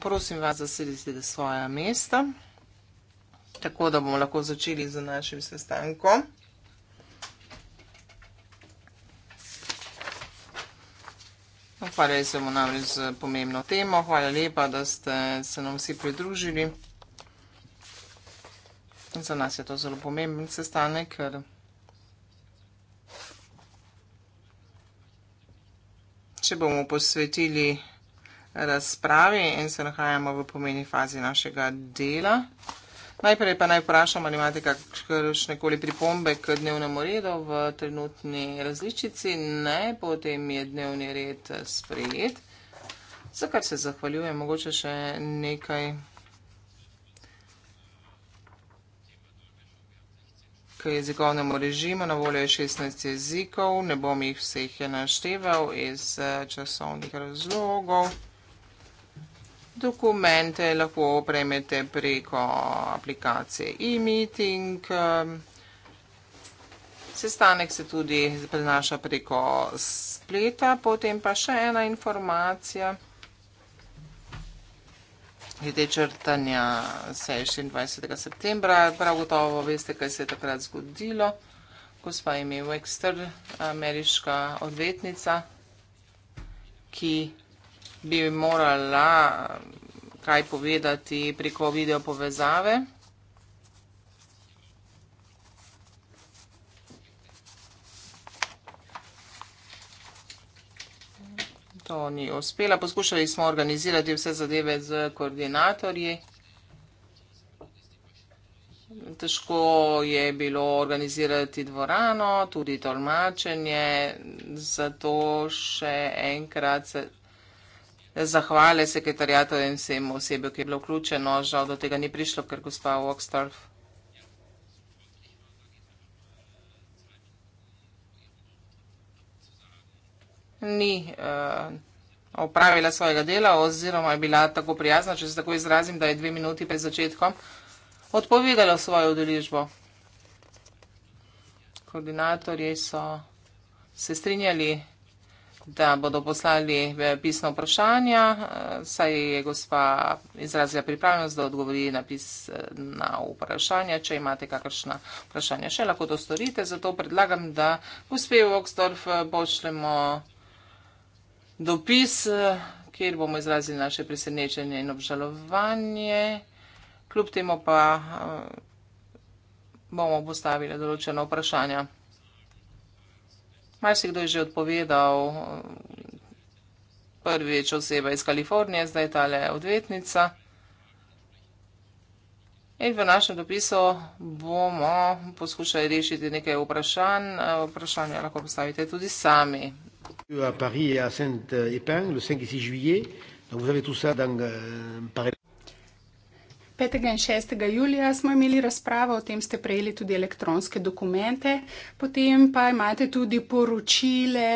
Prosim vas, zasedite svoja mesta, tako da bomo lahko začeli z našim sestankom. No, Hvaljali se bomo namreč z pomembno temo. Hvala lepa, da ste se nam vsi pridružili. Za nas je to zelo pomemben sestanek, ker področje bomo posvetili razpravi in se nahajamo v pomeni fazi našega dela. Najprej pa naj vprašam, ali imate kakšne koli pripombe k dnevnemu redu v trenutni različici. Ne, potem je dnevni red sprejet. Za kar se zahvaljujem, mogoče še nekaj k jezikovnemu režimu. Na voljo je 16 jezikov, ne bom jih vseh našteval iz eh, časovnih razlogov. Dokumente lahko opremete preko aplikacije e-meeting. Eh, sestanek se tudi prenaša preko spleta, potem pa še ena informacija. Glede črtanja se je 24. septembra, prav gotovo veste, kaj se je takrat zgodilo. Gospa ime Wexter, ameriška odvetnica, ki bi morala kaj povedati preko video povezave. To ni uspela. Poskušali smo organizirati vse zadeve z koordinatorji. Težko je bilo organizirati dvorano, tudi tolmačenje, zato še enkrat se zahvale sekretarjato in vsem osebju, ki je bilo vključeno. Žal do tega ni prišlo, ker gospa Oxtorf. ni uh, opravila svojega dela oziroma je bila tako prijazna, če se tako izrazim, da je dve minuti pred začetkom odpovedala svojo udeležbo. Koordinatorji so se strinjali, da bodo poslali eh, pisno vprašanja, eh, saj je gospa izrazila pripravljenost, da odgovori na pisna vprašanja. Če imate kakršna vprašanja, še lahko to storite, zato predlagam, da uspe v Oxdorf pošljemo dopis, eh, kjer bomo izrazili naše presenečenje in obžalovanje. Kljub temu pa eh, bomo postavili določena vprašanja. Marsikdo je že odpovedal eh, prvič oseba iz Kalifornije, zdaj je tale odvetnica. In v našem dopisu bomo poskušali rešiti nekaj vprašanj. Vprašanja lahko postavite tudi sami. Euh, à Paris et à Saint-Épin le 5 et 6 juillet. Donc vous avez tout ça dans euh, Paris. 5. in 6. julija smo imeli razpravo, o tem ste prejeli tudi elektronske dokumente, potem pa imate tudi poročile,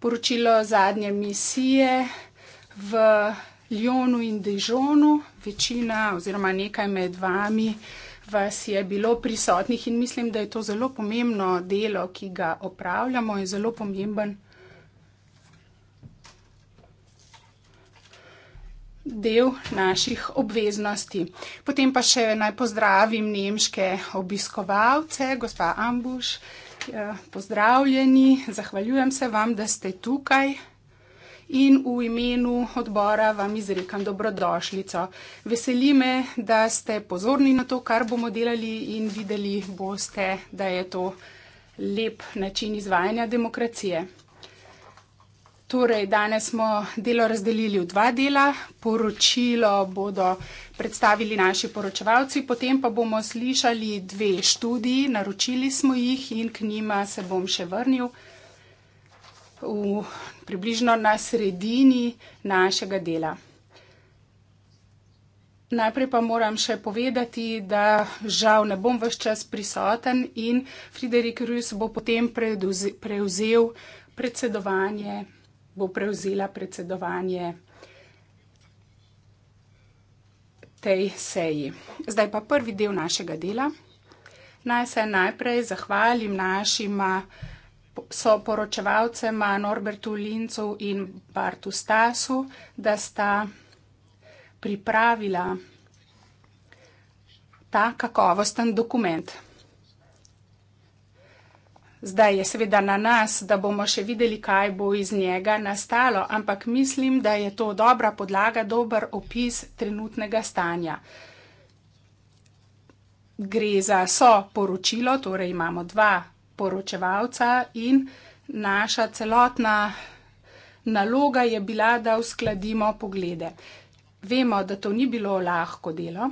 poročilo zadnje misije v Ljonu in Dežonu. Večina oziroma nekaj med vami vas je bilo prisotnih in mislim, da je to zelo pomembno delo, ki ga opravljamo in zelo pomemben del naših obveznosti. Potem pa še naj pozdravim nemške obiskovalce, gospa Ambuš, ja, pozdravljeni, zahvaljujem se vam, da ste tukaj. In v imenu odbora vam izrekam dobrodošlico. Veseli me, da ste pozorni na to, kar bomo delali in videli boste, da je to lep način izvajanja demokracije. Torej, danes smo delo razdelili v dva dela. Poročilo bodo predstavili naši poročevalci, potem pa bomo slišali dve študiji, naročili smo jih in k njima se bom še vrnil v, približno na sredini našega dela. Najprej pa moram še povedati, da žal ne bom vse čas prisoten in Friderik Rus bo potem prevzel predsedovanje bo prevzela predsedovanje tej seji. Zdaj pa prvi del našega dela. Naj se najprej zahvalim našima soporočevalcema Norbertu Lincu in Bartu Stasu, da sta pripravila ta kakovosten dokument. Zdaj je seveda na nas, da bomo še videli, kaj bo iz njega nastalo, ampak mislim, da je to dobra podlaga, dober opis trenutnega stanja. Gre za soporočilo, torej imamo dva poročevalca in naša celotna naloga je bila, da uskladimo poglede. Vemo, da to ni bilo lahko delo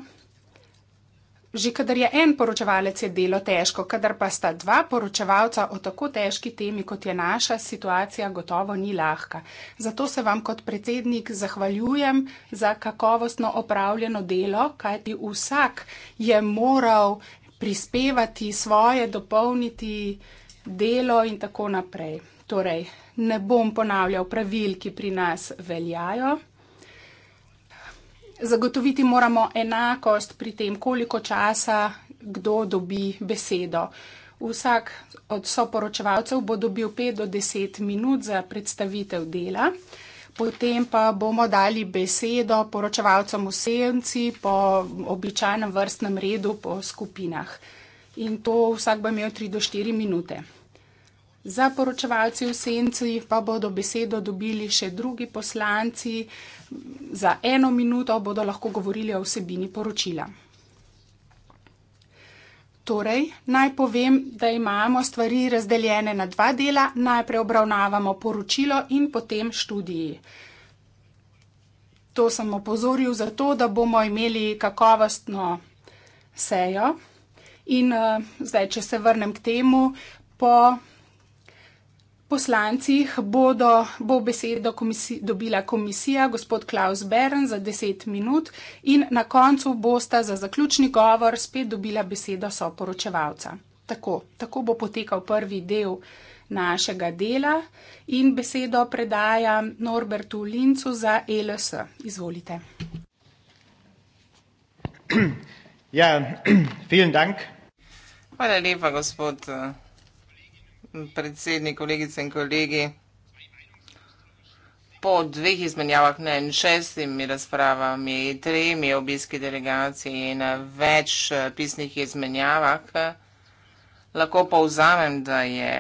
že kadar je en poročevalec, je delo težko, kadar pa sta dva poročevalca o tako težki temi, kot je naša situacija, gotovo ni lahka. Zato se vam kot predsednik zahvaljujem za kakovostno opravljeno delo, kajti vsak je moral prispevati svoje, dopolniti delo in tako naprej. Torej, ne bom ponavljal pravil, ki pri nas veljajo zagotoviti moramo enakost pri tem, koliko časa kdo dobi besedo. Vsak od soporočevalcev bo dobil 5 do 10 minut za predstavitev dela, potem pa bomo dali besedo poročevalcem v senci po običajnem vrstnem redu, po skupinah. In to vsak bo imel 3 do 4 minute. Za poročevalci v senci pa bodo besedo dobili še drugi poslanci. Za eno minuto bodo lahko govorili o vsebini poročila. Torej, naj povem, da imamo stvari razdeljene na dva dela. Najprej obravnavamo poročilo in potem študiji. To sem opozoril zato, da bomo imeli kakovostno sejo. In uh, zdaj, če se vrnem k temu, po poslancih bodo, bo besedo komisi, dobila komisija, gospod Klaus Bern za 10 minut in na koncu boste za zaključni govor spet dobila besedo soporočevalca. Tako, tako bo potekal prvi del našega dela in besedo predajam Norbertu Lincu za e LS. Izvolite. Ja, vielen Dank. Hvala lepa, gospod predsednik, kolegice in kolegi. Po dveh izmenjavah mnen, šestimi razpravami, tremi obiski delegacij in več pisnih izmenjavah, lahko povzamem, da je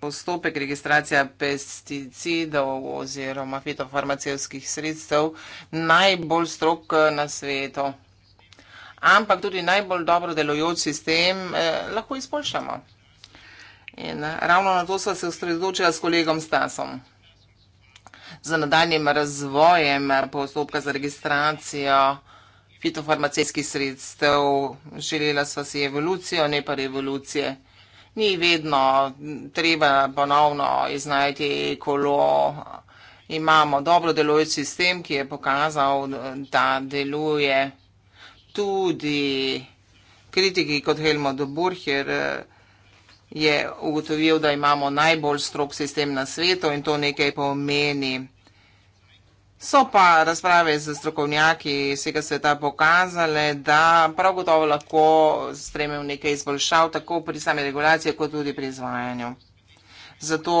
postopek registracija pesticidov oziroma fitofarmacijskih sredstev najbolj strok na svetu. Ampak tudi najbolj dobro delujoč sistem eh, lahko izboljšamo. In eh, ravno na to sva se osredotočila s kolegom Stasom. Za nadaljnjim razvojem eh, postopka za registracijo fitofarmacijskih sredstev želela sva si evolucijo, ne pa revolucije. Ni vedno treba ponovno iznajti kolo. Imamo dobro delujoč sistem, ki je pokazal, da deluje tudi kritiki kot Helmut Burcher. Eh, je ugotovil, da imamo najbolj strok sistem na svetu in to nekaj pomeni. So pa razprave z strokovnjaki vsega sveta pokazale, da prav gotovo lahko stremem nekaj izboljšav, tako pri sami regulaciji, kot tudi pri izvajanju. Zato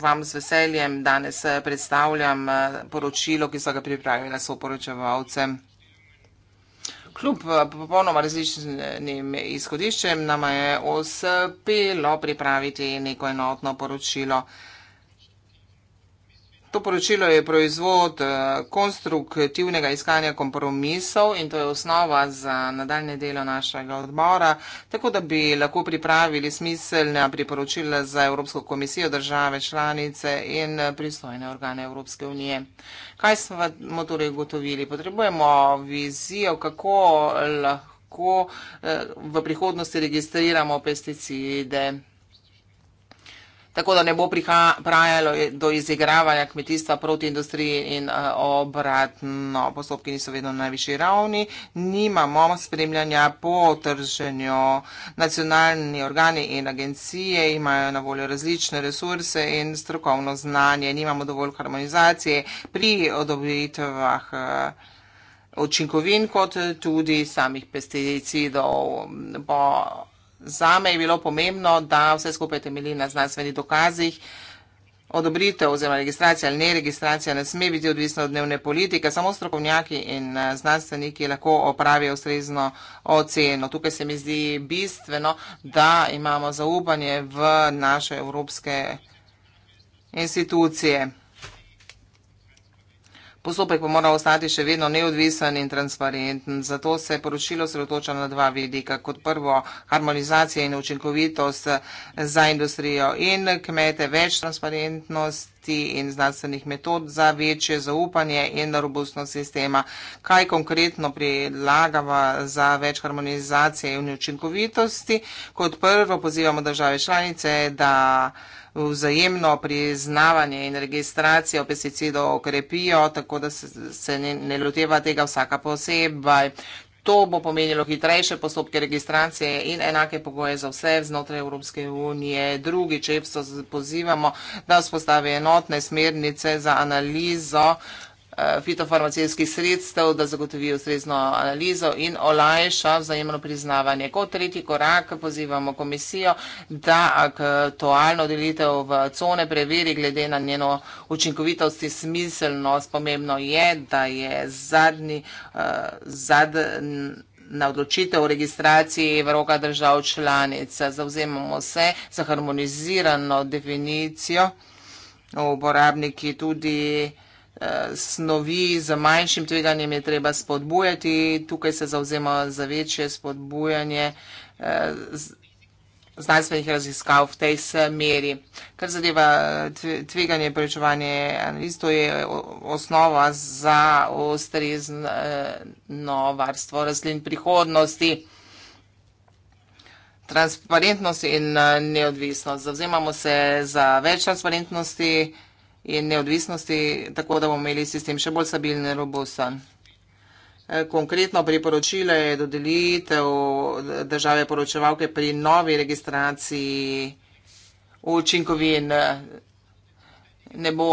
vam z veseljem danes eh, predstavljam eh, poročilo, ki so ga pripravila soporočevalcem kljub eh, popolnoma različnim izhodiščem, nama je uspelo pripraviti neko enotno poročilo. To poročilo je proizvod eh, konstruktivnega iskanja kompromisov in to je osnova za nadaljne delo našega odbora, tako da bi lahko pripravili smiselne priporočila za Evropsko komisijo, države, članice in eh, pristojne organe Evropske unije. Kaj smo torej gotovili? Potrebujemo vizijo, kako lahko eh, v prihodnosti registriramo pesticide tako da ne bo prihajalo do izigravanja kmetijstva proti industriji in eh, obratno. Postopki niso vedno na najvišji ravni. Nimamo spremljanja po trženju. Nacionalni organi in agencije imajo na voljo različne resurse in strokovno znanje. Nimamo dovolj harmonizacije pri odobritvah eh, učinkovin kot tudi samih pesticidov. Za me je bilo pomembno, da vse skupaj temelji na znanstvenih dokazih. Odobritev oziroma registracija ali ne registracija ne sme biti odvisna od dnevne politike, samo strokovnjaki in eh, znanstveniki lahko opravijo ustrezno oceno. Tukaj se mi zdi bistveno, da imamo zaupanje v naše evropske institucije. Postopek pa mora ostati še vedno neodvisen in transparenten. Zato se poročilo sredotoča na dva vidika. Kot prvo, harmonizacija in učinkovitost za industrijo in kmete, več transparentnost in znanstvenih metod za večje zaupanje in robustnost sistema. Kaj konkretno prilagava za več harmonizacije in učinkovitosti? Kot prvo pozivamo države članice, da vzajemno priznavanje in registracijo pesticidov okrepijo, tako da se, se ne, ne loteva tega vsaka posebej. To bo pomenilo hitrejše postopke registracije in enake pogoje za vse znotraj Evropske unije. Drugi čepstvo pozivamo, da vzpostavi enotne smernice za analizo uh, Eh, fitofarmacijskih sredstev, da zagotovi ustrezno analizo in olajša vzajemno priznavanje. Kot tretji korak pozivamo komisijo, da aktualno delitev v cone preveri glede na njeno učinkovitost in smiselnost. Pomembno je, da je zadnji, uh, eh, zadnji na odločitev o registraciji v roka držav članic. Zauzemamo se za harmonizirano definicijo uporabniki tudi snovi z manjšim tveganjem je treba spodbujati. Tukaj se zauzema za večje spodbujanje eh, znanstvenih raziskav v tej smeri. Kar zadeva tveganje in prečevanje analiz, to je osnova za ustrezno eh, varstvo rastlin prihodnosti. Transparentnost in eh, neodvisnost. Zavzemamo se za več transparentnosti, in neodvisnosti, tako da bomo imeli sistem še bolj stabilen in robusten. E, konkretno priporočilo je dodelitev države poročevalke pri novi registraciji učinkovin. Ne bo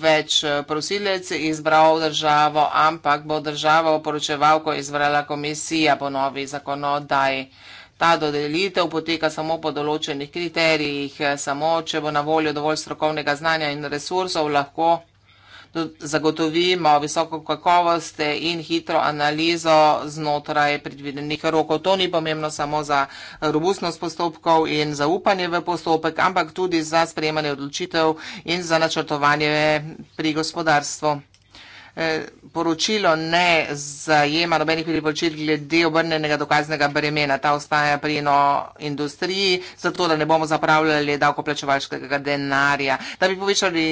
več prosilec izbral državo, ampak bo državo poročevalko izbrala komisija po novi zakonodaji. Ta dodelitev poteka samo po določenih kriterijih, eh, samo če bo na voljo dovolj strokovnega znanja in resursov, lahko zagotovimo visoko kakovost eh, in hitro analizo znotraj predvidenih rokov. To ni pomembno samo za robustnost postopkov in zaupanje v postopek, ampak tudi za sprejemanje odločitev in za načrtovanje pri gospodarstvu. Eh, poročilo ne zajema nobenih priporočil glede obrnenega dokaznega bremena. Ta ostaja pri eno industriji, zato da ne bomo zapravljali davkoplačevalskega denarja. Da bi povečali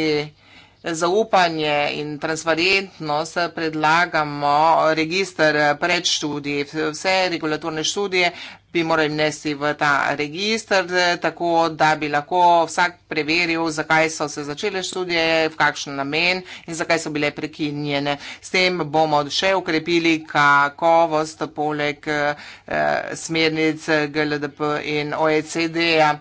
zaupanje in transparentnost predlagamo registr predštudij. Vse regulatorne študije bi morali nesti v ta registr, tako da bi lahko vsak preveril, zakaj so se začele študije, v kakšen namen in zakaj so bile prekinjene. S tem bomo še ukrepili kakovost poleg eh, smernic GLDP in OECD-ja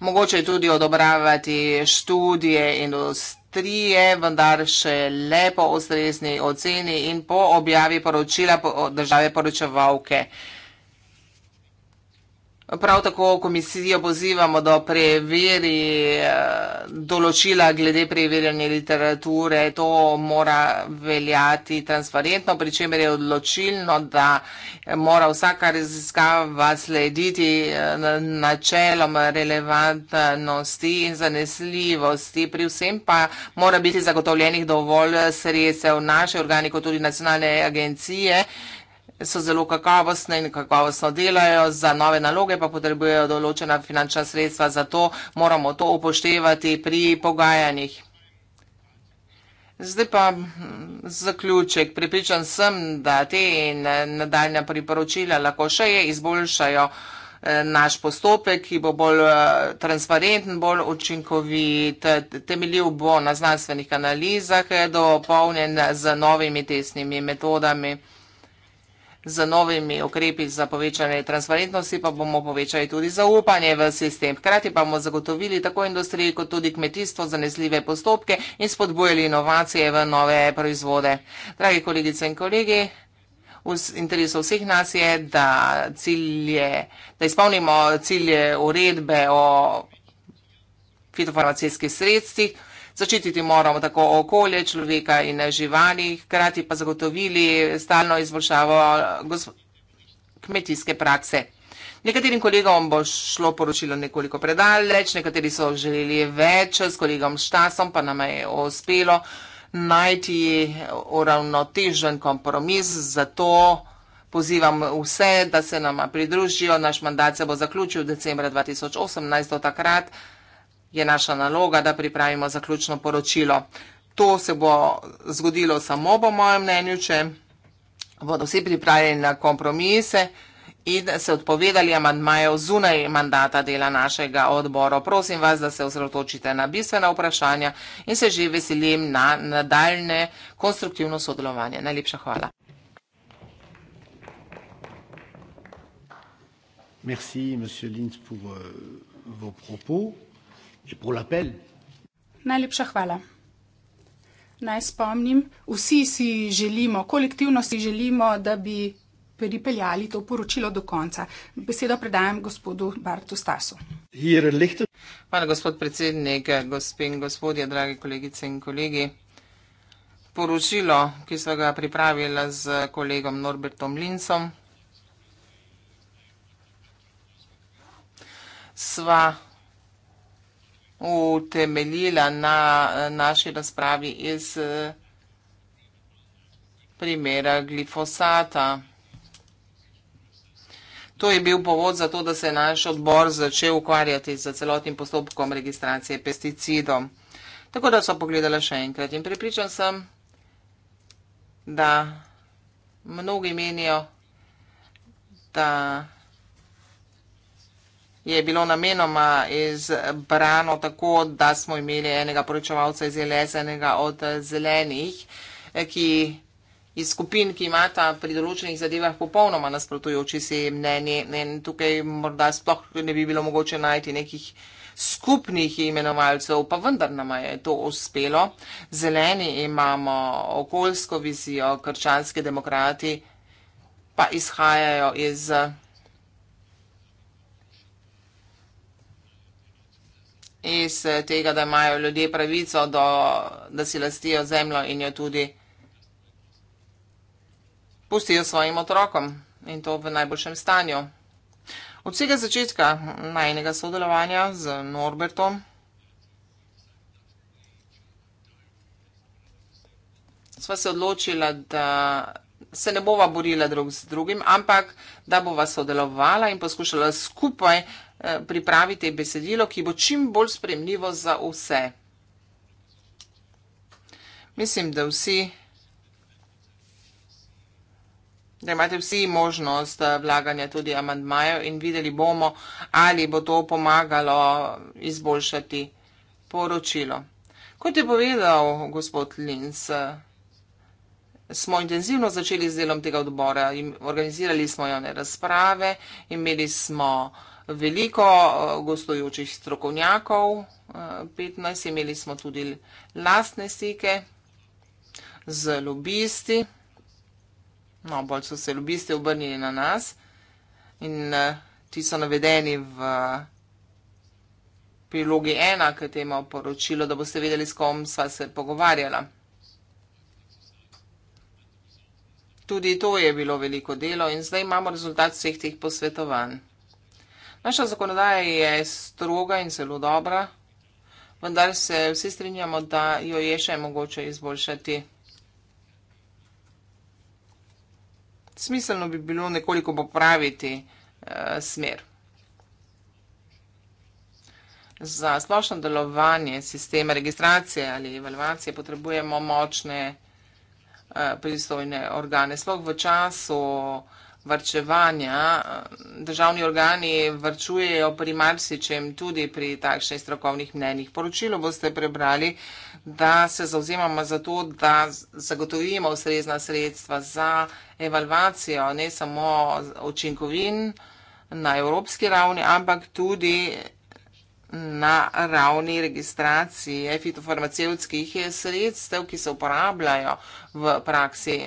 mogoče tudi odobravati študije industrije, vendar še le po ustrezni oceni in po objavi poročila države poročevalke. Prav tako komisijo pozivamo, da preveri eh, določila glede preverjanja literature. To mora veljati transparentno, pri čemer je odločilno, da mora vsaka raziskava slediti eh, načelom relevantnosti in zanesljivosti. Pri vsem pa mora biti zagotovljenih dovolj sredstev naše organi, kot tudi nacionalne agencije so zelo kakavostne in kakavostno delajo, za nove naloge pa potrebujejo določena finančna sredstva, zato moramo to upoštevati pri pogajanjih. Zdaj pa hm, zaključek. Pripričan sem, da te in eh, nadaljna priporočila lahko še je izboljšajo eh, naš postopek, ki bo bolj eh, transparenten, bolj učinkovit, temeljiv bo na znanstvenih analizah, dopolnjen z novimi tesnimi metodami. Z novimi ukrepi za povečanje transparentnosti pa bomo povečali tudi zaupanje v sistem. Hkrati pa bomo zagotovili tako industriji kot tudi kmetijstvo zanesljive postopke in spodbujali inovacije v nove proizvode. Dragi kolegice in kolegi, v interesu vseh nas je, da, cilje, da izpolnimo cilje uredbe o fitofarmacijskih sredstvih. Začititi moramo tako okolje, človeka in živali, hkrati pa zagotovili stalno izboljšavo kmetijske prakse. Nekaterim kolegom bo šlo poročilo nekoliko predaleč, nekateri so želeli več, s kolegom Štasom pa nam je uspelo najti uravnotežen kompromis, zato pozivam vse, da se nama pridružijo. Naš mandat se bo zaključil decembra 2018, od takrat je naša naloga, da pripravimo zaključno poročilo. To se bo zgodilo samo po mojem mnenju, če bodo vsi pripravljeni na kompromise in se odpovedali amandmajev zunaj mandata dela našega odbora. Prosim vas, da se osredotočite na bistvena vprašanja in se že veselim na nadaljne konstruktivno sodelovanje. Najlepša hvala. Merci, monsieur Linz, pour euh, vos propos. Najlepša hvala. Naj spomnim, vsi si želimo, kolektivno si želimo, da bi pripeljali to poročilo do konca. Besedo predajam gospodu Bartu Stasu. Hvala, gospod predsednik, gospe in gospodje, dragi kolegice in kolegi. Poročilo, ki so ga pripravila z kolegom Norbertom Linsom, sva utemeljila na eh, naši razpravi iz eh, primera glifosata. To je bil povod za to, da se je naš odbor začel ukvarjati z celotnim postopkom registracije pesticidom. Tako da so pogledala še enkrat in pripričan sem, da mnogi menijo, da je bilo namenoma izbrano tako, da smo imeli enega poročevalca iz LS, enega od zelenih, ki iz skupin, ki imata pri določenih zadevah popolnoma nasprotujoči se mnenje. Tukaj morda sploh ne bi bilo mogoče najti nekih skupnih imenovalcev, pa vendar nama je to uspelo. Zeleni imamo okoljsko vizijo, krčanske demokrati pa izhajajo iz. iz eh, tega, da imajo ljudje pravico, do, da si lastijo zemljo in jo tudi pustijo svojim otrokom in to v najboljšem stanju. Od vsega začetka najnega sodelovanja z Norbertom sva se odločila, da se ne bova borila drug z drugim, ampak da bova sodelovala in poskušala skupaj Eh, pripravite besedilo, ki bo čim bolj spremljivo za vse. Mislim, da vsi, da imate vsi možnost eh, vlaganja tudi amandmajo in videli bomo, ali bo to pomagalo izboljšati poročilo. Kot je povedal gospod Linz, eh, smo intenzivno začeli z delom tega odbora. Organizirali smo javne razprave, imeli smo uh, veliko eh, gostujočih strokovnjakov, 15 eh, imeli smo tudi lastne stike z lobisti. No, bolj so se lobisti obrnili na nas in eh, ti so navedeni v prilogi ena, ki te ima poročilo, da boste vedeli, s kom sva se pogovarjala. Tudi to je bilo veliko delo in zdaj imamo rezultat vseh teh posvetovanj. Naša zakonodaja je stroga in zelo dobra, vendar se vsi strinjamo, da jo je še mogoče izboljšati. Smiselno bi bilo nekoliko popraviti eh, smer. Za splošno delovanje sistema registracije ali evalvacije potrebujemo močne eh, pristojne organe. Sploh v času eh, varčevanja. Državni organi varčujejo pri marsičem, tudi pri takšnih strokovnih mnenjih. Poročilo boste prebrali, da se zauzemamo za to, da zagotovimo ustrezna sredstva za evalvacijo ne samo učinkovin na evropski ravni, ampak tudi na ravni registracije fitofarmacevskih sredstev, ki se uporabljajo v praksi.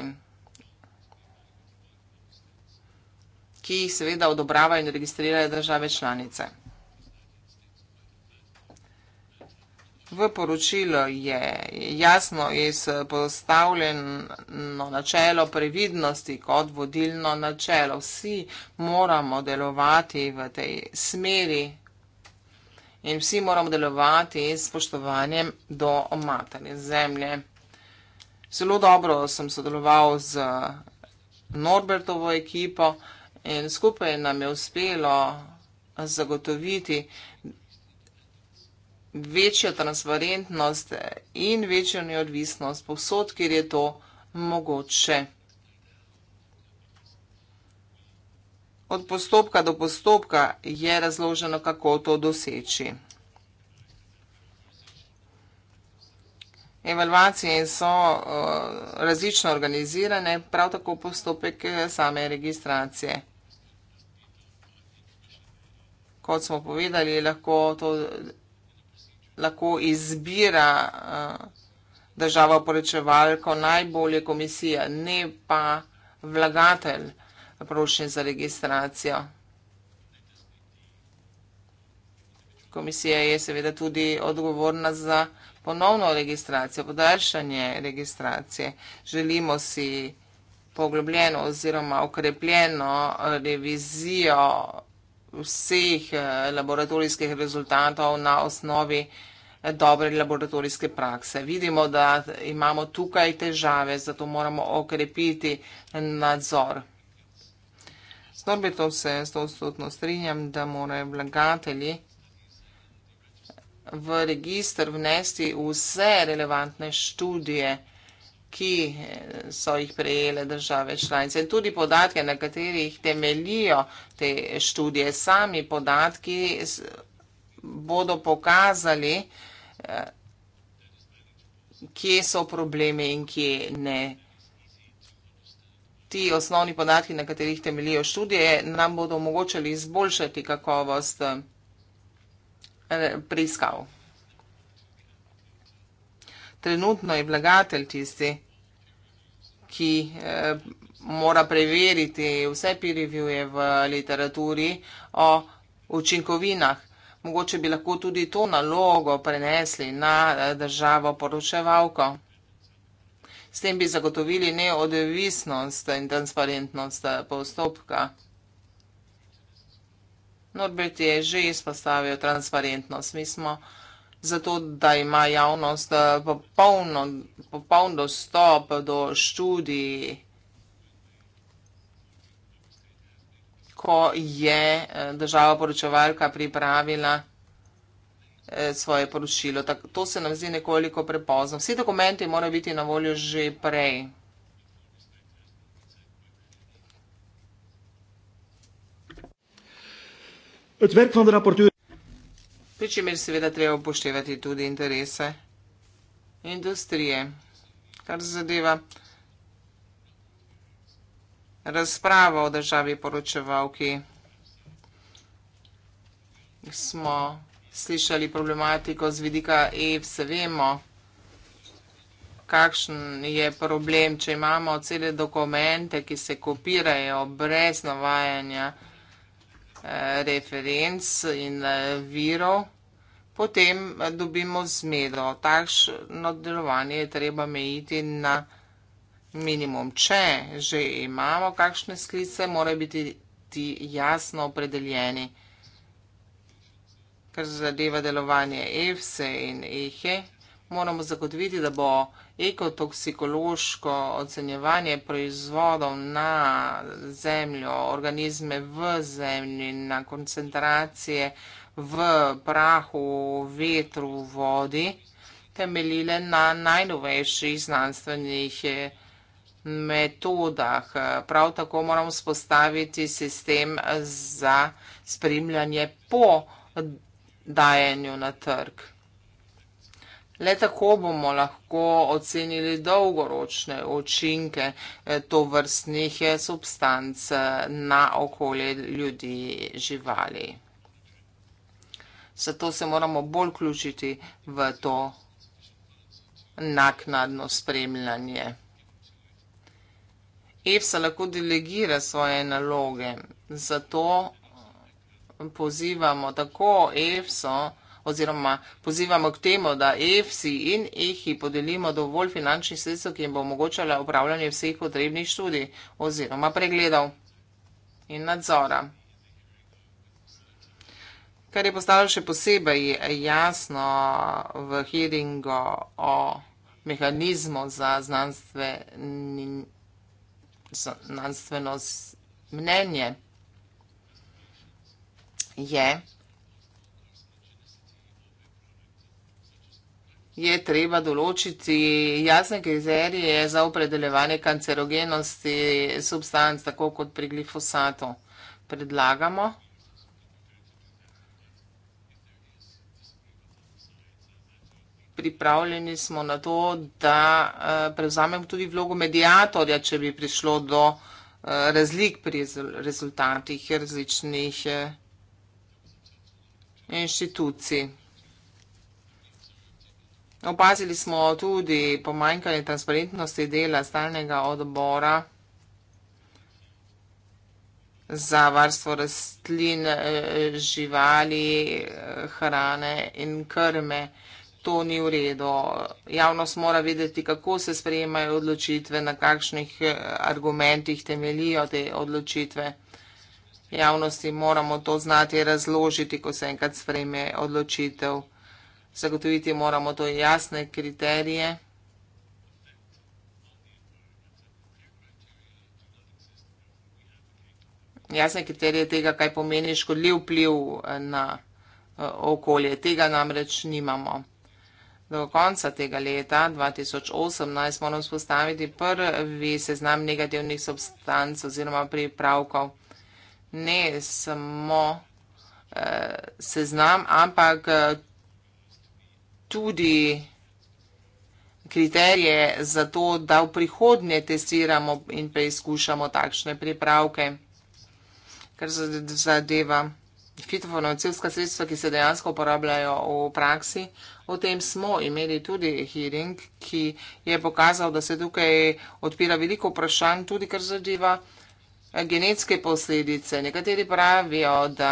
ki jih seveda odobrava in registrirajo države članice. V poročilu je jasno izpostavljeno načelo previdnosti kot vodilno načelo. Vsi moramo delovati v tej smeri in vsi moramo delovati s poštovanjem do materne zemlje. Zelo dobro sem sodeloval z Norbertovo ekipo, In skupaj nam je uspelo zagotoviti večjo transparentnost in večjo neodvisnost povsod, kjer je to mogoče. Od postopka do postopka je razloženo, kako to doseči. Evalvacije so eh, različno organizirane, prav tako postopek eh, same registracije kot smo povedali, lahko, to, lahko izbira eh, država poročevalko najbolje komisija, ne pa vlagatelj prošnje za registracijo. Komisija je seveda tudi odgovorna za ponovno registracijo, podaljšanje registracije. Želimo si poglobljeno oziroma okrepljeno revizijo vseh eh, laboratorijskih rezultatov na osnovi eh, dobre laboratorijske prakse. Vidimo, da imamo tukaj težave, zato moramo okrepiti nadzor. S Norbertov se stotno strinjam, da morajo vlagatelji v registr vnesti vse relevantne študije vsega, ki eh, so jih prejele države članice. In tudi podatke, na katerih temelijo te študije, sami podatki bodo pokazali, eh, kje so probleme in kje ne. Ti osnovni podatki, na katerih temelijo študije, nam bodo omogočali izboljšati kakovost eh, preiskav trenutno je vlagatelj tisti, ki eh, mora preveriti vse pirivjuje v literaturi o učinkovinah. Mogoče bi lahko tudi to nalogo prenesli na eh, državo poročevalko. S tem bi zagotovili neodvisnost in transparentnost eh, postopka. Norbert je že izpostavil transparentnost. Mi smo vsega, zato da ima javnost eh, popolno, popoln dostop do študij, ko je eh, država poročevalka pripravila eh, svoje poročilo. To se nam zdi nekoliko prepozno. Vsi dokumenti morajo biti na voljo že prej. Het werk van de rapporteur pri čemer seveda treba upoštevati tudi interese industrije, kar zadeva razpravo o državi poročevalki. Smo slišali problematiko z vidika EFS, vemo, kakšen je problem, če imamo cele dokumente, ki se kopirajo brez navajanja, referenc in eh, virov, potem eh, dobimo zmedo. Takšno delovanje je treba mejiti na minimum. Če že imamo kakšne sklice, mora biti ti jasno opredeljeni. Ker zadeva delovanje EFSE in EHE, moramo zagotoviti, da bo EFSE ekotoksikološko ocenjevanje proizvodov na zemljo, organizme v zemlji, na koncentracije v prahu, vetru, vodi, temeljile na najnovejših znanstvenih eh, metodah. Prav tako moramo spostaviti sistem za spremljanje po dajanju na trg. Le tako bomo lahko ocenili dolgoročne učinke eh, to vrstnih eh, substanc eh, na okolje ljudi, živali. Zato se moramo bolj vključiti v to naknadno spremljanje. EFSA lahko delegira svoje naloge, zato pozivamo tako EFSO, oziroma pozivamo k temu, da EFSI in EHI podelimo dovolj finančnih sredstev, ki jim bo omogočala upravljanje vseh potrebnih študij oziroma pregledov in nadzora. Kar je postalo še posebej jasno v hearingu o mehanizmu za znanstveno mnenje, je, je treba določiti jasne kriterije za opredeljevanje kancerogenosti substanc, tako kot pri glifosatu. Predlagamo. Pripravljeni smo na to, da eh, prevzamem tudi vlogo medijatorja, če bi prišlo do eh, razlik pri rezultatih različnih eh, inštitucij. Opazili smo tudi pomanjkanje transparentnosti dela stalnega odbora za varstvo rastlin, eh, živali, eh, hrane in krme. To ni v redu. Javnost mora vedeti, kako se sprejemajo odločitve, na kakšnih eh, argumentih temelijo te odločitve. Javnosti moramo to znati razložiti, ko se enkrat sprejme odločitev zagotoviti moramo to jasne kriterije. Jasne kriterije tega, kaj pomeni škodljiv vpliv eh, na eh, okolje. Tega namreč nimamo. Do konca tega leta 2018 moramo spostaviti prvi seznam negativnih substanc oziroma pripravkov. Ne samo eh, seznam, ampak tudi tudi kriterije za to, da v prihodnje testiramo in preizkušamo takšne pripravke, kar zadeva fitofonocivska sredstva, ki se dejansko uporabljajo v praksi. O tem smo imeli tudi hearing, ki je pokazal, da se tukaj odpira veliko vprašanj, tudi kar zadeva eh, genetske posledice. Nekateri pravijo, da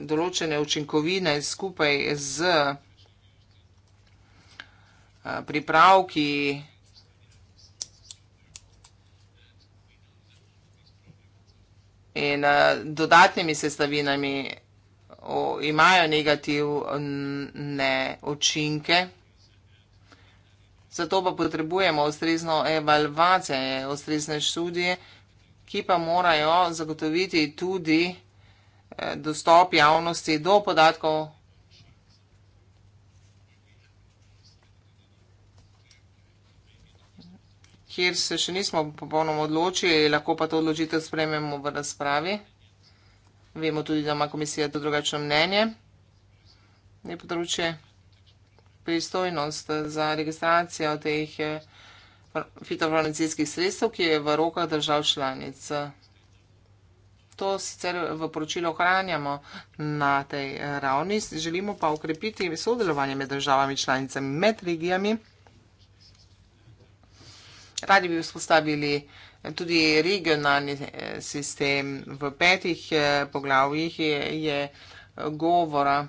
določene učinkovine skupaj z vprašanjem Eh, pripravki. In eh, dodatnimi sestavinami imajo negativne učinke, zato pa potrebujemo ustrezno evalvacijo, ustrezne študije, ki pa morajo zagotoviti tudi eh, dostop javnosti do podatkov kjer se še nismo popolnoma odločili, lahko pa to odločitev sprememo v razpravi. Vemo tudi, da ima komisija to drugačno mnenje. Ne področje pristojnost za registracijo teh eh, fitofarmacijskih sredstev, ki je v rokah držav članic. To sicer v poročilu ohranjamo na tej ravni, želimo pa ukrepiti sodelovanje med državami članicami, med regijami. Radi bi vzpostavili tudi regionalni eh, sistem. V petih eh, poglavjih je, je govora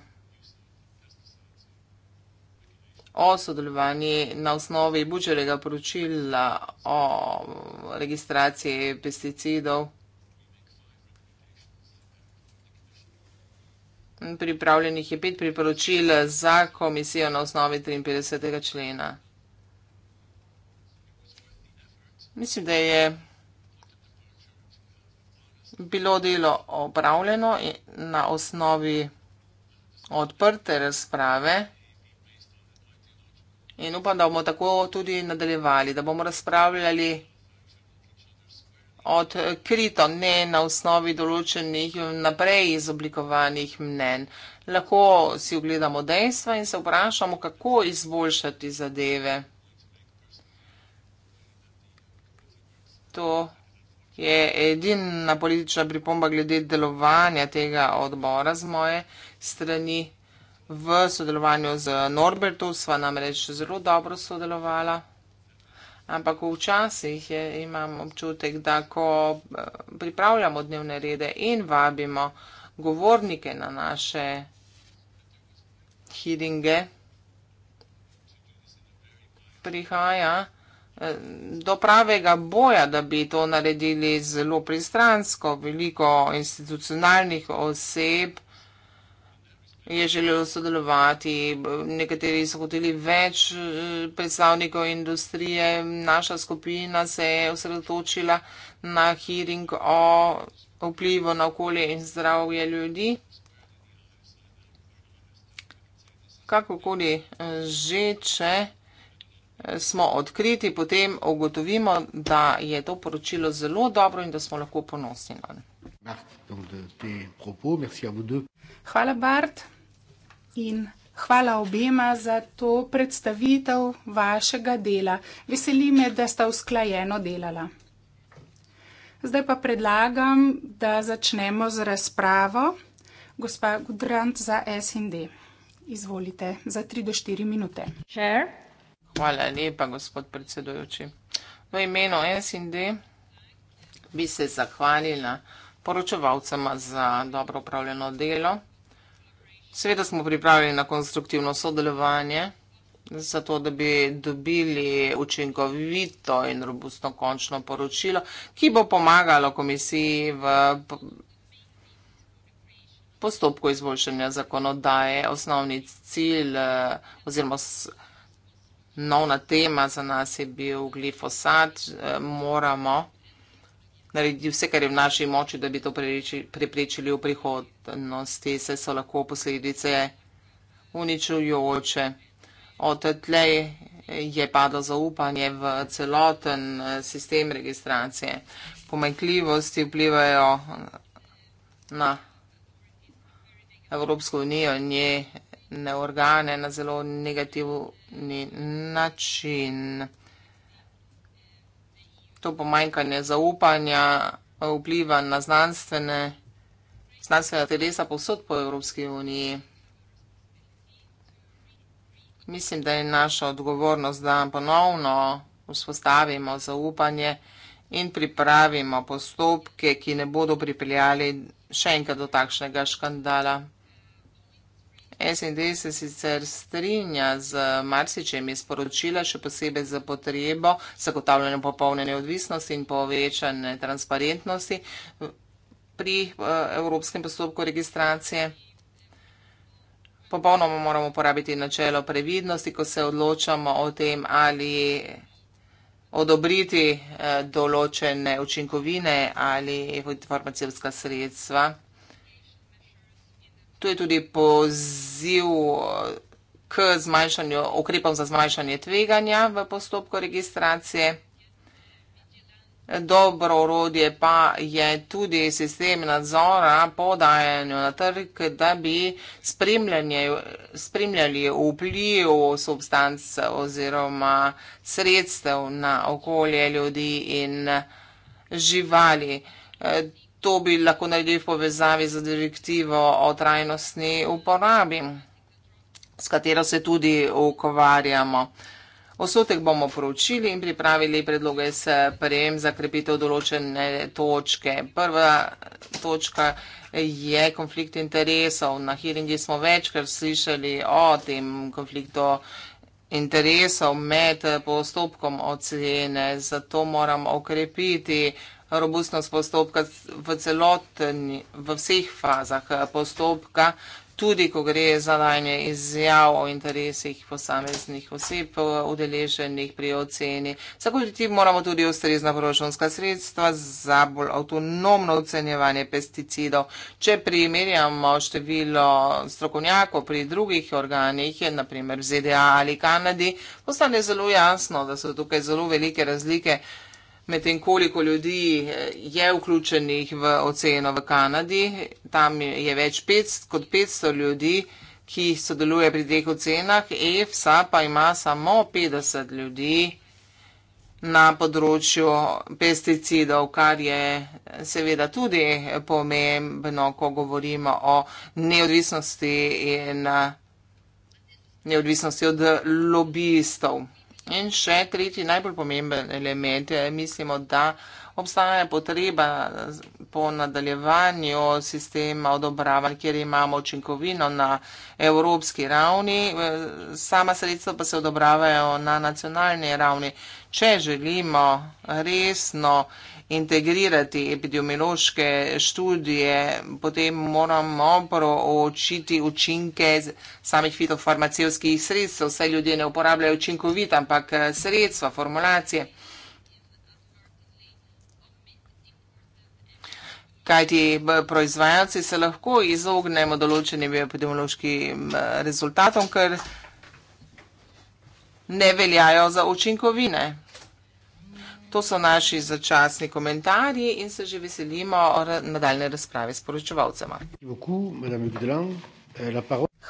o sodelovanju na osnovi bučerega poročila o registraciji pesticidov. Pripravljenih je pet priporočil za komisijo na osnovi 53. člena. Mislim, da je bilo delo opravljeno na osnovi odprte razprave in upam, da bomo tako tudi nadaljevali, da bomo razpravljali odkrito, ne na osnovi določenih naprej izoblikovanih mnen. Lahko si ogledamo dejstva in se vprašamo, kako izboljšati zadeve. to je edina politična pripomba glede delovanja tega odbora z moje strani. V sodelovanju z Norbertom sva namreč zelo dobro sodelovala, ampak včasih je, imam občutek, da ko eh, pripravljamo dnevne rede in vabimo govornike na naše hiringe, prihaja do pravega boja, da bi to naredili zelo pristransko, veliko institucionalnih oseb je želelo sodelovati, nekateri so hoteli več eh, predstavnikov industrije, naša skupina se je osredotočila na hearing o vplivu na okolje in zdravje ljudi. Kakokoli že, če vsega, smo odkriti, potem ugotovimo, da je to poročilo zelo dobro in da smo lahko ponosni na njo. Hvala, Bart, in hvala obema za to predstavitev vašega dela. Veseli me, da sta usklajeno delala. Zdaj pa predlagam, da začnemo z razpravo. Gospa Gudrant za SND. Izvolite za 3 do 4 minute. Share. Hvala lepa, gospod predsedujoči. V imenu SND bi se zahvalila poročevalcema za dobro upravljeno delo. Seveda smo pripravljeni na konstruktivno sodelovanje, zato da bi dobili učinkovito in robustno končno poročilo, ki bo pomagalo komisiji v postopku izboljšanja zakonodaje. Osnovni cilj eh, oziroma novna tema za nas je bil glifosat. Eh, moramo narediti vse, kar je v naši moči, da bi to preprečili v prihodnosti. Vse so lahko posledice uničujoče. Od tlej je padlo zaupanje v celoten eh, sistem registracije. Pomenkljivosti vplivajo na Evropsko unijo in nje na organe na zelo negativni način. To pomanjkanje zaupanja vpliva na znanstvene, znanstvena telesa povsod po Evropski uniji. Mislim, da je naša odgovornost, da ponovno vzpostavimo zaupanje in pripravimo postopke, ki ne bodo pripeljali še enkrat do takšnega škandala. SND se sicer strinja z marsičem iz poročila, še posebej z potrebo zagotavljanja popolne neodvisnosti in povečane transparentnosti pri eh, evropskem postopku registracije. Popolnoma moramo uporabiti načelo previdnosti, ko se odločamo o tem, ali odobriti eh, določene učinkovine ali farmacijska sredstva. Tu je tudi poziv eh, k zmanjšanju, okrepom za zmanjšanje tveganja v postopku registracije. Dobro urodje pa je tudi sistem nadzora podajanju na trg, da bi spremljali vpliv substanc oziroma sredstev na okolje ljudi in živali. Eh, to bi lahko naredili v povezavi z direktivo o trajnostni uporabi, s katero se tudi ukvarjamo. Osotek bomo poročili in pripravili predloge sprejem za krepitev določene točke. Prva točka je konflikt interesov. Na hiringi smo večkrat slišali o tem konfliktu interesov med postopkom ocene, zato moram okrepiti robustnost postopka v celotni, v vseh fazah postopka, tudi ko gre za dajanje izjav o interesih posameznih oseb udeleženih pri oceni. Zagotoviti moramo tudi ustrezna proračunska sredstva za bolj avtonomno ocenjevanje pesticidov. Če primerjamo število strokovnjakov pri drugih organih, naprimer v ZDA ali Kanadi, postane zelo jasno, da so tukaj zelo velike razlike medtem koliko ljudi eh, je vključenih v oceno v Kanadi, tam je več 500, kot 500 ljudi, ki sodeluje pri teh ocenah, EFSA pa ima samo 50 ljudi na področju pesticidov, kar je seveda tudi pomembno, ko govorimo o neodvisnosti in eh, neodvisnosti od lobistov. In še tretji najbolj pomemben element je, eh, mislimo, da obstaja potreba po nadaljevanju sistema odobravanj, kjer imamo učinkovino na evropski ravni, eh, sama sredstva pa se odobravajo na nacionalni ravni. Če želimo resno integrirati epidemiološke študije, potem moramo proočiti učinke samih fitofarmacevskih sredstv. Vse ljudje ne uporabljajo učinkovit, ampak sredstva, formulacije. Kajti proizvajalci se lahko izognemo določenim epidemiološkim rezultatom, ker ne veljajo za učinkovine. To so naši začasni komentarji in se že veselimo nadaljne razprave s poročevalcema.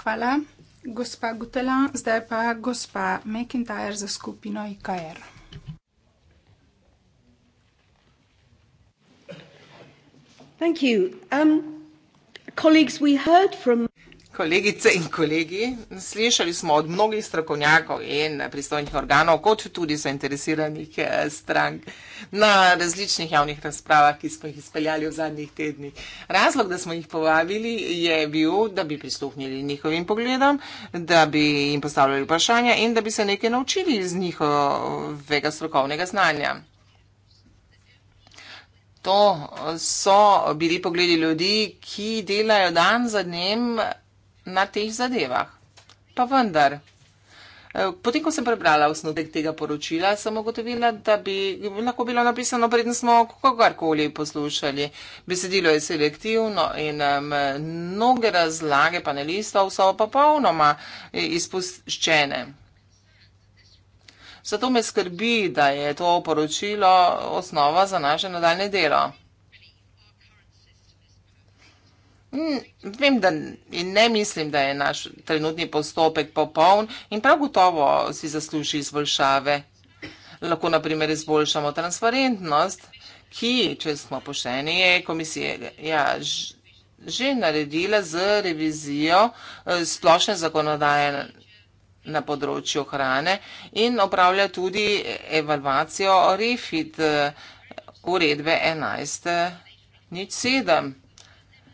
Hvala, gospa Gutela. Zdaj pa gospa McIntyre za skupino IKR. Thank you. Um, colleagues, we heard from kolegice in kolegi. Slišali smo od mnogih strokovnjakov in pristojnih organov, kot tudi zainteresiranih eh, strank na različnih javnih razpravah, ki smo jih izpeljali v zadnjih tednih. Razlog, da smo jih povabili, je bil, da bi prisluhnili njihovim pogledom, da bi jim postavljali vprašanja in da bi se nekaj naučili iz njihovega strokovnega znanja. To so bili pogledi ljudi, ki delajo dan za dnem na teh zadevah. Pa vendar, eh, potem, ko sem prebrala osnovek tega poročila, sem ugotovila, da bi lahko bilo napisano, preden smo kogarkoli poslušali. Besedilo je selektivno in mnoge razlage panelistov so popolnoma eh, izpuščene. Zato me skrbi, da je to poročilo osnova za naše nadaljne delo. Mm, vem, da ne mislim, da je naš trenutni postopek popoln in prav gotovo si zasluži izboljšave. Lahko naprimer izboljšamo transparentnost, ki, če smo pošteni, je komisija ja, že naredila z revizijo eh, splošne zakonodaje na področju hrane in opravlja tudi evalvacijo REFIT eh, uredbe 11.07.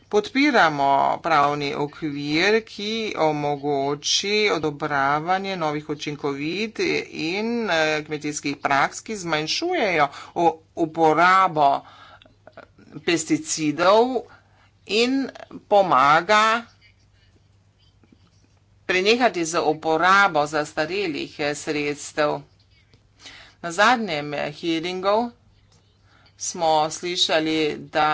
Podpiramo pravni okvir, ki omogoči odobravanje novih učinkovit in eh, kmetijskih praks, ki zmanjšujejo uporabo eh, pesticidov in pomaga prenehati z uporabo zastarelih eh, sredstev. Na zadnjem hearingu smo slišali, da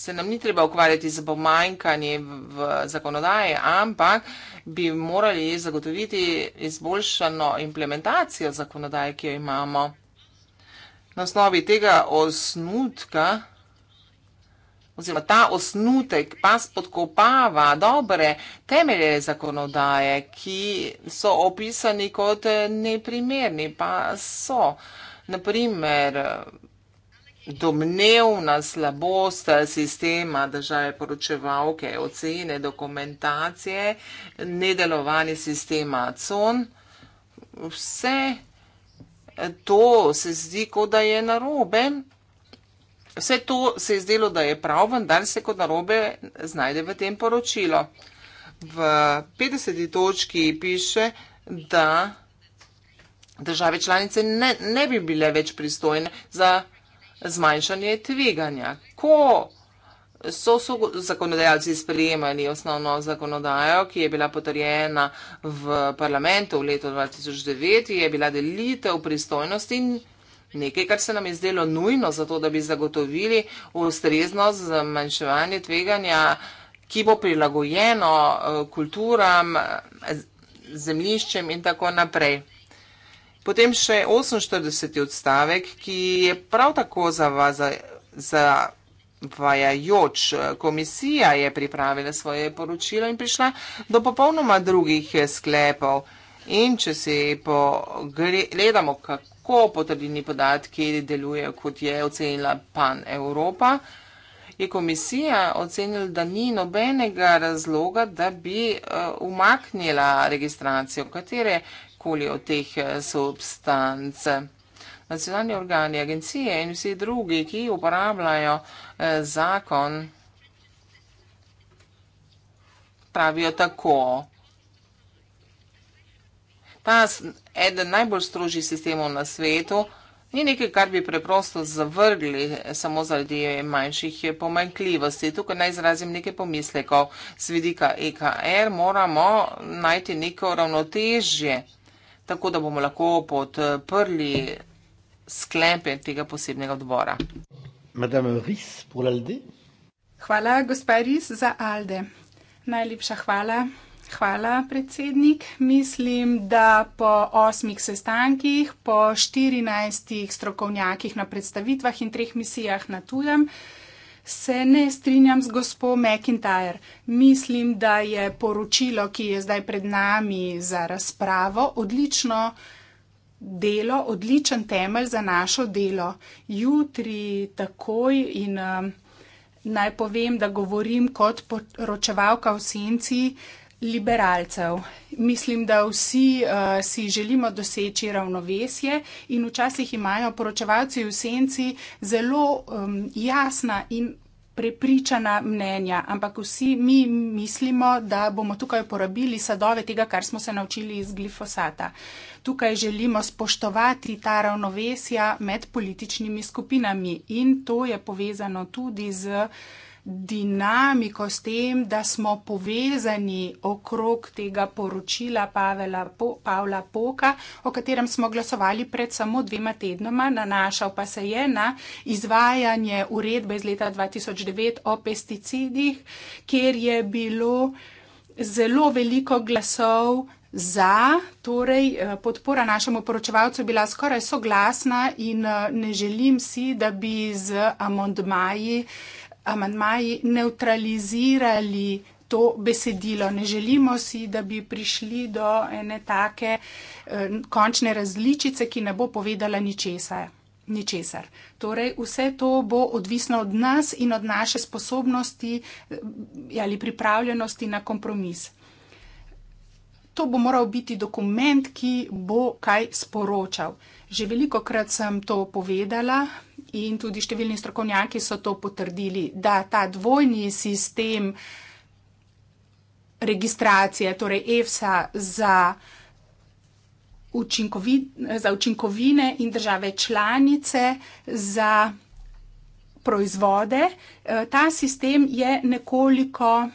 se nam ni treba ukvarjati z pomanjkanjem v zakonodaji, ampak bi morali zagotoviti izboljšano implementacijo zakonodaje, ki jo imamo. Na osnovi tega osnutka, oziroma ta osnutek pa spodkopava dobre temelje zakonodaje, ki so opisani kot neprimerni, pa so. Naprimer, domnevna slabost sistema države poročevalke, ocene, dokumentacije, nedelovanje sistema CON. Vse to se zdi, kot da je narobe. Vse to se je zdelo, da je prav, vendar se kot narobe znajde v tem poročilo. V 50. točki piše, da države članice ne, ne bi bile več pristojne za zmanjšanje tveganja. Ko so zakonodajalci sprejemali osnovno zakonodajo, ki je bila potrjena v parlamentu v letu 2009, je bila delitev pristojnosti nekaj, kar se nam je zdelo nujno za to, da bi zagotovili ustrezno zmanjševanje tveganja, ki bo prilagojeno eh, kulturam, eh, zemliščem in tako naprej. Potem še 48. odstavek, ki je prav tako zavajajoč. Komisija je pripravila svoje poročilo in prišla do popolnoma drugih eh, sklepov. In če se pogledamo, kako potrdini podatki delujejo, kot je ocenila Pan Evropa, je komisija ocenila, da ni nobenega razloga, da bi uh, umaknila registracijo, katere koli od teh eh, substanc. Nacionalni organi, agencije in vsi drugi, ki uporabljajo eh, zakon, pravijo tako. Ta eden najbolj strožji sistemov na svetu ni nekaj, kar bi preprosto zavrgli eh, samo zaradi manjših pomankljivosti. Tukaj naj izrazim nekaj pomislekov. Z vidika EKR moramo najti neko ravnotežje tako da bomo lahko podprli sklepe tega posebnega odbora. Hvala, gospa Riz, za Alde. Najlepša hvala. Hvala, predsednik. Mislim, da po osmih sestankih, po štirinajstih strokovnjakih na predstavitvah in treh misijah na tujem, se ne strinjam z gospo McIntyre. Mislim, da je poročilo, ki je zdaj pred nami za razpravo, odlično delo, odličen temelj za našo delo. Jutri takoj in um, naj povem, da govorim kot poročevalka v senci liberalcev. Mislim, da vsi uh, si želimo doseči ravnovesje in včasih imajo poročevalci v senci zelo um, jasna in prepričana mnenja, ampak vsi mi mislimo, da bomo tukaj uporabili sadove tega, kar smo se naučili iz glifosata. Tukaj želimo spoštovati ta ravnovesja med političnimi skupinami in to je povezano tudi z dinamiko s tem, da smo povezani okrog tega poročila Pavela, po, Pavla Poka, o katerem smo glasovali pred samo dvema tednoma, nanašal pa se je na izvajanje uredbe iz leta 2009 o pesticidih, kjer je bilo zelo veliko glasov. Za, torej eh, podpora našemu poročevalcu je bila skoraj soglasna in eh, ne želim si, da bi z amondmaji uh, amantmaji neutralizirali to besedilo. Ne želimo si, da bi prišli do ene take eh, končne različice, ki ne bo povedala ničesar. Ničesar. Torej, vse to bo odvisno od nas in od naše sposobnosti eh, ali pripravljenosti na kompromis. To bo moral biti dokument, ki bo kaj sporočal. Že veliko krat sem to povedala, in tudi številni strokovnjaki so to potrdili, da ta dvojni sistem registracije, torej EFSA za učinkovine, za učinkovine in države članice za proizvode, eh, ta sistem je nekoliko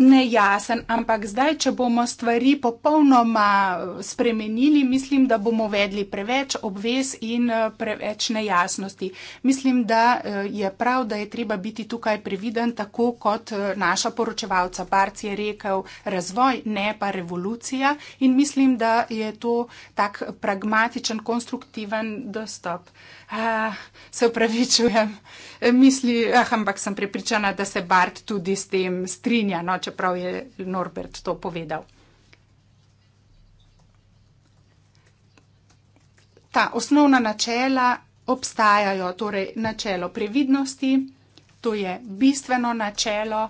nejasen, ampak zdaj, če bomo stvari popolnoma eh, spremenili, mislim, da bomo vedli preveč obvez in eh, preveč nejasnosti. Mislim, da eh, je prav, da je treba biti tukaj previden, tako kot naša poročevalca Barc je rekel, razvoj, ne pa revolucija in mislim, da je to tak pragmatičen, konstruktiven dostop se upravičujem, misli, ah, ampak sem prepričana, da se Bart tudi s tem strinja, no, čeprav je Norbert to povedal. Ta osnovna načela obstajajo, torej načelo previdnosti, to je bistveno načelo,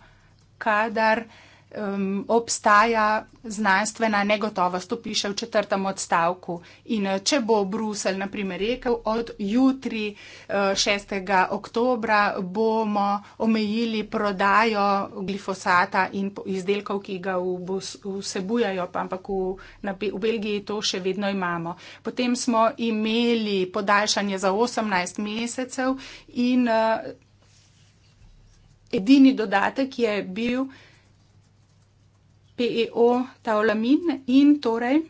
kadar um, obstaja znanstvena negotovost, to piše v četrtem odstavku. In eh, če bo Brusel, naprimer, rekel, od jutri 6. Eh, oktobra bomo omejili prodajo glifosata in izdelkov, ki ga vsebujajo, ampak v, v Belgiji to še vedno imamo. Potem smo imeli podaljšanje za 18 mesecev in uh, edini dodatek je bil, PEO Taulamin in torej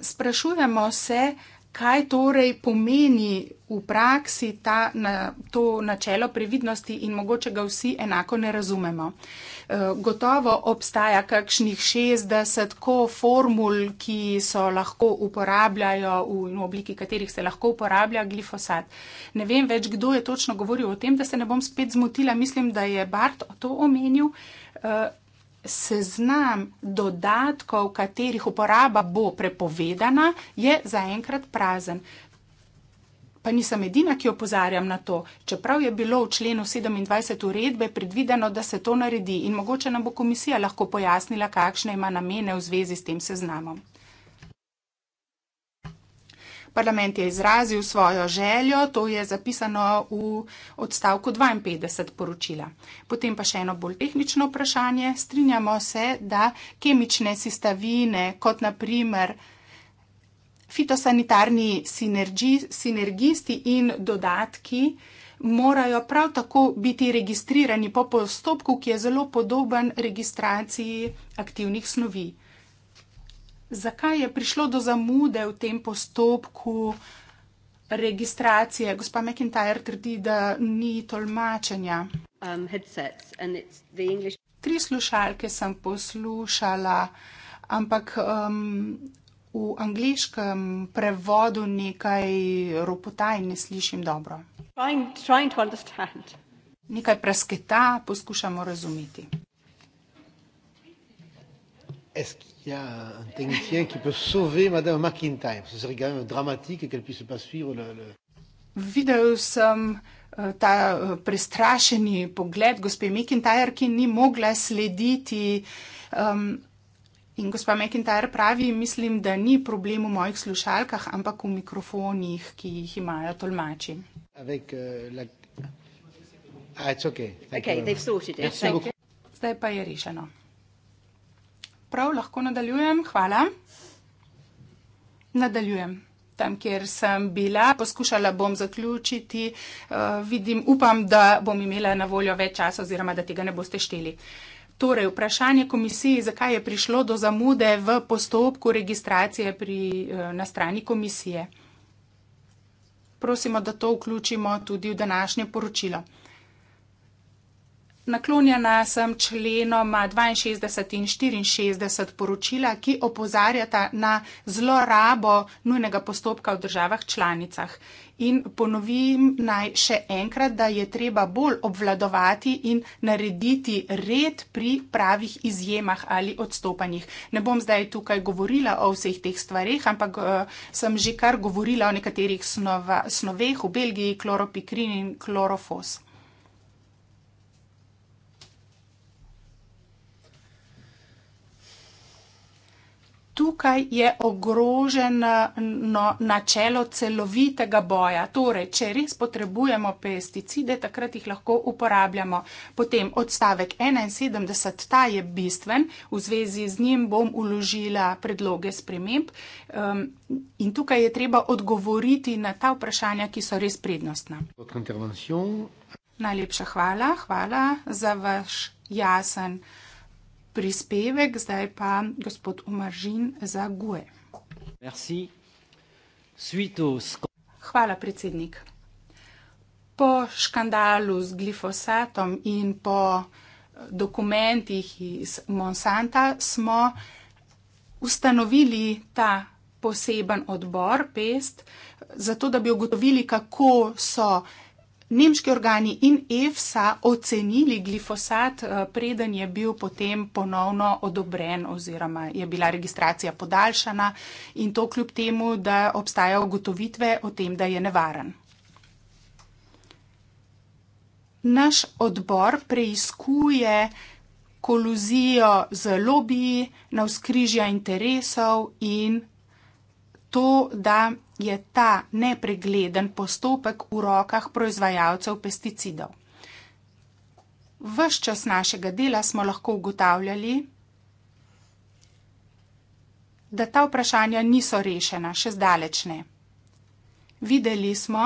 sprašujemo se, kaj torej pomeni v praksi ta, na, to načelo previdnosti in mogoče ga vsi enako ne razumemo. E, gotovo obstaja kakšnih 60 formul, ki so lahko uporabljajo v, v obliki, katerih se lahko uporablja glifosat. Ne vem več, kdo je točno govoril o tem, da se ne bom spet zmotila. Mislim, da je Bart o to omenil. E, seznam dodatkov, katerih uporaba bo prepovedana, je zaenkrat prazen. Pa nisem edina, ki opozarjam na to, čeprav je bilo v členu 27 uredbe predvideno, da se to naredi in mogoče nam bo komisija lahko pojasnila, kakšne ima namene v zvezi s tem seznamom. Parlament je izrazil svojo željo, to je zapisano v odstavku 52 poročila. Potem pa še eno bolj tehnično vprašanje. Strinjamo se, da kemične sestavine, kot naprimer fitosanitarni sinergi, sinergisti in dodatki, morajo prav tako biti registrirani po postopku, ki je zelo podoben registraciji aktivnih snovi zakaj je prišlo do zamude v tem postopku registracije. Gospa McIntyre trdi, da ni tolmačenja. Um, Tri slušalke sem poslušala, ampak um, v angliškem prevodu nekaj ropotaj ne slišim dobro. Nekaj prasketa poskušamo razumeti. Est-ce qu'il y a un technicien qui peut sauver Madame McIntyre Ce serait quand même dramatique qu'elle puisse pas suivre le. le... Videl sem eh, ta eh, prestrašeni pogled gospe McIntyre, ki ni mogla slediti. Um, in gospa McIntyre pravi, mislim, da ni problem v mojih slušalkah, ampak v mikrofonih, ki jih imajo tolmači. Avec, uh, la... ah, okay. Okay, Zdaj pa je rešeno. Prav, lahko nadaljujem, hvala. Nadaljujem. Tam, kjer sem bila, poskušala bom zaključiti, uh, vidim, upam, da bom imela na voljo več časa oziroma, da tega ne boste šteli. Torej, vprašanje komisiji, zakaj je prišlo do zamude v postopku registracije pri, eh, na strani komisije. Prosimo, da to vključimo tudi v današnje poročilo. Naklonjena sem členoma 62 in 64 poročila, ki opozarjata na zlorabo nujnega postopka v državah članicah. In ponovim naj še enkrat, da je treba bolj obvladovati in narediti red pri pravih izjemah ali odstopanjih. Ne bom zdaj tukaj govorila o vseh teh stvarih, ampak uh, sem že kar govorila o nekaterih snova, snoveh v Belgiji, kloropikrin in klorofos. Tukaj je ogroženo načelo celovitega boja. Torej, če res potrebujemo pesticide, takrat jih lahko uporabljamo. Potem odstavek 71, ta je bistven, v zvezi z njim bom uložila predloge sprememb. Um, in tukaj je treba odgovoriti na ta vprašanja, ki so res prednostna. Najlepša hvala, hvala za vaš jasen prispevek, zdaj pa gospod Umaržin za GUE. Hvala, predsednik. Po škandalu z glifosatom in po eh, dokumentih iz Monsanta smo ustanovili ta poseben odbor, PEST, zato da bi ugotovili, kako so nemški organi in EFSA ocenili glifosat, eh, preden je bil potem ponovno odobren oziroma je bila registracija podaljšana in to kljub temu, da obstajajo ugotovitve o tem, da je nevaren. Naš odbor preizkuje koluzijo z lobiji, navzkrižja interesov in to, da je ta nepregleden postopek v rokah proizvajalcev pesticidov. Ves čas našega dela smo lahko ugotavljali, da ta vprašanja niso rešena, še zdaleč ne. Videli smo,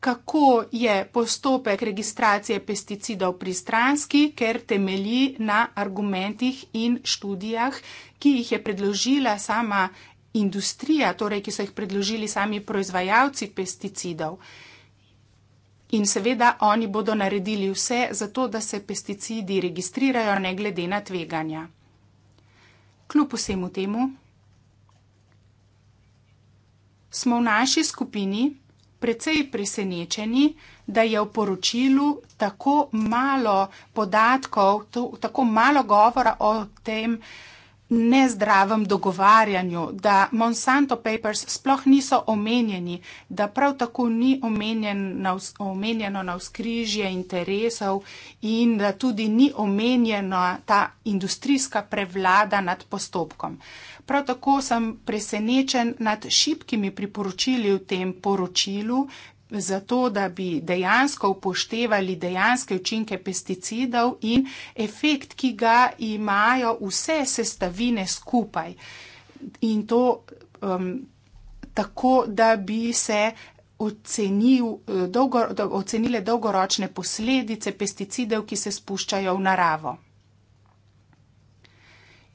kako je postopek registracije pesticidov pristranski, ker temelji na argumentih in študijah, ki jih je predložila sama industrija, torej ki so jih predložili sami proizvajalci pesticidov. In seveda oni bodo naredili vse za to, da se pesticidi registrirajo ne glede na tveganja. Kljub vsemu temu smo v naši skupini precej presenečeni, da je v poročilu tako malo podatkov, to, tako malo govora o tem nezdravem dogovarjanju, da Monsanto Papers sploh niso omenjeni, da prav tako ni omenjen na, omenjeno na vzkrižje interesov in da tudi ni omenjena ta industrijska prevlada nad postopkom. Prav tako sem presenečen nad šibkimi priporočili v tem poročilu, zato da bi dejansko upoštevali dejanske učinke pesticidov in efekt, ki ga imajo vse sestavine skupaj. In to um, tako, da bi se ocenil, eh, dolgo, da ocenile dolgoročne posledice pesticidev, ki se spuščajo v naravo.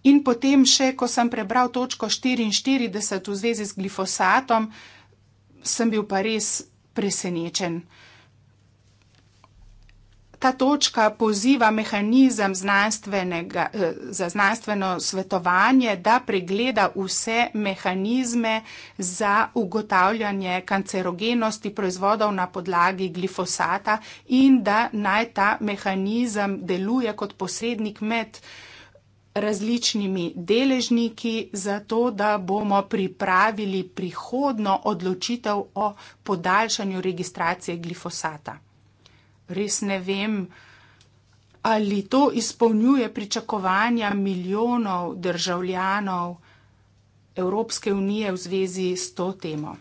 In potem še, ko sem prebral točko 44 v zvezi z glifosatom, sem bil pa res presenečen. Ta točka poziva mehanizem eh, za znanstveno svetovanje, da pregleda vse mehanizme za ugotavljanje kancerogenosti proizvodov na podlagi glifosata in da naj ta mehanizem deluje kot posrednik med uh, različnimi deležniki, zato da bomo pripravili prihodno odločitev o podaljšanju registracije glifosata. Res ne vem, ali to izpolnjuje pričakovanja milijonov državljanov Evropske unije v zvezi s to temo.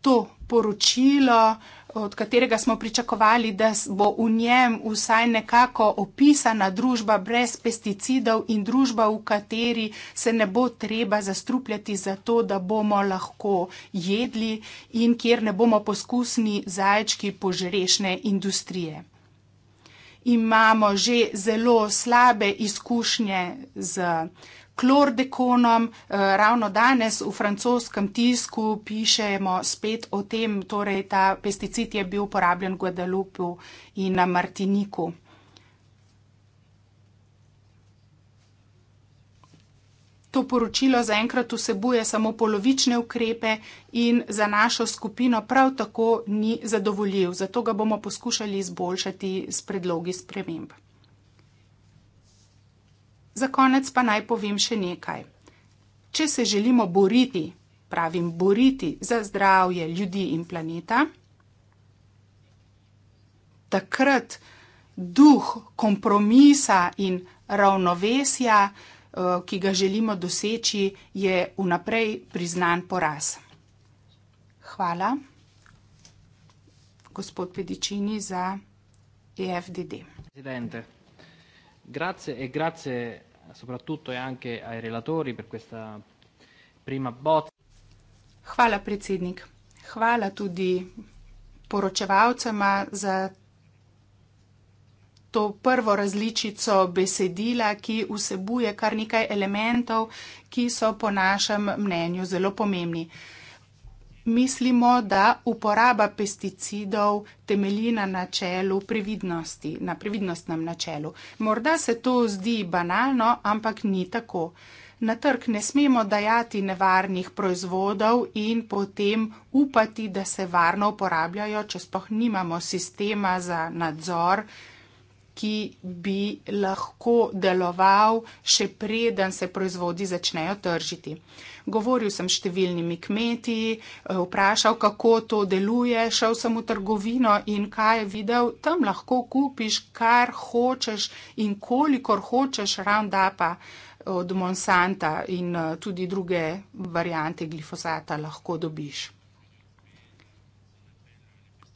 To poročilo od katerega smo pričakovali, da bo v njem vsaj nekako opisana družba brez pesticidov in družba, v kateri se ne bo treba zastrupljati za to, da bomo lahko jedli in kjer ne bomo poskusni zajčki požrešne industrije. Imamo že zelo slabe izkušnje z klordekonom. Eh, ravno danes v francoskem tisku pišemo spet o tem, torej ta pesticid je bil uporabljen v Guadalupu in na Martiniku. To poročilo zaenkrat vsebuje samo polovične ukrepe in za našo skupino prav tako ni zadovoljiv. Zato ga bomo poskušali izboljšati s predlogi sprememb. Za konec pa naj povem še nekaj. Če se želimo boriti, pravim, boriti za zdravje ljudi in planeta, takrat duh kompromisa in ravnovesja, eh, ki ga želimo doseči, je vnaprej priznan poraz. Hvala, gospod Pedičini, za EFDD. Grazie e grazie soprattutto e anche ai relatori per questa prima bozza. Hvala, predsednik. Hvala tudi poročevalcema za to prvo različico besedila, ki vsebuje kar nekaj elementov, ki so po našem mnenju zelo pomembni mislimo, da uporaba pesticidov temelji na načelu previdnosti, na previdnostnem načelu. Morda se to zdi banalno, ampak ni tako. Na trg ne smemo dajati nevarnih proizvodov in potem upati, da se varno uporabljajo, če spoh nimamo sistema za nadzor, ki bi lahko deloval še preden se proizvodi začnejo tržiti govoril sem s številnimi kmeti, eh, vprašal, kako to deluje, šel sem v trgovino in kaj je videl, tam lahko kupiš, kar hočeš in kolikor hočeš, roundupa od Monsanta in eh, tudi druge variante glifosata lahko dobiš.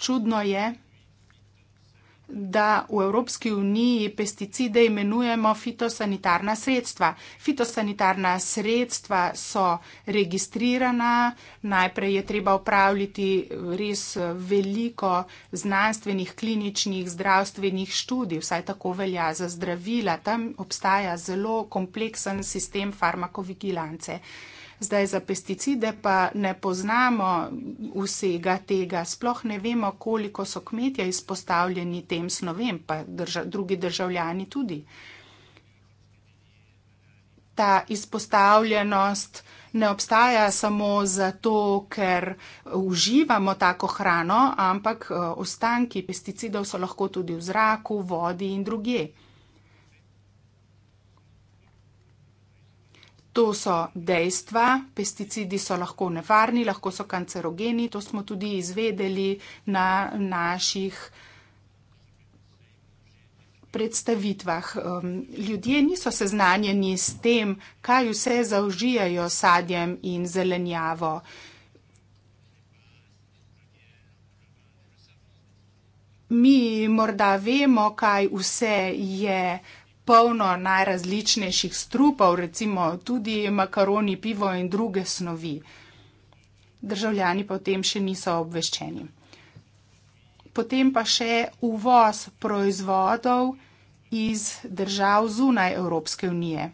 Čudno je, da v Evropski uniji pesticide imenujemo fitosanitarna sredstva. Fitosanitarna sredstva so registrirana, najprej je treba upravljati res veliko znanstvenih, kliničnih, zdravstvenih študij, vsaj tako velja za zdravila. Tam obstaja zelo kompleksen sistem farmakovigilance. Zdaj za pesticide pa ne poznamo vsega tega, sploh ne vemo, koliko so kmetje izpostavljeni tem snovem, pa drža, drugi državljani tudi. Ta izpostavljenost ne obstaja samo zato, ker uživamo tako hrano, ampak eh, ostanki pesticidov so lahko tudi v zraku, vodi in drugje. To so dejstva. Pesticidi so lahko nevarni, lahko so kancerogeni. To smo tudi izvedeli na naših predstavitvah. Um, ljudje niso seznanjeni s tem, kaj vse zaužijajo sadjem in zelenjavo. Mi morda vemo, kaj vse je zaužijajo polno najrazličnejših strupov, recimo tudi makaroni, pivo in druge snovi. Državljani pa o tem še niso obveščeni. Potem pa še uvoz proizvodov iz držav zunaj Evropske unije.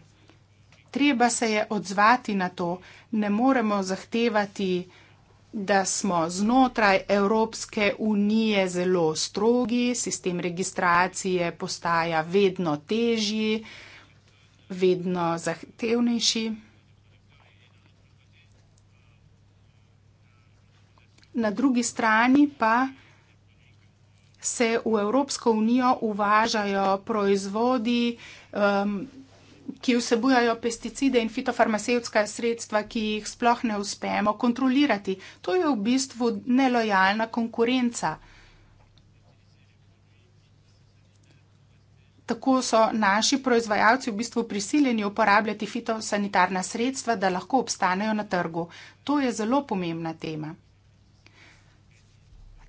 Treba se je odzvati na to, ne moremo zahtevati, da da smo znotraj Evropske unije zelo strogi, sistem registracije postaja vedno težji, vedno zahtevnejši. Na drugi strani pa se v Evropsko unijo uvažajo proizvodi, um, ki vsebujajo pesticide in fitofarmacevtska sredstva, ki jih sploh ne uspemo kontrolirati. To je v bistvu nelojalna konkurenca. Tako so naši proizvajalci v bistvu prisiljeni uporabljati fitosanitarna sredstva, da lahko obstanejo na trgu. To je zelo pomembna tema.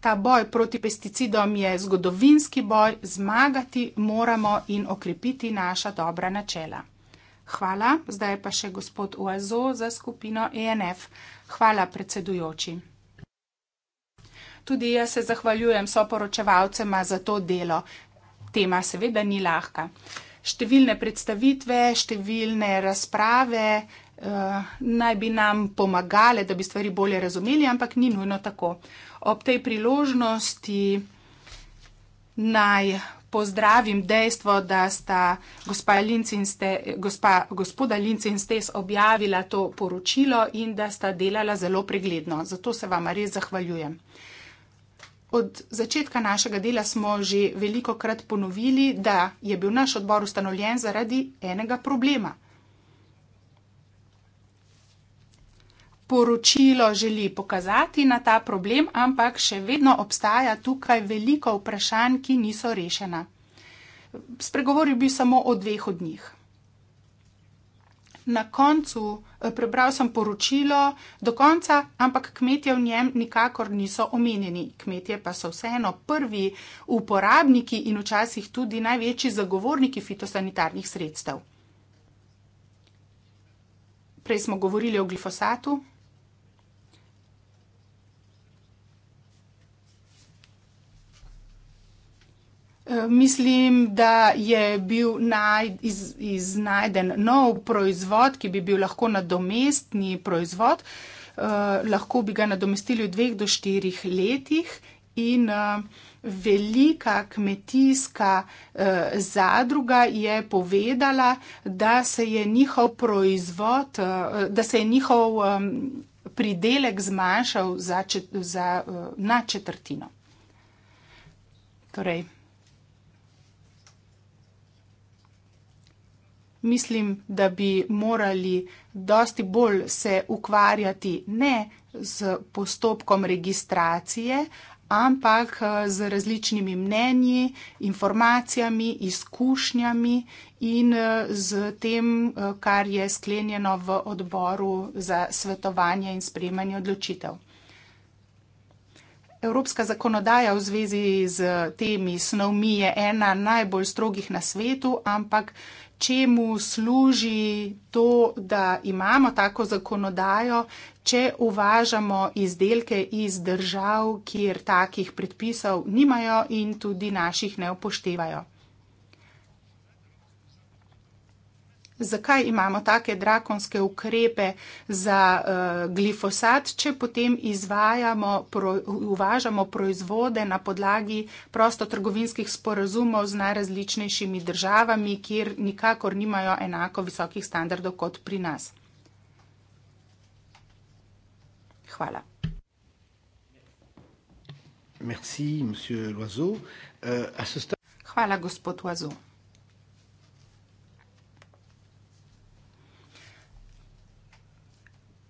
Ta boj proti pesticidom je zgodovinski boj, zmagati moramo in okrepiti naša dobra načela. Hvala. Zdaj pa še gospod Oazo za skupino ENF. Hvala, predsedujoči. Tudi jaz se zahvaljujem soporočevalcema za to delo. Tema seveda ni lahka. Številne predstavitve, številne razprave eh, naj bi nam pomagale, da bi stvari bolje razumeli, ampak ni nujno tako. Ob tej priložnosti naj pozdravim dejstvo, da sta gospoda Linci in Stes objavila to poročilo in da sta delala zelo pregledno. Zato se vama res zahvaljujem. Od začetka našega dela smo že veliko krat ponovili, da je bil naš odbor ustanovljen zaradi enega problema. poročilo želi pokazati na ta problem, ampak še vedno obstaja tukaj veliko vprašanj, ki niso rešena. Spregovoril bi samo o dveh od njih. Na koncu eh, prebral sem poročilo do konca, ampak kmetje v njem nikakor niso omenjeni. Kmetje pa so vseeno prvi uporabniki in včasih tudi največji zagovorniki fitosanitarnih sredstev. Prej smo govorili o glifosatu. Eh, mislim, da je bil iznajden nov proizvod, ki bi bil lahko nadomestni proizvod, eh, lahko bi ga nadomestili v dveh do štirih letih in eh, velika kmetijska zadruga je povedala, da se je njihov proizvod, da se je njihov pridelek zmanjšal za, za, na četrtino. Torej, mislim, da bi morali dosti bolj se ukvarjati ne z postopkom registracije, ampak eh, z različnimi mnenji, informacijami, izkušnjami in z eh, tem, eh, kar je sklenjeno v odboru za svetovanje in spremanje odločitev. Evropska zakonodaja v zvezi z temi snovmi je ena najbolj strogih na svetu, ampak čemu služi to, da imamo tako zakonodajo, če uvažamo izdelke iz držav, kjer takih predpisov nimajo in tudi naših ne upoštevajo. zakaj imamo take drakonske ukrepe za uh, glifosat, če potem izvajamo, pro, uvažamo proizvode na podlagi prostotrgovinskih sporazumov z najrazličnejšimi državami, kjer nikakor nimajo enako visokih standardov kot pri nas. Hvala. Merci, euh, Hvala, gospod Oazu.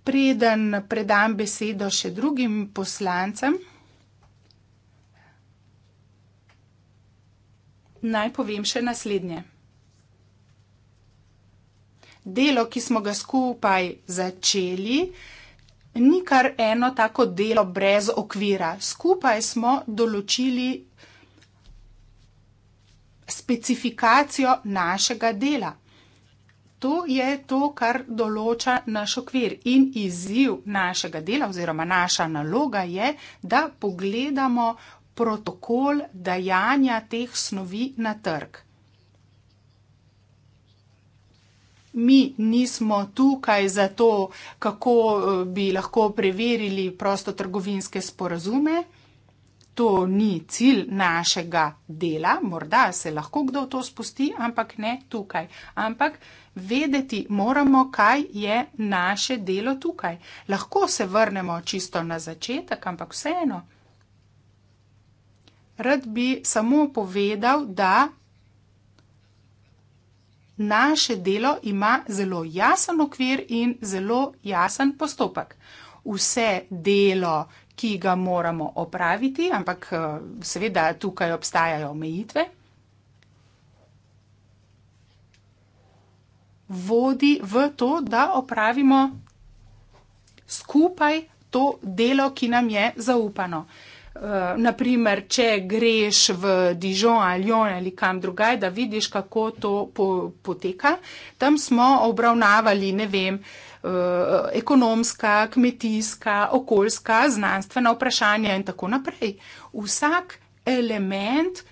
preden predam besedo še drugim poslancem, naj povem še naslednje. Delo, ki smo ga skupaj začeli, ni kar eno tako delo brez okvira. Skupaj smo določili specifikacijo našega dela to je to, kar določa naš okvir in izziv našega dela oziroma naša naloga je, da pogledamo protokol dajanja teh snovi na trg. Mi nismo tukaj zato, kako eh, bi lahko preverili prostotrgovinske sporazume. To ni cilj našega dela. Morda se lahko kdo v to spusti, ampak ne tukaj. Ampak vedeti moramo, kaj je naše delo tukaj. Lahko se vrnemo čisto na začetek, ampak vseeno. Rad bi samo povedal, da naše delo ima zelo jasen okvir in zelo jasen postopek. Vse delo, ki ga moramo opraviti, ampak eh, seveda tukaj obstajajo omejitve. vodi v to, da opravimo skupaj to delo, ki nam je zaupano. Eh, Naprimer, če greš v Dižon ali Lyon ali kam drugaj, da vidiš, kako to poteka. Tam smo obravnavali, ne vem, eh, ekonomska, kmetijska, okoljska, znanstvena vprašanja in tako naprej. Vsak element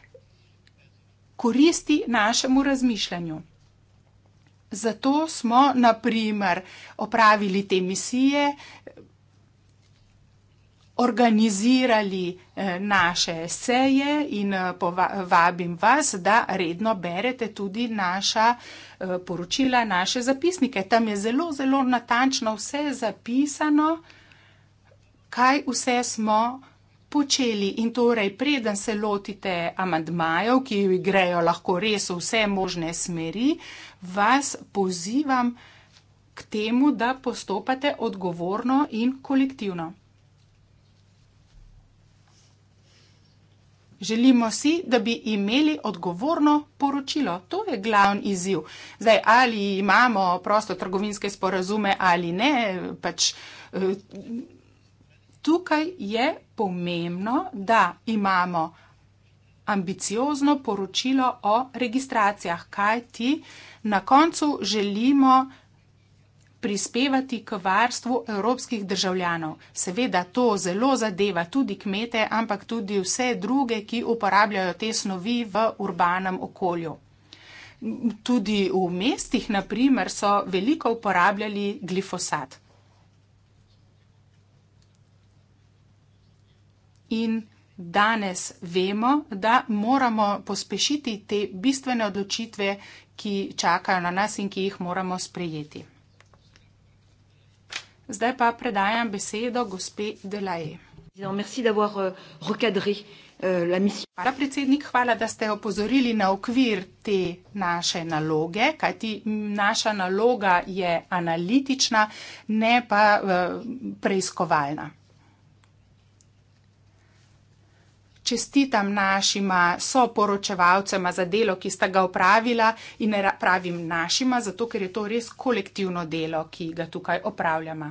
koristi našemu razmišljanju. Zato smo, na primer, opravili te misije, organizirali eh, naše seje in eh, vabim vas, da redno berete tudi naša eh, poročila, naše zapisnike. Tam je zelo, zelo natančno vse zapisano, kaj vse smo počeli. In torej, preden se lotite amadmajev, ki grejo lahko res v vse možne smeri, vas pozivam k temu, da postopate odgovorno in kolektivno. Želimo si, da bi imeli odgovorno poročilo. To je glavni izziv. Zdaj, ali imamo prosto trgovinske sporazume ali ne, pač eh, tukaj je pomembno, da imamo odgovorno poročilo ambiciozno poročilo o registracijah, kaj ti na koncu želimo prispevati k varstvu evropskih državljanov. Seveda to zelo zadeva tudi kmete, ampak tudi vse druge, ki uporabljajo te snovi v urbanem okolju. Tudi v mestih, naprimer, so veliko uporabljali glifosat. In danes vemo, da moramo pospešiti te bistvene odločitve, ki čakajo na nas in ki jih moramo sprejeti. Zdaj pa predajam besedo gospe Delaje. Euh, euh, hvala, predsednik, hvala, da ste opozorili na okvir te naše naloge, kajti naša naloga je analitična, ne pa eh, preiskovalna. čestitam našima soporočevalcema za delo, ki sta ga opravila in pravim našima, zato ker je to res kolektivno delo, ki ga tukaj opravljamo.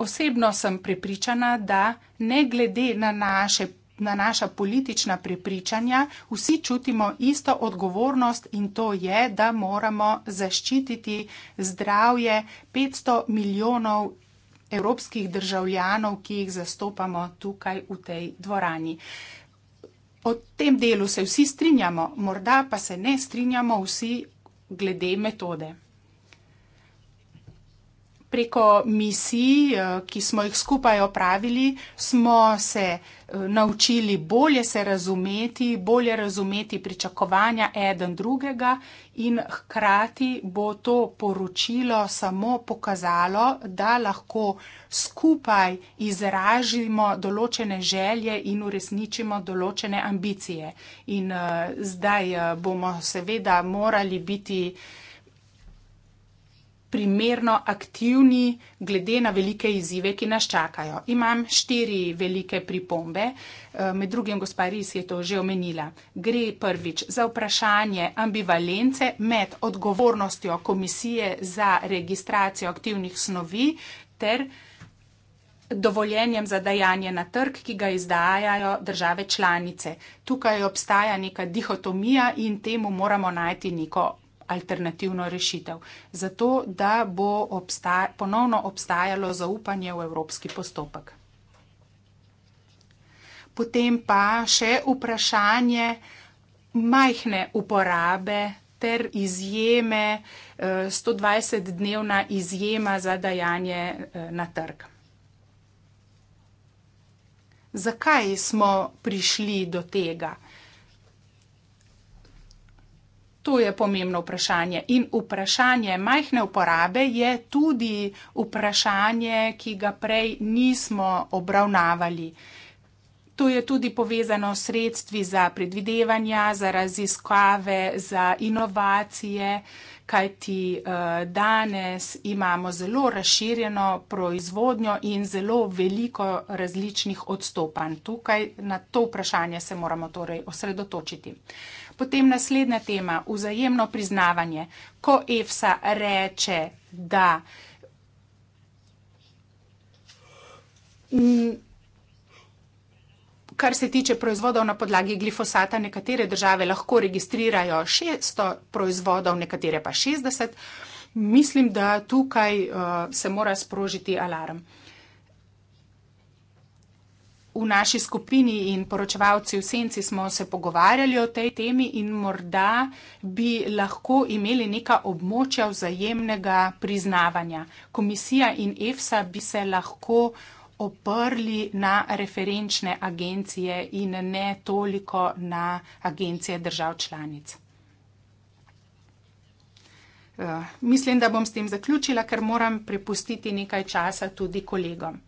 Osebno sem prepričana, da ne glede na, naše, na naša politična prepričanja, vsi čutimo isto odgovornost in to je, da moramo zaščititi zdravje 500 milijonov evropskih državljanov, ki jih zastopamo tukaj v tej dvorani. O tem delu se vsi strinjamo, morda pa se ne strinjamo vsi glede metode preko misij, eh, ki smo jih skupaj opravili, smo se eh, naučili bolje se razumeti, bolje razumeti pričakovanja eden drugega in hkrati bo to poročilo samo pokazalo, da lahko skupaj izražimo določene želje in uresničimo določene ambicije. In eh, zdaj bomo seveda morali biti primerno aktivni glede na velike izzive, ki nas čakajo. Imam štiri velike pripombe, eh, med drugim gospa Ris je to že omenila. Gre prvič za vprašanje ambivalence med odgovornostjo komisije za registracijo aktivnih snovi ter dovoljenjem za dajanje na trg, ki ga izdajajo države članice. Tukaj obstaja neka dihotomija in temu moramo najti neko alternativno rešitev, zato da bo obstaja, ponovno obstajalo zaupanje v evropski postopek. Potem pa še vprašanje majhne uporabe ter izjeme, 120-dnevna eh, izjema za dajanje eh, na trg. Zakaj smo prišli do tega? To je pomembno vprašanje. In vprašanje majhne uporabe je tudi vprašanje, ki ga prej nismo obravnavali. To je tudi povezano s sredstvi za predvidevanja, za raziskave, za inovacije, kajti eh, danes imamo zelo razširjeno proizvodnjo in zelo veliko različnih odstopanj. Tukaj na to vprašanje se moramo torej osredotočiti. Potem naslednja tema, vzajemno priznavanje. Ko EFSA reče, da kar se tiče proizvodov na podlagi glifosata, nekatere države lahko registrirajo 600 proizvodov, nekatere pa 60, mislim, da tukaj uh, se mora sprožiti alarm v naši skupini in poročevalci v senci smo se pogovarjali o tej temi in morda bi lahko imeli neka območja vzajemnega priznavanja. Komisija in EFSA bi se lahko oprli na referenčne agencije in ne toliko na agencije držav članic. Eh, mislim, da bom s tem zaključila, ker moram prepustiti nekaj časa tudi kolegom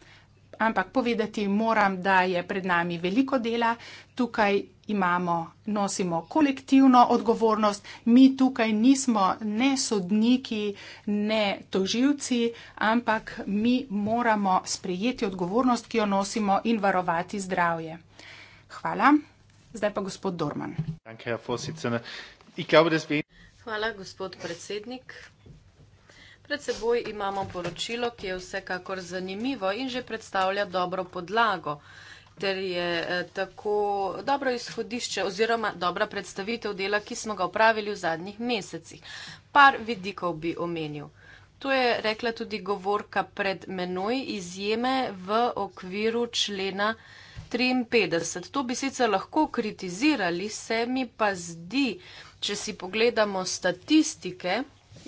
ampak povedati moram, da je pred nami veliko dela. Tukaj imamo, nosimo kolektivno odgovornost. Mi tukaj nismo ne sodniki, ne toživci, ampak mi moramo sprejeti odgovornost, ki jo nosimo in varovati zdravje. Hvala. Zdaj pa gospod Dorman. Hvala, gospod predsednik pred seboj imamo poročilo, ki je vsekakor zanimivo in že predstavlja dobro podlago, ter je eh, tako dobro izhodišče oziroma dobra predstavitev dela, ki smo ga upravili v zadnjih mesecih. Par vidikov bi omenil. To je rekla tudi govorka pred menoj izjeme v okviru člena 53. To bi sicer lahko kritizirali, se mi pa zdi, če si pogledamo statistike,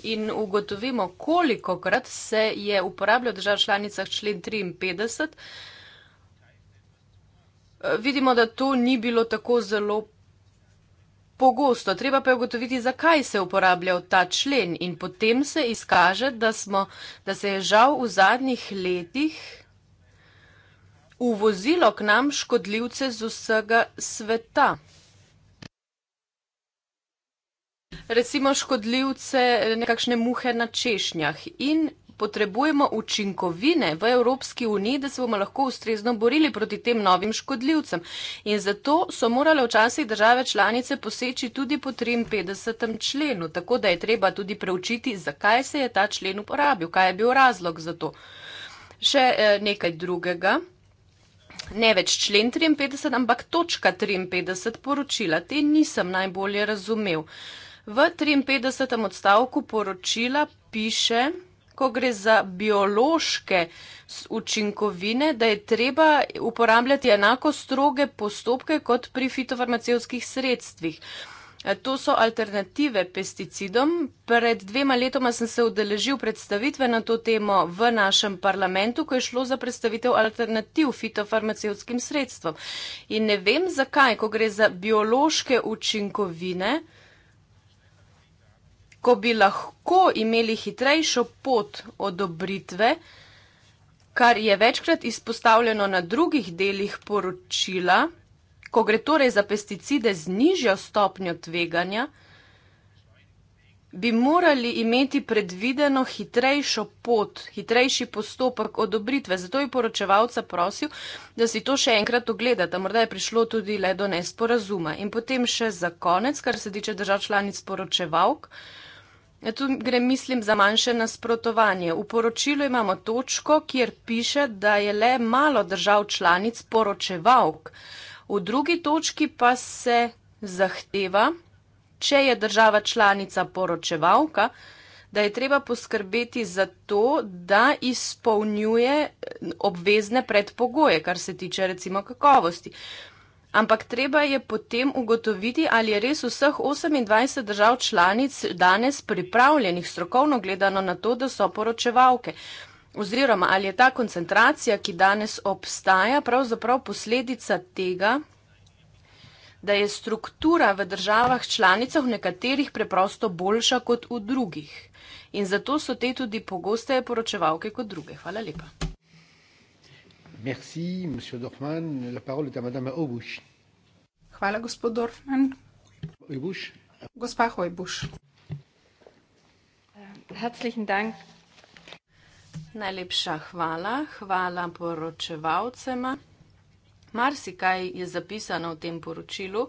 in ugotovimo, kolikokrat se je uporabljal v državah članicah člen 53, vidimo, da to ni bilo tako zelo pogosto. Treba pa je ugotoviti, zakaj se je uporabljal ta člen in potem se izkaže, da, smo, da se je žal v zadnjih letih uvozilo k nam škodljivce z vsega sveta. Recimo škodljivce, nekakšne muhe na češnjah in potrebujemo učinkovine v Evropski uniji, da se bomo lahko ustrezno borili proti tem novim škodljivcem. In zato so morale včasih države članice poseči tudi po 53. členu, tako da je treba tudi preučiti, zakaj se je ta člen uporabil, kaj je bil razlog za to. Še eh, nekaj drugega. Ne več člen 53, ampak točka 53 poročila. Te nisem najbolje razumel. V 53. odstavku poročila piše, ko gre za biološke učinkovine, da je treba uporabljati enako stroge postopke kot pri fitofarmacevskih sredstvih. E, to so alternative pesticidom. Pred dvema letoma sem se udeležil predstavitve na to temo v našem parlamentu, ko je šlo za predstavitev alternativ fitofarmacevskim sredstvom. In ne vem, zakaj, ko gre za biološke učinkovine, ko bi lahko imeli hitrejšo pot odobritve, kar je večkrat izpostavljeno na drugih delih poročila, ko gre torej za pesticide z nižjo stopnjo tveganja, bi morali imeti predvideno hitrejšo pot, hitrejši postopek odobritve. Zato je poročevalca prosil, da si to še enkrat ogledate. Morda je prišlo tudi le do nesporazuma. In potem še za konec, kar se tiče držav članic poročevalk. Ja, tu gre, mislim, za manjše nasprotovanje. V poročilu imamo točko, kjer piše, da je le malo držav članic poročevalk. V drugi točki pa se zahteva, če je država članica poročevalka, da je treba poskrbeti za to, da izpolnjuje obvezne predpogoje, kar se tiče recimo kakovosti. Uh, ampak treba je potem ugotoviti, ali je res vseh 28 držav članic danes pripravljenih strokovno gledano na to, da so poročevalke. Oziroma, ali je ta koncentracija, ki danes obstaja, pravzaprav posledica tega, da je struktura v državah članicah v nekaterih preprosto boljša kot v drugih. In zato so te tudi pogosteje poročevalke kot druge. Hvala lepa. Merci, monsieur Dorfman. La parole est à madame Oibush. Hvala, gospod Dorfman. Oibush. Gospa Oibush. Herzlichen Dank. Najlepša hvala, hvala poročevalcema. Marsikaj je zapisano v tem poročilu,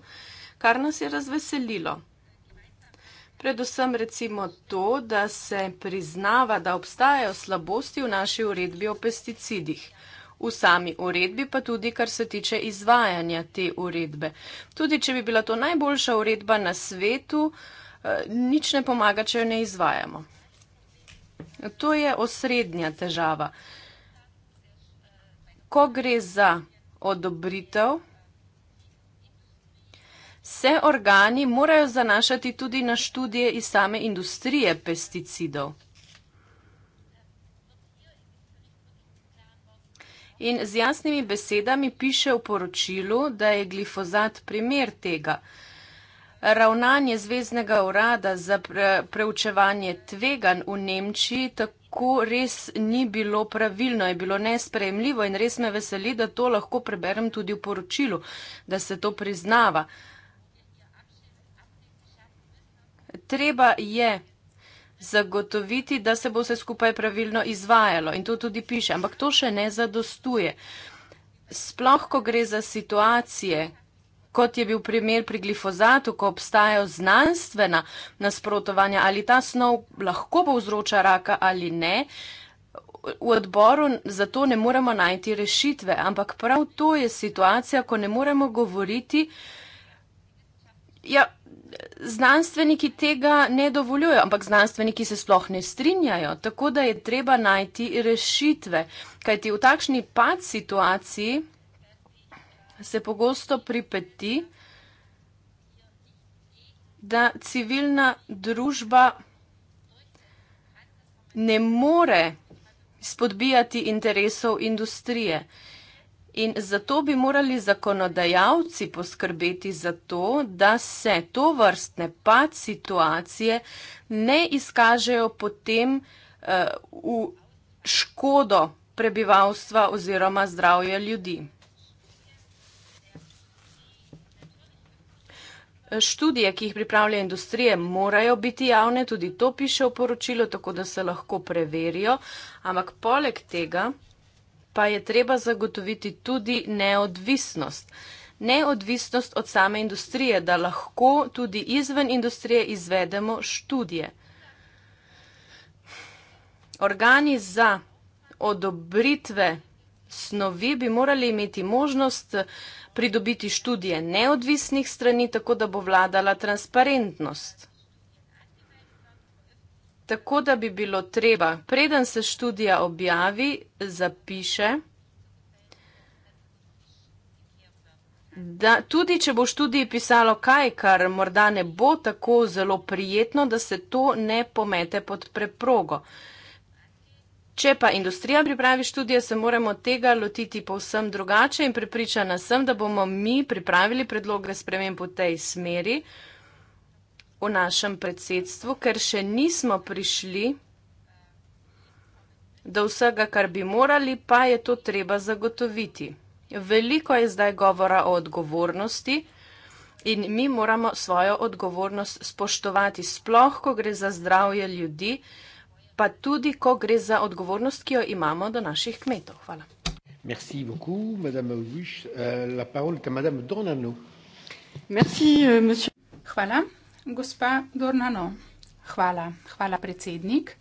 kar nas je razveselilo. Predvsem recimo to, da se priznava, da obstajajo slabosti v naši uredbi o pesticidih v sami uredbi, pa tudi kar se tiče izvajanja te uredbe. Tudi če bi bila to najboljša uredba na svetu, eh, nič ne pomaga, če jo ne izvajamo. To je osrednja težava. Ko gre za odobritev, se organi morajo zanašati tudi na študije iz same industrije pesticidov. in z jasnimi besedami piše v poročilu, da je glifozat primer tega. Ravnanje Zvezdnega urada za pre preučevanje tvegan v Nemčiji tako res ni bilo pravilno, je bilo nespremljivo in res me veseli, da to lahko preberem tudi v poročilu, da se to priznava. Treba je zagotoviti, da se bo vse skupaj pravilno izvajalo. In to tudi piše, ampak to še ne zadostuje. Sploh, ko gre za situacije, kot je bil primer pri glifozatu, ko obstajajo znanstvena nasprotovanja, ali ta snov lahko povzroča raka ali ne, v odboru za to ne moremo najti rešitve. Ampak prav to je situacija, ko ne moremo govoriti. Ja, znanstveniki tega ne dovoljujo, ampak znanstveniki se sploh ne strinjajo, tako da je treba najti rešitve. Kajti v takšni pad situaciji se pogosto pripeti, da civilna družba ne more spodbijati interesov industrije. In zato bi morali zakonodajalci poskrbeti za to, da se to vrstne pad situacije ne izkažejo potem uh, v škodo prebivalstva oziroma zdravja ljudi. Študije, ki jih pripravlja industrije, morajo biti javne, tudi to piše v poročilu, tako da se lahko preverijo, ampak poleg tega pa je treba zagotoviti tudi neodvisnost. Neodvisnost od same industrije, da lahko tudi izven industrije izvedemo študije. Organi za odobritve snovi bi morali imeti možnost pridobiti študije neodvisnih strani, tako da bo vladala transparentnost tako da bi bilo treba, preden se študija objavi, zapiše, da tudi če bo v študiji pisalo kaj, kar morda ne bo tako zelo prijetno, da se to ne pomete pod preprogo. Če pa industrija pripravi študije, se moramo tega lotiti povsem drugače in pripričana sem, da bomo mi pripravili predloge sprememb v tej smeri v našem predsedstvu, ker še nismo prišli do vsega, kar bi morali, pa je to treba zagotoviti. Veliko je zdaj govora o odgovornosti in mi moramo svojo odgovornost spoštovati, sploh, ko gre za zdravje ljudi, pa tudi, ko gre za odgovornost, ki jo imamo do naših kmetov. Hvala. Merci beaucoup, madame Wish. Euh, la parole est à madame Donano. Merci, euh, monsieur. Voilà. Gospa Dornano, hvala, hvala predsednik.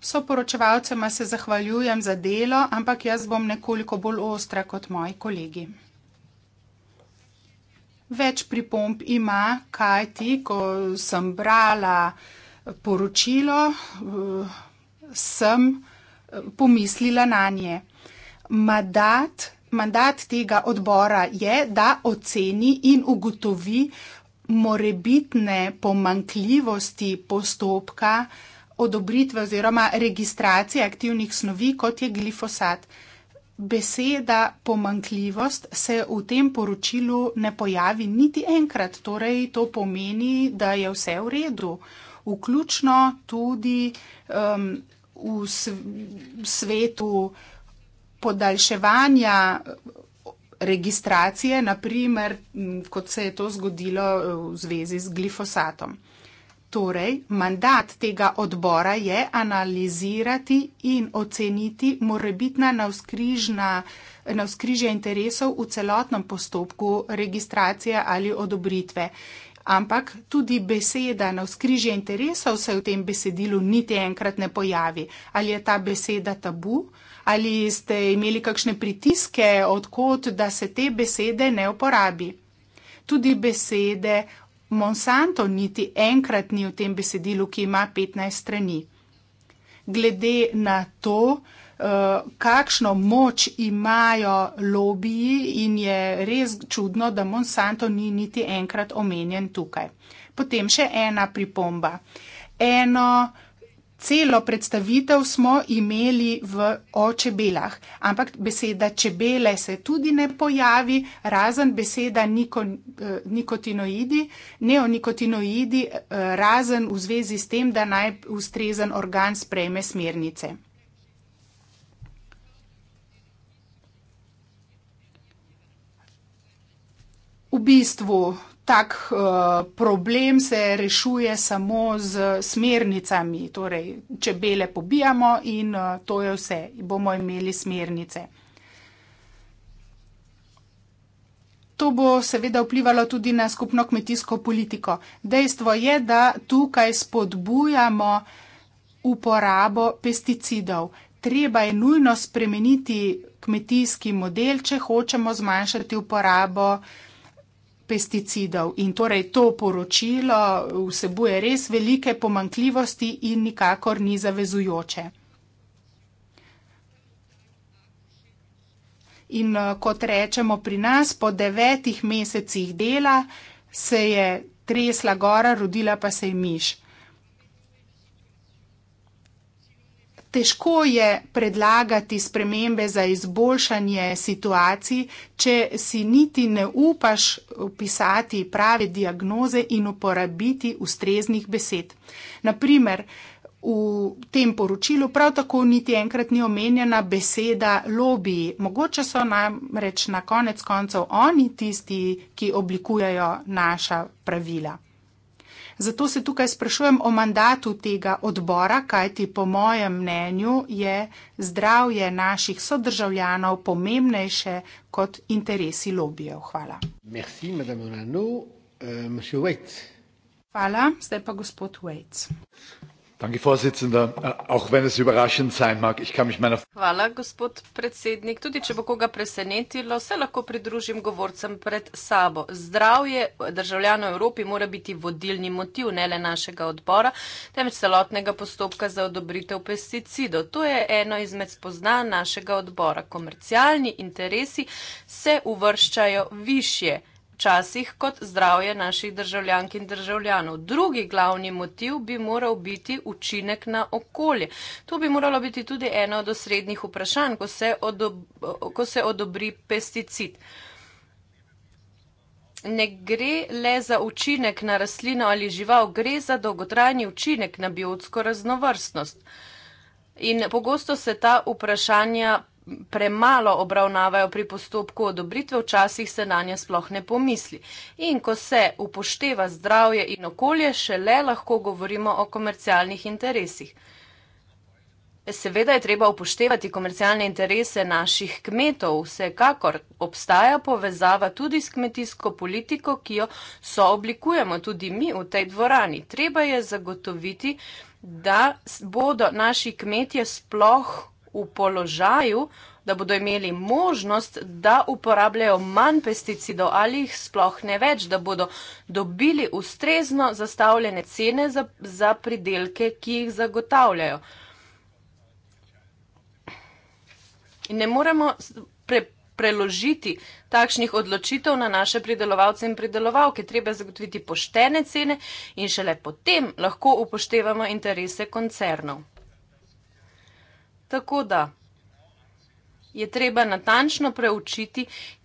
So poročevalcema se zahvaljujem za delo, ampak jaz bom nekoliko bolj ostra kot moji kolegi. Več pripomb ima, kaj ti, ko sem brala poročilo, sem eh, pomislila na nje. Mandat, mandat tega odbora je, da oceni in ugotovi, morebitne pomankljivosti postopka odobritve oziroma registracije aktivnih snovi, kot je glifosat. Beseda pomankljivost se v tem poročilu ne pojavi niti enkrat, torej to pomeni, da je vse v redu, vključno tudi um, v svetu podaljševanja registracije, naprimer, kot se je to zgodilo e, v zvezi z glifosatom. Torej, mandat tega odbora je analizirati in oceniti morebitna navskrižja interesov v celotnem postopku registracije ali odobritve. Ampak tudi beseda navskrižja interesov se v tem besedilu niti enkrat ne pojavi. Ali je ta beseda tabu? ali ste imeli kakšne pritiske, odkot da se te besede ne uporabi. Tudi besede Monsanto niti enkrat ni v tem besedilu, ki ima 15 strani. Glede na to, eh, kakšno moč imajo lobiji in je res čudno, da Monsanto ni niti enkrat omenjen tukaj. Potem še ena pripomba. Eno celo predstavitev smo imeli v očebelah, ampak beseda čebele se tudi ne pojavi, razen beseda niko, eh, nikotinoidi, neonikotinoidi, eh, razen v zvezi s tem, da naj ustrezen organ sprejme smernice. V bistvu tak uh, problem se rešuje samo z smernicami. Torej, čebele pobijamo in uh, to je vse, bomo imeli smernice. To bo seveda vplivalo tudi na skupno kmetijsko politiko. Dejstvo je, da tukaj spodbujamo uporabo pesticidov. Treba je nujno spremeniti kmetijski model, če hočemo zmanjšati uporabo pesticidov pesticidov. In torej to poročilo vsebuje res velike pomankljivosti in nikakor ni zavezujoče. In eh, kot rečemo pri nas, po devetih mesecih dela se je tresla gora, rodila pa se je miš. težko je predlagati spremembe za izboljšanje situacij, če si niti ne upaš upisati prave diagnoze in uporabiti ustreznih besed. Naprimer, v tem poročilu prav tako niti enkrat ni omenjena beseda lobiji. Mogoče so namreč na konec koncev oni tisti, ki oblikujejo naša pravila. Zato se tukaj sprašujem o mandatu tega odbora, kajti po mojem mnenju je zdravje naših sodržavljanov pomembnejše kot interesi lobijev. Hvala. Merci, euh, Hvala, zdaj pa gospod Waits. Danke, Vorsitzender. Äh, auch wenn es überraschend sein mag, ich kann mich meiner. Hvala, gospod predsednik. Tudi če bo koga presenetilo, se lahko pridružim govorcem pred sabo. Zdravje državljanov Evropi mora biti vodilni motiv ne le našega odbora, temveč celotnega postopka za odobritev pesticidov. To je eno izmed spozna našega odbora. Komercialni interesi se uvrščajo više časih kot zdravje naših državljank in državljanov. Drugi glavni motiv bi moral biti učinek na okolje. To bi moralo biti tudi eno od osrednjih vprašanj, ko se, odob, ko se odobri pesticid. Ne gre le za učinek na rastlino ali žival, gre za dolgotrajni učinek na biotsko raznovrstnost. In pogosto se ta vprašanja premalo obravnavajo pri postopku odobritve, včasih se na nje sploh ne pomisli. In ko se upošteva zdravje in okolje, šele lahko govorimo o komercialnih interesih. Seveda je treba upoštevati komercialne interese naših kmetov, vsekakor obstaja povezava tudi s kmetijsko politiko, ki jo sooblikujemo tudi mi v tej dvorani. Treba je zagotoviti, da bodo naši kmetje sploh v položaju, da bodo imeli možnost, da uporabljajo manj pesticidov ali jih sploh ne več, da bodo dobili ustrezno zastavljene cene za, za pridelke, ki jih zagotavljajo. In ne moremo pre, preložiti takšnih odločitev na naše pridelovalce in pridelovalke. Treba zagotoviti poštene cene in šele potem lahko upoštevamo interese koncernov. Tako da je treba natančno preučiti,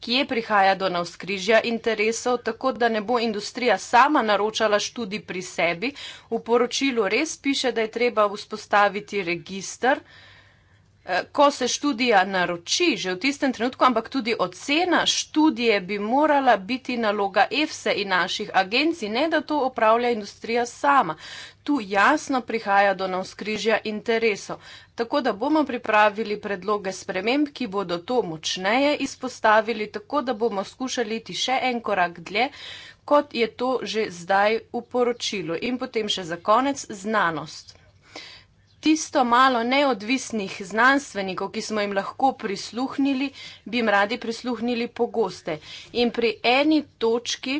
kje prihaja do navskrižja interesov, tako da ne bo industrija sama naročala študi pri sebi. V poročilu res piše, da je treba vzpostaviti registr. Eh, ko se študija naroči že v tistem trenutku, ampak tudi ocena študije bi morala biti naloga EFSE in naših agencij, ne da to opravlja industrija sama. Tu jasno prihaja do navskrižja interesov. Tako da bomo pripravili predloge sprememb, ki bodo to močneje izpostavili, tako da bomo skušali iti še en korak dlje, kot je to že zdaj v poročilu. In potem še za konec znanost tisto malo neodvisnih znanstvenikov, ki smo jim lahko prisluhnili, bi jim radi prisluhnili pogoste. In pri eni točki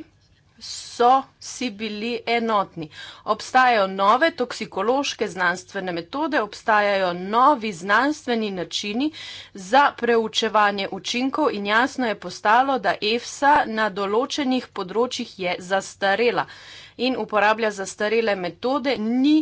so si bili enotni. Obstajajo nove toksikološke znanstvene metode, obstajajo novi znanstveni načini za preučevanje učinkov in jasno je postalo, da EFSA na določenih področjih je zastarela in uporablja zastarele metode, ni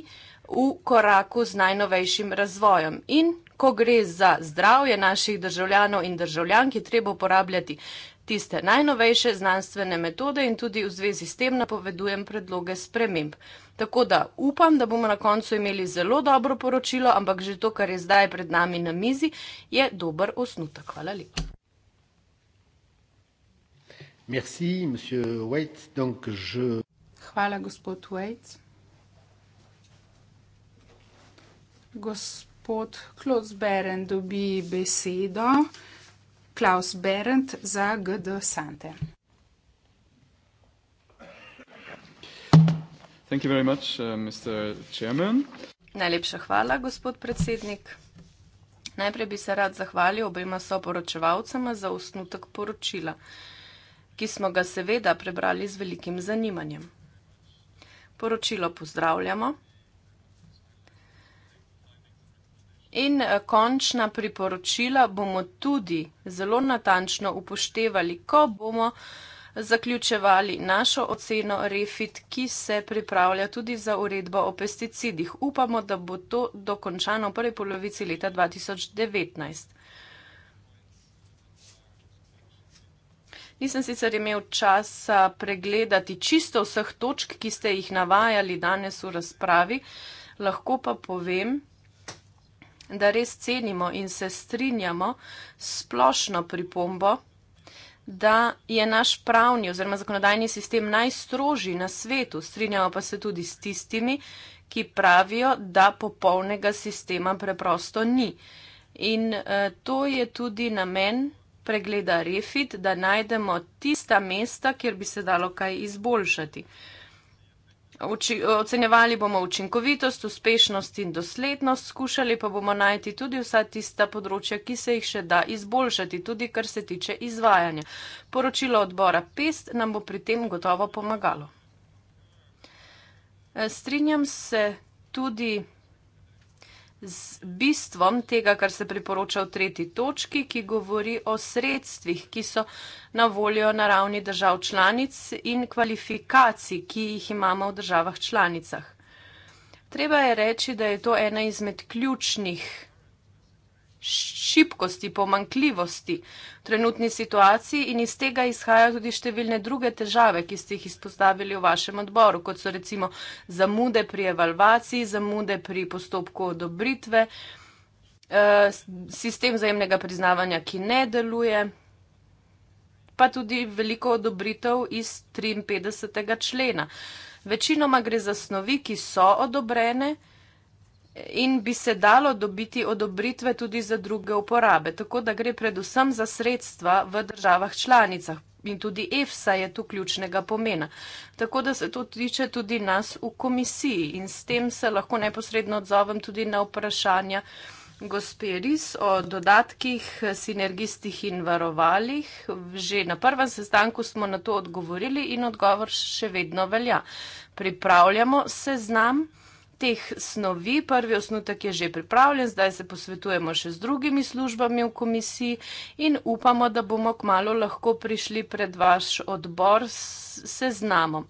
v koraku z najnovejšim razvojem. In ko gre za zdravje naših državljanov in državljank, je treba uporabljati tiste najnovejše znanstvene metode in tudi v zvezi s tem napovedujem predloge sprememb. Tako da upam, da bomo na koncu imeli zelo dobro poročilo, ampak že to, kar je zdaj pred nami na mizi, je dober osnutek. Hvala lepa. Merci, monsieur Waits. Donc, je... Hvala, gospod Waits. Gospod Klaus Berend dobi besedo. Klaus Berend za GD Sante. Thank you very much, uh, Mr. Chairman. Najlepša hvala, gospod predsednik. Najprej bi se rad zahvalil obema soporočevalcema za osnutek poročila, ki smo ga seveda prebrali z velikim zanimanjem. Poročilo pozdravljamo, In eh, končna priporočila bomo tudi zelo natančno upoštevali, ko bomo zaključevali našo oceno REFIT, ki se pripravlja tudi za uredbo o pesticidih. Upamo, da bo to dokončano v prvi polovici leta 2019. Nisem sicer imel časa pregledati čisto vseh točk, ki ste jih navajali danes v razpravi, lahko pa povem, da res cenimo in se strinjamo splošno pripombo, da je naš pravni oziroma zakonodajni sistem najstrožji na svetu. Strinjamo pa se tudi s tistimi, ki pravijo, da popolnega sistema preprosto ni. In eh, to je tudi namen pregleda Refit, da najdemo tista mesta, kjer bi se dalo kaj izboljšati ocenjevali bomo učinkovitost, uspešnost in doslednost, skušali pa bomo najti tudi vsa tista področja, ki se jih še da izboljšati, tudi kar se tiče izvajanja. Poročilo odbora PEST nam bo pri tem gotovo pomagalo. E, strinjam se tudi z bistvom tega, kar se priporoča v tretji točki, ki govori o sredstvih, ki so na voljo na ravni držav članic in kvalifikacij, ki jih imamo v državah članicah. Treba je reči, da je to ena izmed ključnih šibkosti, pomankljivosti v trenutni situaciji in iz tega izhajajo tudi številne druge težave, ki ste jih izpostavili v vašem odboru, kot so recimo zamude pri evalvaciji, zamude pri postopku odobritve, eh, sistem zajemnega priznavanja, ki ne deluje, pa tudi veliko odobritev iz 53. člena. Večinoma gre za snovi, ki so odobrene, in bi se dalo dobiti odobritve tudi za druge uporabe. Tako da gre predvsem za sredstva v državah članicah in tudi EFSA je tu ključnega pomena. Tako da se to tiče tudi nas v komisiji in s tem se lahko neposredno odzovem tudi na vprašanja gospe Ris o dodatkih, sinergistih in varovalih. Že na prvem sestanku smo na to odgovorili in odgovor še vedno velja. Pripravljamo seznam teh snovi. Prvi osnutek je že pripravljen, zdaj se posvetujemo še z drugimi službami v komisiji in upamo, da bomo kmalo lahko prišli pred vaš odbor s seznamom.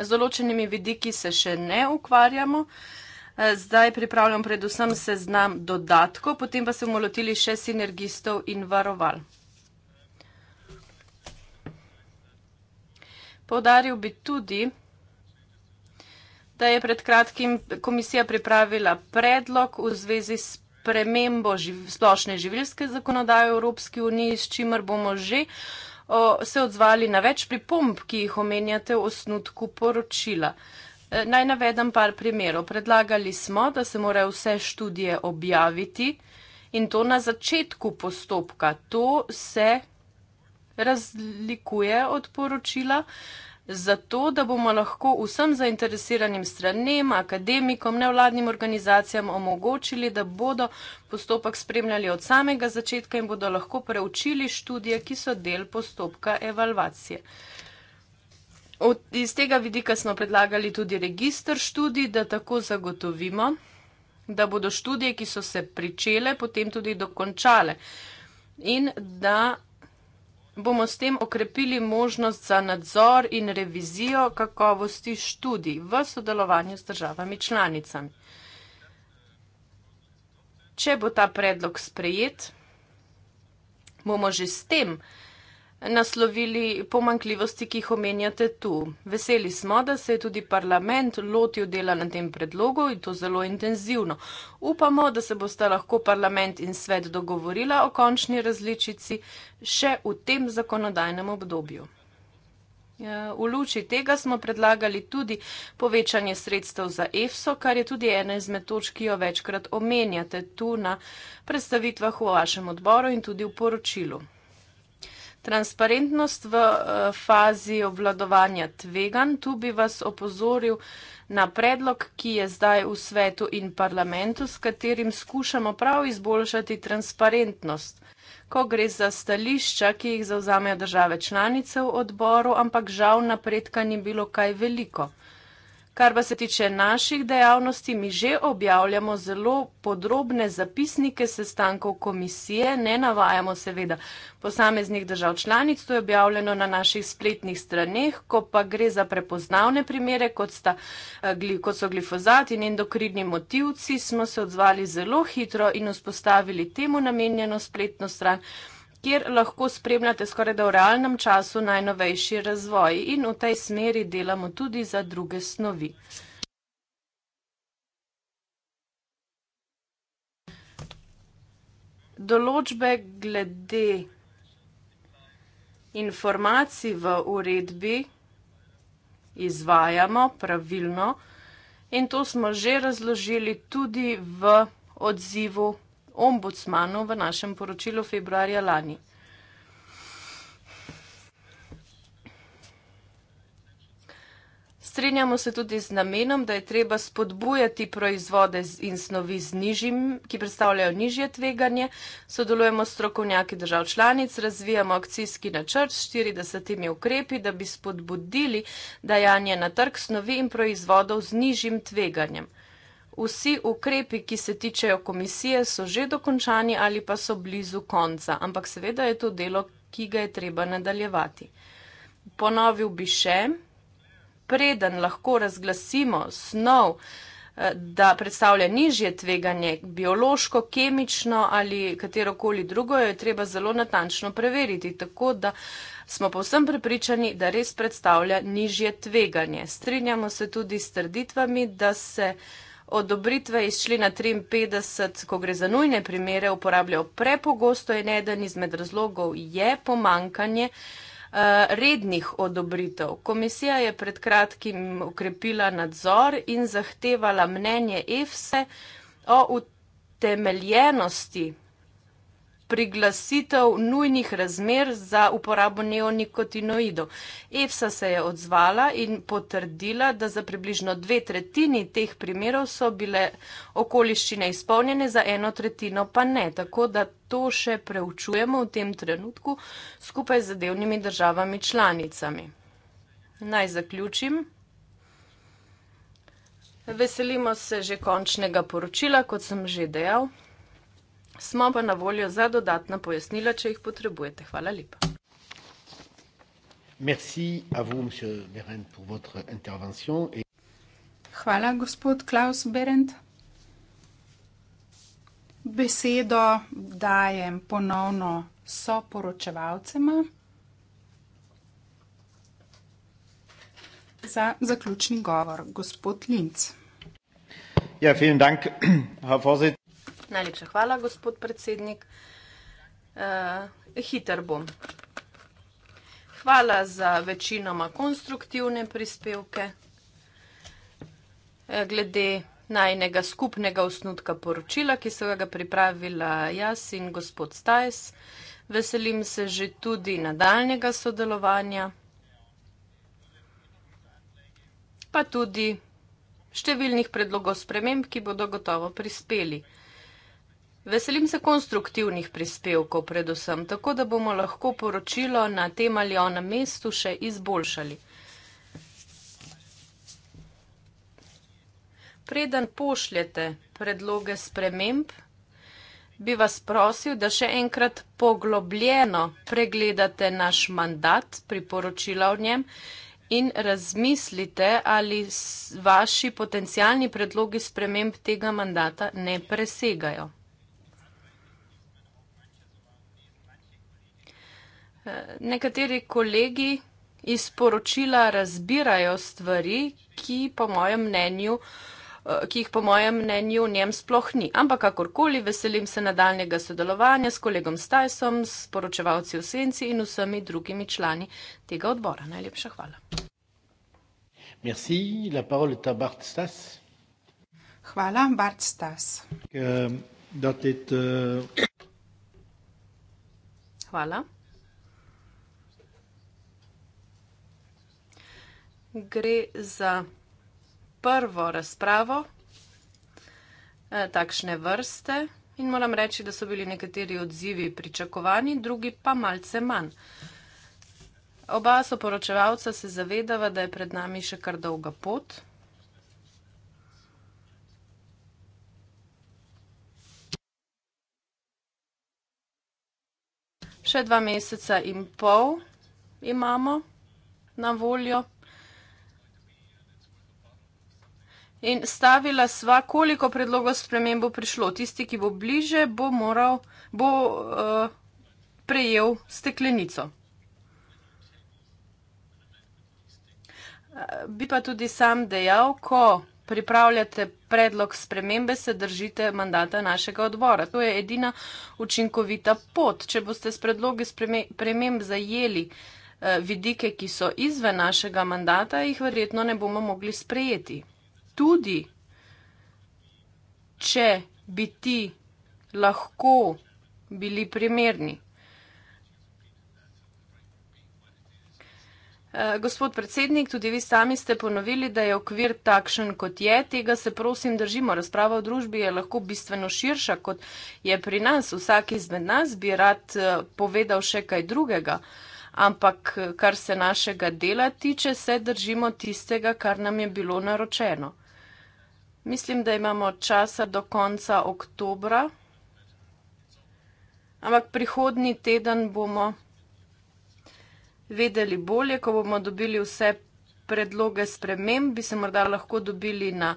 Z določenimi vidiki se še ne ukvarjamo. Zdaj pripravljam predvsem seznam dodatkov, potem pa se bomo lotili še sinergistov in varoval. Povdaril bi tudi, da je pred kratkim komisija pripravila predlog v zvezi s premembo živ splošne živilske zakonodaje v Evropski uniji, s čimer bomo že o, se odzvali na več pripomb, ki jih omenjate v osnutku poročila. E, naj navedem par primerov. Predlagali smo, da se morajo vse študije objaviti in to na začetku postopka. To se razlikuje od poročila. Uh, zato da bomo lahko vsem zainteresiranim stranem, akademikom, nevladnim organizacijam omogočili, da bodo postopek spremljali od samega začetka in bodo lahko preučili študije, ki so del postopka evalvacije. Od, iz tega vidika smo predlagali tudi registr študij, da tako zagotovimo, da bodo študije, ki so se pričele, potem tudi dokončale in da bomo s tem okrepili možnost za nadzor in revizijo kakovosti študij v sodelovanju s državami članicami. Če bo ta predlog sprejet, bomo že s tem, naslovili pomankljivosti, ki jih omenjate tu. Veseli smo, da se je tudi parlament lotil dela na tem predlogu in to zelo intenzivno. Upamo, da se bosta lahko parlament in svet dogovorila o končni različici še v tem zakonodajnem obdobju. Ja, v luči tega smo predlagali tudi povečanje sredstev za EFSO, kar je tudi ena izmed točk, ki jo večkrat omenjate tu na predstavitvah v vašem odboru in tudi v poročilu transparentnost v eh, fazi obvladovanja tvegan. Tu bi vas opozoril na predlog, ki je zdaj v svetu in parlamentu, s katerim skušamo prav izboljšati transparentnost. Ko gre za stališča, ki jih zauzamejo države članice v odboru, ampak žal napredka ni bilo kaj veliko. Kar pa se tiče naših dejavnosti, mi že objavljamo zelo podrobne zapisnike sestankov komisije, ne navajamo seveda posameznih držav članic, to je objavljeno na naših spletnih straneh, ko pa gre za prepoznavne primere, kot, sta, eh, kot so glifozat in endokridni motivci, smo se odzvali zelo hitro in vzpostavili temu namenjeno spletno stran kjer lahko spremljate skoraj da v realnem času najnovejši razvoj in v tej smeri delamo tudi za druge snovi. Določbe glede informacij v uredbi izvajamo pravilno in to smo že razložili tudi v odzivu ombudsmanu v našem poročilu februarja lani. Strinjamo se tudi z namenom, da je treba spodbujati proizvode in snovi z nižjim, ki predstavljajo nižje tveganje. Sodelujemo s strokovnjaki držav članic, razvijamo akcijski načrt s 40 ukrepi, da bi spodbudili dajanje na trg snovi in proizvodov z nižjim tveganjem vsi ukrepi, ki se tičejo komisije, so že dokončani ali pa so blizu konca, ampak seveda je to delo, ki ga je treba nadaljevati. Ponovil bi še, preden lahko razglasimo snov, eh, da predstavlja nižje tveganje, biološko, kemično ali katerokoli drugo, jo je treba zelo natančno preveriti, tako da smo povsem prepričani, da res predstavlja nižje tveganje. Strinjamo se tudi s trditvami, da se uh, odobritve iz člena 53, ko gre za nujne primere, uporabljajo prepogosto in eden izmed razlogov je pomankanje eh, rednih odobritev. Komisija je pred kratkim ukrepila nadzor in zahtevala mnenje EFSE o utemeljenosti priglasitev nujnih razmer za uporabo neonikotinoidov. EFSA se je odzvala in potrdila, da za približno dve tretjini teh primerov so bile okoliščine izpolnjene, za eno tretjino pa ne. Tako da to še preučujemo v tem trenutku skupaj z zadevnimi državami članicami. Naj zaključim. Veselimo se že končnega poročila, kot sem že dejal. Smo pa na voljo za dodatna pojasnila, če jih potrebujete. Hvala lepa. Hvala, gospod Klaus Berendt. Besedo dajem ponovno soporočevalcema za zaključni govor, gospod Linz. Ja, Najlepša hvala, gospod predsednik. Uh, hiter bom. Hvala za večinoma konstruktivne prispevke eh, glede najnega skupnega osnutka poročila, ki so ga pripravila jaz in gospod Stajs. Veselim se že tudi nadaljnega sodelovanja, pa tudi številnih predlogov sprememb, ki bodo gotovo prispeli. Veselim se konstruktivnih prispevkov predvsem, tako da bomo lahko poročilo na tem ali onem mestu še izboljšali. Preden pošljete predloge sprememb, bi vas prosil, da še enkrat poglobljeno pregledate naš mandat, priporočila v njem in razmislite, ali vaši potencialni predlogi sprememb tega mandata ne presegajo. nekateri kolegi iz poročila razbirajo stvari, ki, po mojem mnenju, eh, ki jih po mojem mnenju v njem sploh ni. Ampak kakorkoli, veselim se nadaljnega sodelovanja s kolegom Stajsom, s poročevalci v senci in vsemi drugimi člani tega odbora. Najlepša hvala. Merci, la parole est à Bart Stas. Hvala, Bart Stas. Euh, dans tête, euh... Hvala. gre za prvo razpravo eh, takšne vrste in moram reči, da so bili nekateri odzivi pričakovani, drugi pa malce manj. Oba soporočevalca se zavedava, da je pred nami še kar dolga pot. Še dva meseca in pol imamo na voljo. In stavila sva, koliko predlogov sprememb bo prišlo. Tisti, ki bo bliže, bo moral, bo uh, prejel steklenico. Eh, bi pa tudi sam dejal, ko pripravljate predlog spremembe, se držite mandata našega odbora. To je edina učinkovita pot. Če boste s predlogi sprememb zajeli eh, vidike, ki so izven našega mandata, jih verjetno ne bomo mogli sprejeti tudi, če bi ti lahko bili primerni. Eh, gospod predsednik, tudi vi sami ste ponovili, da je okvir takšen, kot je. Tega se prosim držimo. Razprava v družbi je lahko bistveno širša, kot je pri nas. Vsak izmed nas bi rad eh, povedal še kaj drugega. Ampak, eh, kar se našega dela tiče, se držimo tistega, kar nam je bilo naročeno. Mislim, da imamo časa do konca oktobra, ampak prihodni teden bomo vedeli bolje, ko bomo dobili vse predloge sprememb, bi se morda lahko dobili na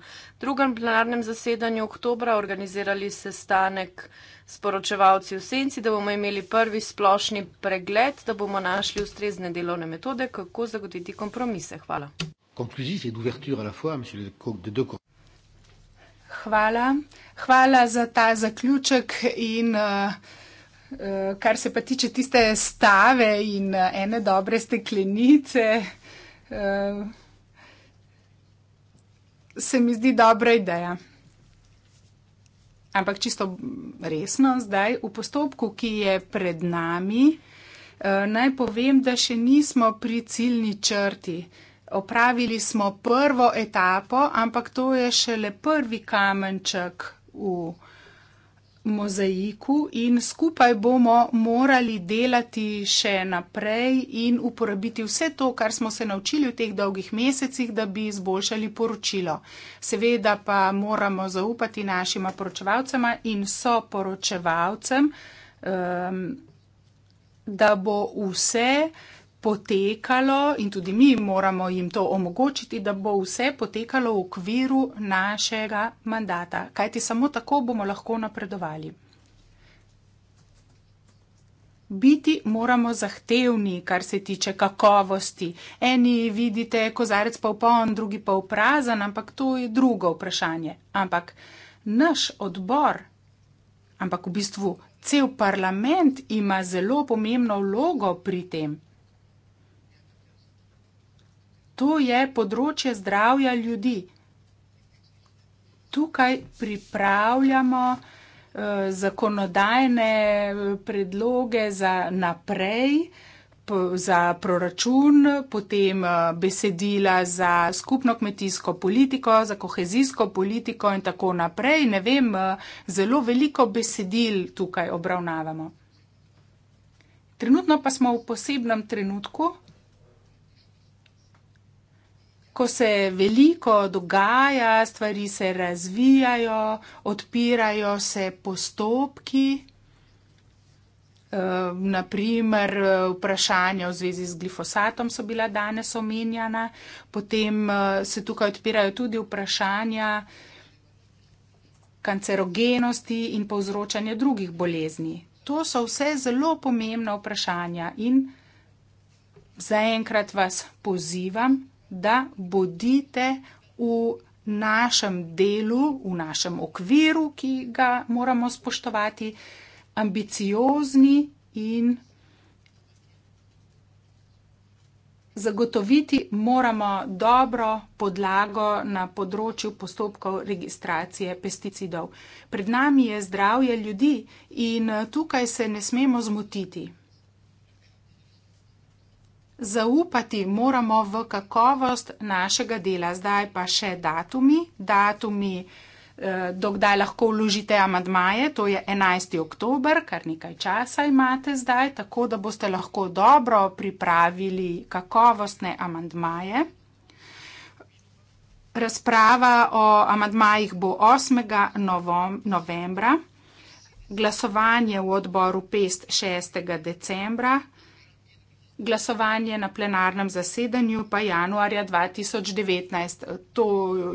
drugem plenarnem zasedanju oktobra, organizirali se stanek s poročevalci v senci, da bomo imeli prvi splošni pregled, da bomo našli ustrezne delovne metode, kako zagotiti kompromise. Hvala hvala. Hvala za ta zaključek in eh, eh, kar se pa tiče tiste stave in eh, ene dobre steklenice, se mi zdi dobra ideja. Ampak čisto resno zdaj, v postopku, ki je pred nami, naj povem, da še nismo pri ciljni črti opravili smo prvo etapo, ampak to je šele prvi kamenček v mozaiku in skupaj bomo morali delati še naprej in uporabiti vse to, kar smo se naučili v teh dolgih mesecih, da bi izboljšali poročilo. Seveda pa moramo zaupati našima poročevalcema in soporočevalcem, um, da bo vse potekalo in tudi mi moramo jim to omogočiti, da bo vse potekalo v okviru našega mandata, kajti samo tako bomo lahko napredovali. Biti moramo zahtevni, kar se tiče kakovosti. Eni vidite kozarec pa v poln, drugi pa v prazen, ampak to je drugo vprašanje. Ampak naš odbor, ampak v bistvu cel parlament ima zelo pomembno vlogo pri tem. To je področje zdravja ljudi. Tukaj pripravljamo eh, zakonodajne eh, predloge za naprej, za proračun, potem eh, besedila za skupno kmetijsko politiko, za kohezijsko politiko in tako naprej. Ne vem, eh, zelo veliko besedil tukaj obravnavamo. Trenutno pa smo v posebnem trenutku ko se veliko dogaja, stvari se razvijajo, odpirajo se postopki, ehm, naprimer vprašanja v zvezi z glifosatom so bila danes omenjana, potem eh, se tukaj odpirajo tudi vprašanja kancerogenosti in povzročanja drugih bolezni. To so vse zelo pomembna vprašanja in zaenkrat vas pozivam, da bodite v našem delu, v našem okviru, ki ga moramo spoštovati, ambiciozni in zagotoviti moramo dobro podlago na področju postopkov registracije pesticidov. Pred nami je zdravje ljudi in tukaj se ne smemo zmotiti zaupati moramo v kakovost našega dela. Zdaj pa še datumi. Datumi, eh, dokdaj lahko vložite amadmaje, to je 11. oktober, kar nekaj časa imate zdaj, tako da boste lahko dobro pripravili kakovostne amadmaje. Razprava o amadmajih bo 8. novembra, glasovanje v odboru PEST 6. decembra, glasovanje na plenarnem zasedanju pa januarja 2019. To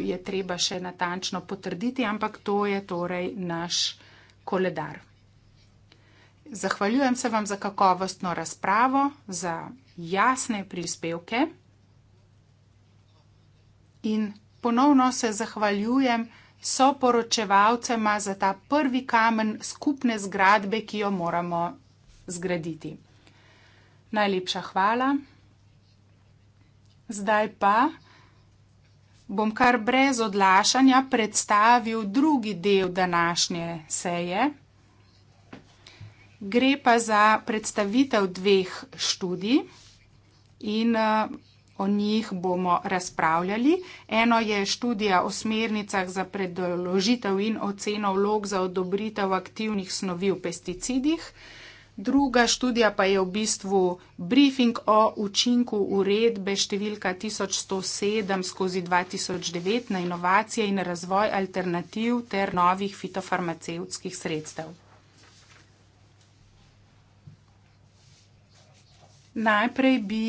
je treba še natančno potrditi, ampak to je torej naš koledar. Zahvaljujem se vam za kakovostno razpravo, za jasne prispevke in ponovno se zahvaljujem soporočevalcema za ta prvi kamen skupne zgradbe, ki jo moramo zgraditi. Najlepša hvala. Zdaj pa bom kar brez odlašanja predstavil drugi del današnje seje. Gre pa za predstavitev dveh študij in o njih bomo razpravljali. Eno je študija o smernicah za predložitev in oceno vlog za odobritev aktivnih snovi v pesticidih. Druga študija pa je v bistvu briefing o učinku uredbe številka 1107 skozi 2009 na inovacije in razvoj alternativ ter novih fitofarmacevskih sredstev. Najprej bi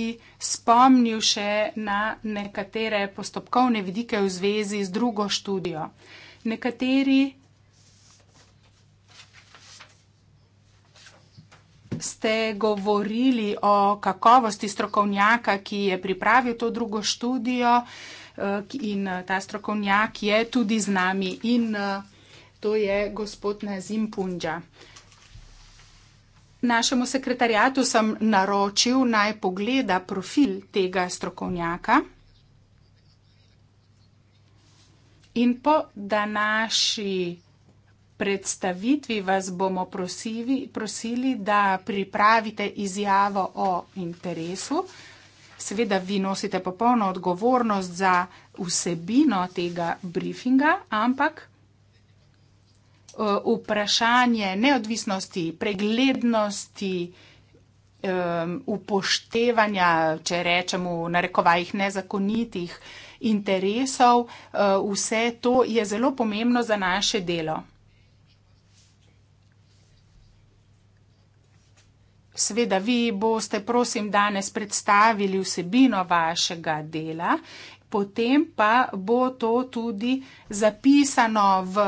spomnil še na nekatere postopkovne vidike v zvezi z drugo študijo. Nekateri ste govorili o kakovosti strokovnjaka, ki je pripravil to drugo študijo eh, in eh, ta strokovnjak je tudi z nami in eh, to je gospod Nazim Punja. Našemu sekretarjatu sem naročil naj pogleda profil tega strokovnjaka. In po današnji predstavitvi vas bomo prosili, prosili, da pripravite izjavo o interesu. Seveda vi nosite popolno odgovornost za vsebino tega briefinga, ampak e, vprašanje neodvisnosti, preglednosti, e, upoštevanja, če rečemo, narekovajih nezakonitih interesov, e, vse to je zelo pomembno za naše delo. Seveda, vi boste, prosim, danes predstavili vsebino vašega dela, potem pa bo to tudi zapisano v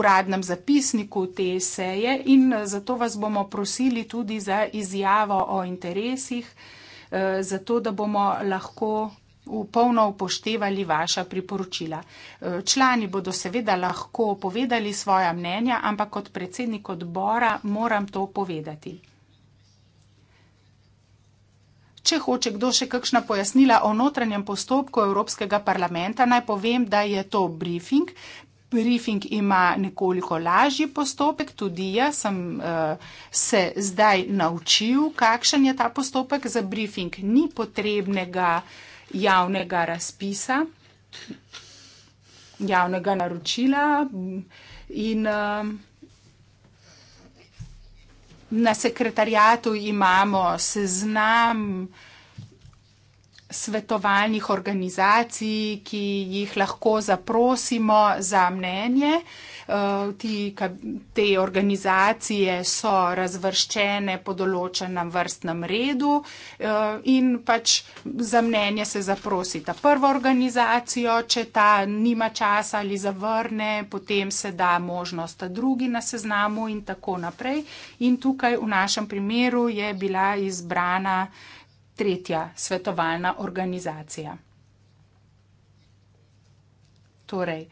uradnem zapisniku te seje in zato vas bomo prosili tudi za izjavo o interesih, eh, zato da bomo lahko upolno upoštevali vaša priporočila. Eh, člani bodo seveda lahko povedali svoja mnenja, ampak kot predsednik odbora moram to povedati. Če hoče kdo še kakšna pojasnila o notranjem postopku Evropskega parlamenta, naj povem, da je to briefing. Briefing ima nekoliko lažji postopek, tudi jaz sem uh, se zdaj naučil, kakšen je ta postopek. Za briefing ni potrebnega javnega razpisa, javnega naročila in. Uh, na sekretarijatu imamo seznam svetovalnih organizacij, ki jih lahko zaprosimo za mnenje. Eh, ti, ka, te organizacije so razvrščene po določenem vrstnem redu eh, in pač za mnenje se zaprosi ta prvo organizacijo, če ta nima časa ali zavrne, potem se da možnost ta drugi na seznamu in tako naprej. In tukaj v našem primeru je bila izbrana tretja svetovalna organizacija. Torej,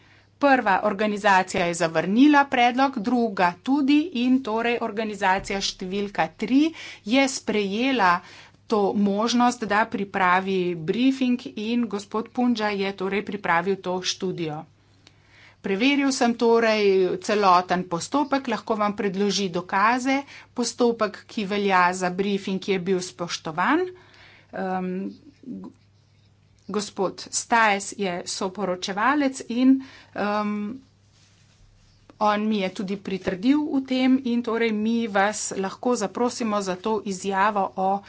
prva organizacija je zavrnila predlog, druga tudi in torej organizacija številka tri je sprejela to možnost, da pripravi briefing in gospod Punča je torej pripravil to študijo. Preveril sem torej celoten postopek, lahko vam predloži dokaze, postopek, ki velja za briefing, je bil spoštovan. Um, gospod Stajes je soporočevalec in um, on mi je tudi pritrdil v tem in torej mi vas lahko zaprosimo za to izjavo o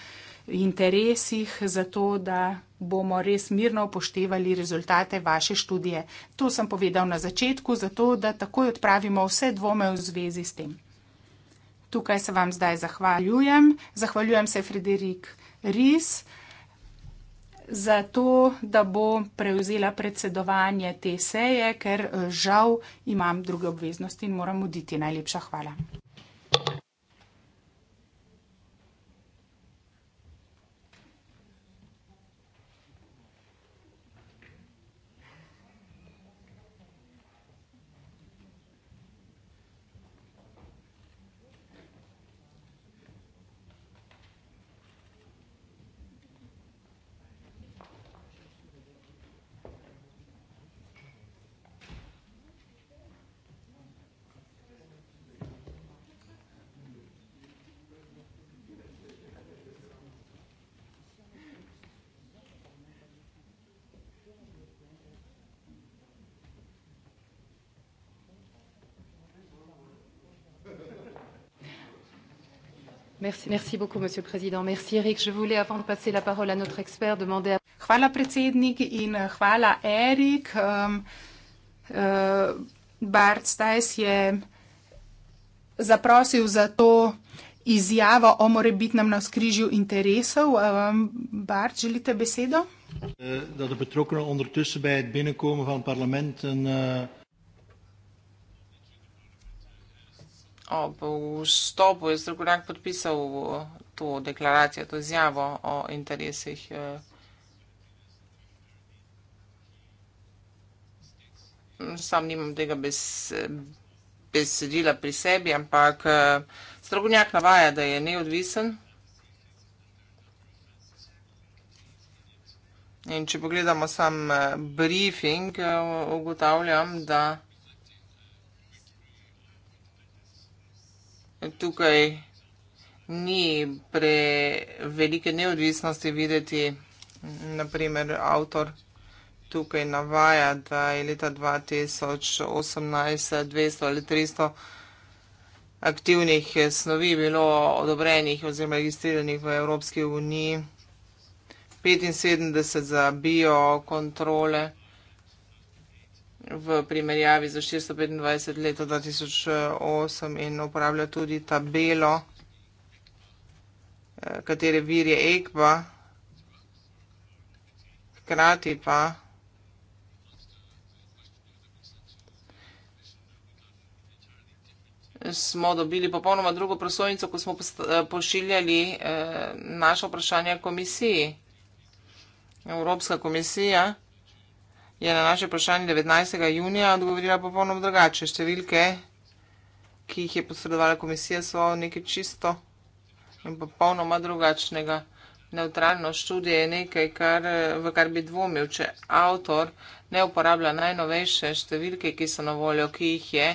interesih, zato da bomo res mirno upoštevali rezultate vaše študije. To sem povedal na začetku, zato da takoj odpravimo vse dvome v zvezi s tem. Tukaj se vam zdaj zahvaljujem. Zahvaljujem se Frederik Ries zato, da bo prevzela predsedovanje te seje, ker eh, žal imam druge obveznosti in moram oditi. Najlepša hvala. Merci, merci beaucoup, monsieur le président. Merci, Eric. Je voulais, avant de passer la parole à notre expert, demander à... Hvala, predsednik, in eh, hvala, Erik. Um, uh, Bart Stajs je zaprosil za to izjavo o morebitnem navskrižju interesov. Um, Bart, želite besedo? Uh, eh, da bi trokno ondertussen bij het binnenkomen van parlamenten uh... ob vstopu, je strokovnjak podpisal eh, to deklaracijo, to izjavo o interesih. Eh, sam nimam tega besedila pri sebi, ampak strokovnjak eh, navaja, da je neodvisen. In če pogledamo sam briefing, ugotavljam, da tukaj ni prevelike neodvisnosti videti. Naprimer, avtor tukaj navaja, da je leta 2018 200 ali 300 aktivnih snovi bilo odobrenih oziroma registriranih v Evropski uniji, 75 za biokontrole v primerjavi za 425 leto 2008 in uporablja tudi tabelo, eh, katere vir je ekba, krati pa smo dobili popolnoma drugo prosojnico, ko smo eh, pošiljali eh, naše vprašanje komisiji. Evropska komisija je je na naše vprašanje 19. junija odgovorila popolnoma drugače. Številke, ki jih je posredovala komisija, so nekaj čisto in popolnoma drugačnega. Neutralno študije je nekaj, kar, v kar bi dvomil, če avtor ne uporablja najnovejše številke, ki so na voljo, ki jih je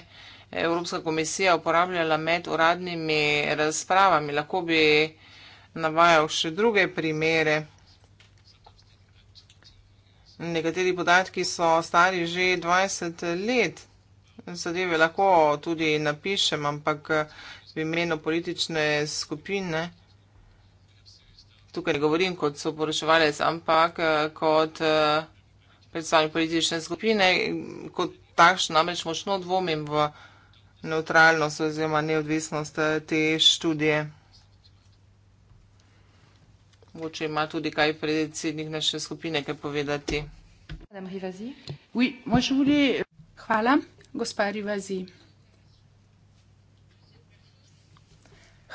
Evropska komisija uporabljala med uradnimi razpravami. Lahko bi navajal še druge primere. Nekateri podatki so stari že 20 let. Zadeve lahko tudi napišem, ampak v imenu politične skupine. Tukaj ne govorim kot soporočevalec, ampak kot predstavnik politične skupine, kot takšno namreč močno dvomim v neutralnost oziroma neodvisnost te študije. Mogoče ima tudi kaj predsednik naše skupine kaj povedati. Hvala, gospa Rivazi.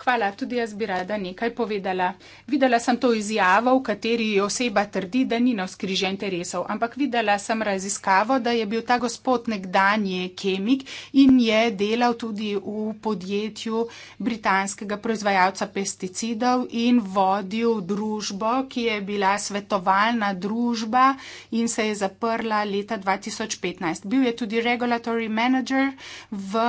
hvala, tudi jaz bi rada nekaj povedala. Videla sem to izjavo, v kateri oseba trdi, da ni na skrižju interesov, ampak videla sem raziskavo, da je bil ta gospod nekdanji kemik in je delal tudi v podjetju britanskega proizvajalca pesticidov in vodil družbo, ki je bila svetovalna družba in se je zaprla leta 2015. Bil je tudi regulatory manager v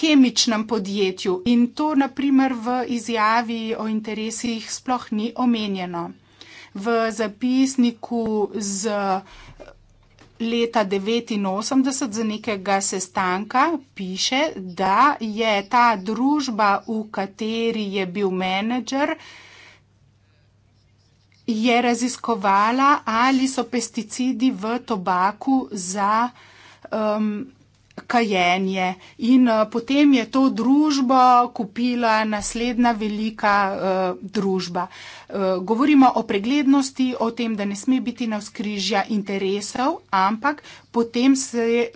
kemičnem podjetju in to naprimer v izjavi o interesih sploh ni omenjeno. V zapisniku z leta 89 za nekega sestanka piše, da je ta družba, v kateri je bil menedžer, je raziskovala, ali so pesticidi v tobaku za um, kajenje. In eh, potem je to družbo kupila naslednja velika eh, družba. Eh, govorimo o preglednosti, o tem, da ne sme biti na skrižja interesov, ampak potem se.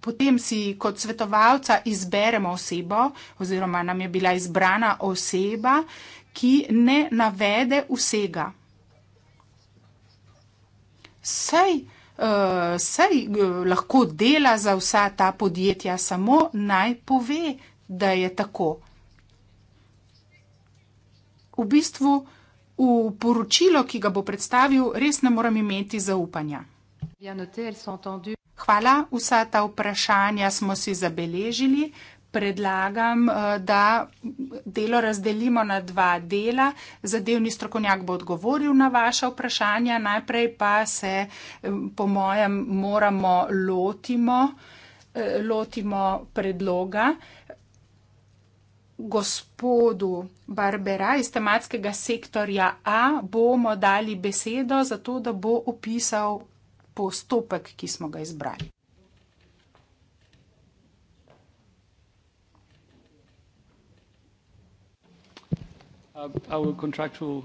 Potem si kot svetovalca izberemo osebo, oziroma nam je bila izbrana oseba, ki ne navede vsega. Sej uh, eh, sej, uh, eh, lahko dela za vsa ta podjetja, samo naj pove, da je tako. V bistvu v poročilo, ki ga bo predstavil, res ne morem imeti zaupanja. Hvala, vsa ta vprašanja smo si zabeležili predlagam, eh, da delo razdelimo na dva dela. Zadevni strokovnjak bo odgovoril na vaše vprašanja, najprej pa se, eh, po mojem, moramo lotimo, eh, lotimo predloga. Gospodu Barbera iz tematskega sektorja A bomo dali besedo, zato da bo opisal postopek, ki smo ga izbrali. Uh,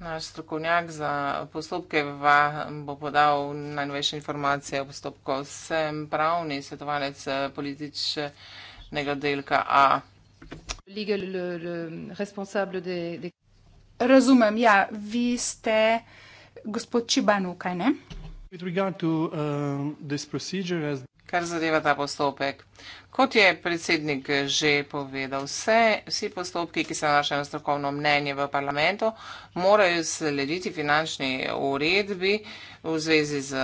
Naš strokovnjak za postopke vam bo podal najnovejše informacije o postopku. Sem pravni svetovalec eh, političnega delka A. Legal, le, le, de, de... Razumem, ja, vi ste gospod Čibanu, kaj ne? With regard to uh, this procedure, as kar zadeva ta postopek. Kot je predsednik že povedal, vse, vsi postopki, ki se nanašajo na strokovno mnenje v parlamentu, morajo slediti finančni uredbi v zvezi z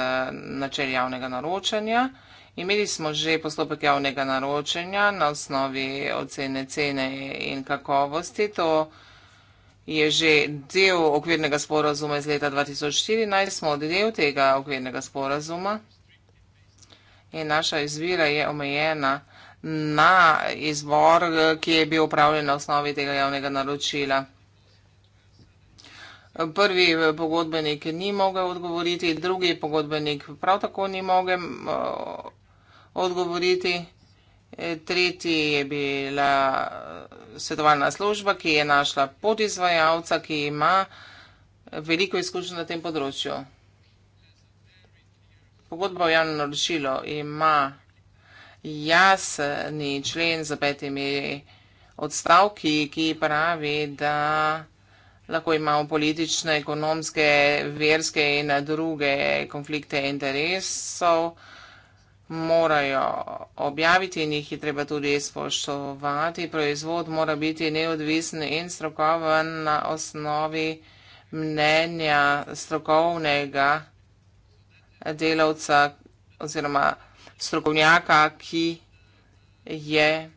načel javnega naročanja. Imeli smo že postopek javnega naročanja na osnovi ocene cene in kakovosti. To je že del okvirnega sporazuma iz leta 2014, smo del tega okvirnega sporazuma in naša izvira je omejena na izvor, ki je bil upravljen na osnovi tega javnega naročila. Prvi pogodbenik ni mogel odgovoriti, drugi pogodbenik prav tako ni mogel odgovoriti, e, tretji je bila svetovalna služba, ki je našla podizvajalca, ki ima veliko izkušnje na tem področju. Pogodba o javnem naročilu ima jasni člen za petimi odstavki, ki pravi, da lahko imamo politične, ekonomske, verske in druge konflikte interesov, morajo objaviti in jih je treba tudi spoštovati. Proizvod mora biti neodvisen in strokoven na osnovi mnenja strokovnega odstavka delavca oziroma strokovnjaka, ki je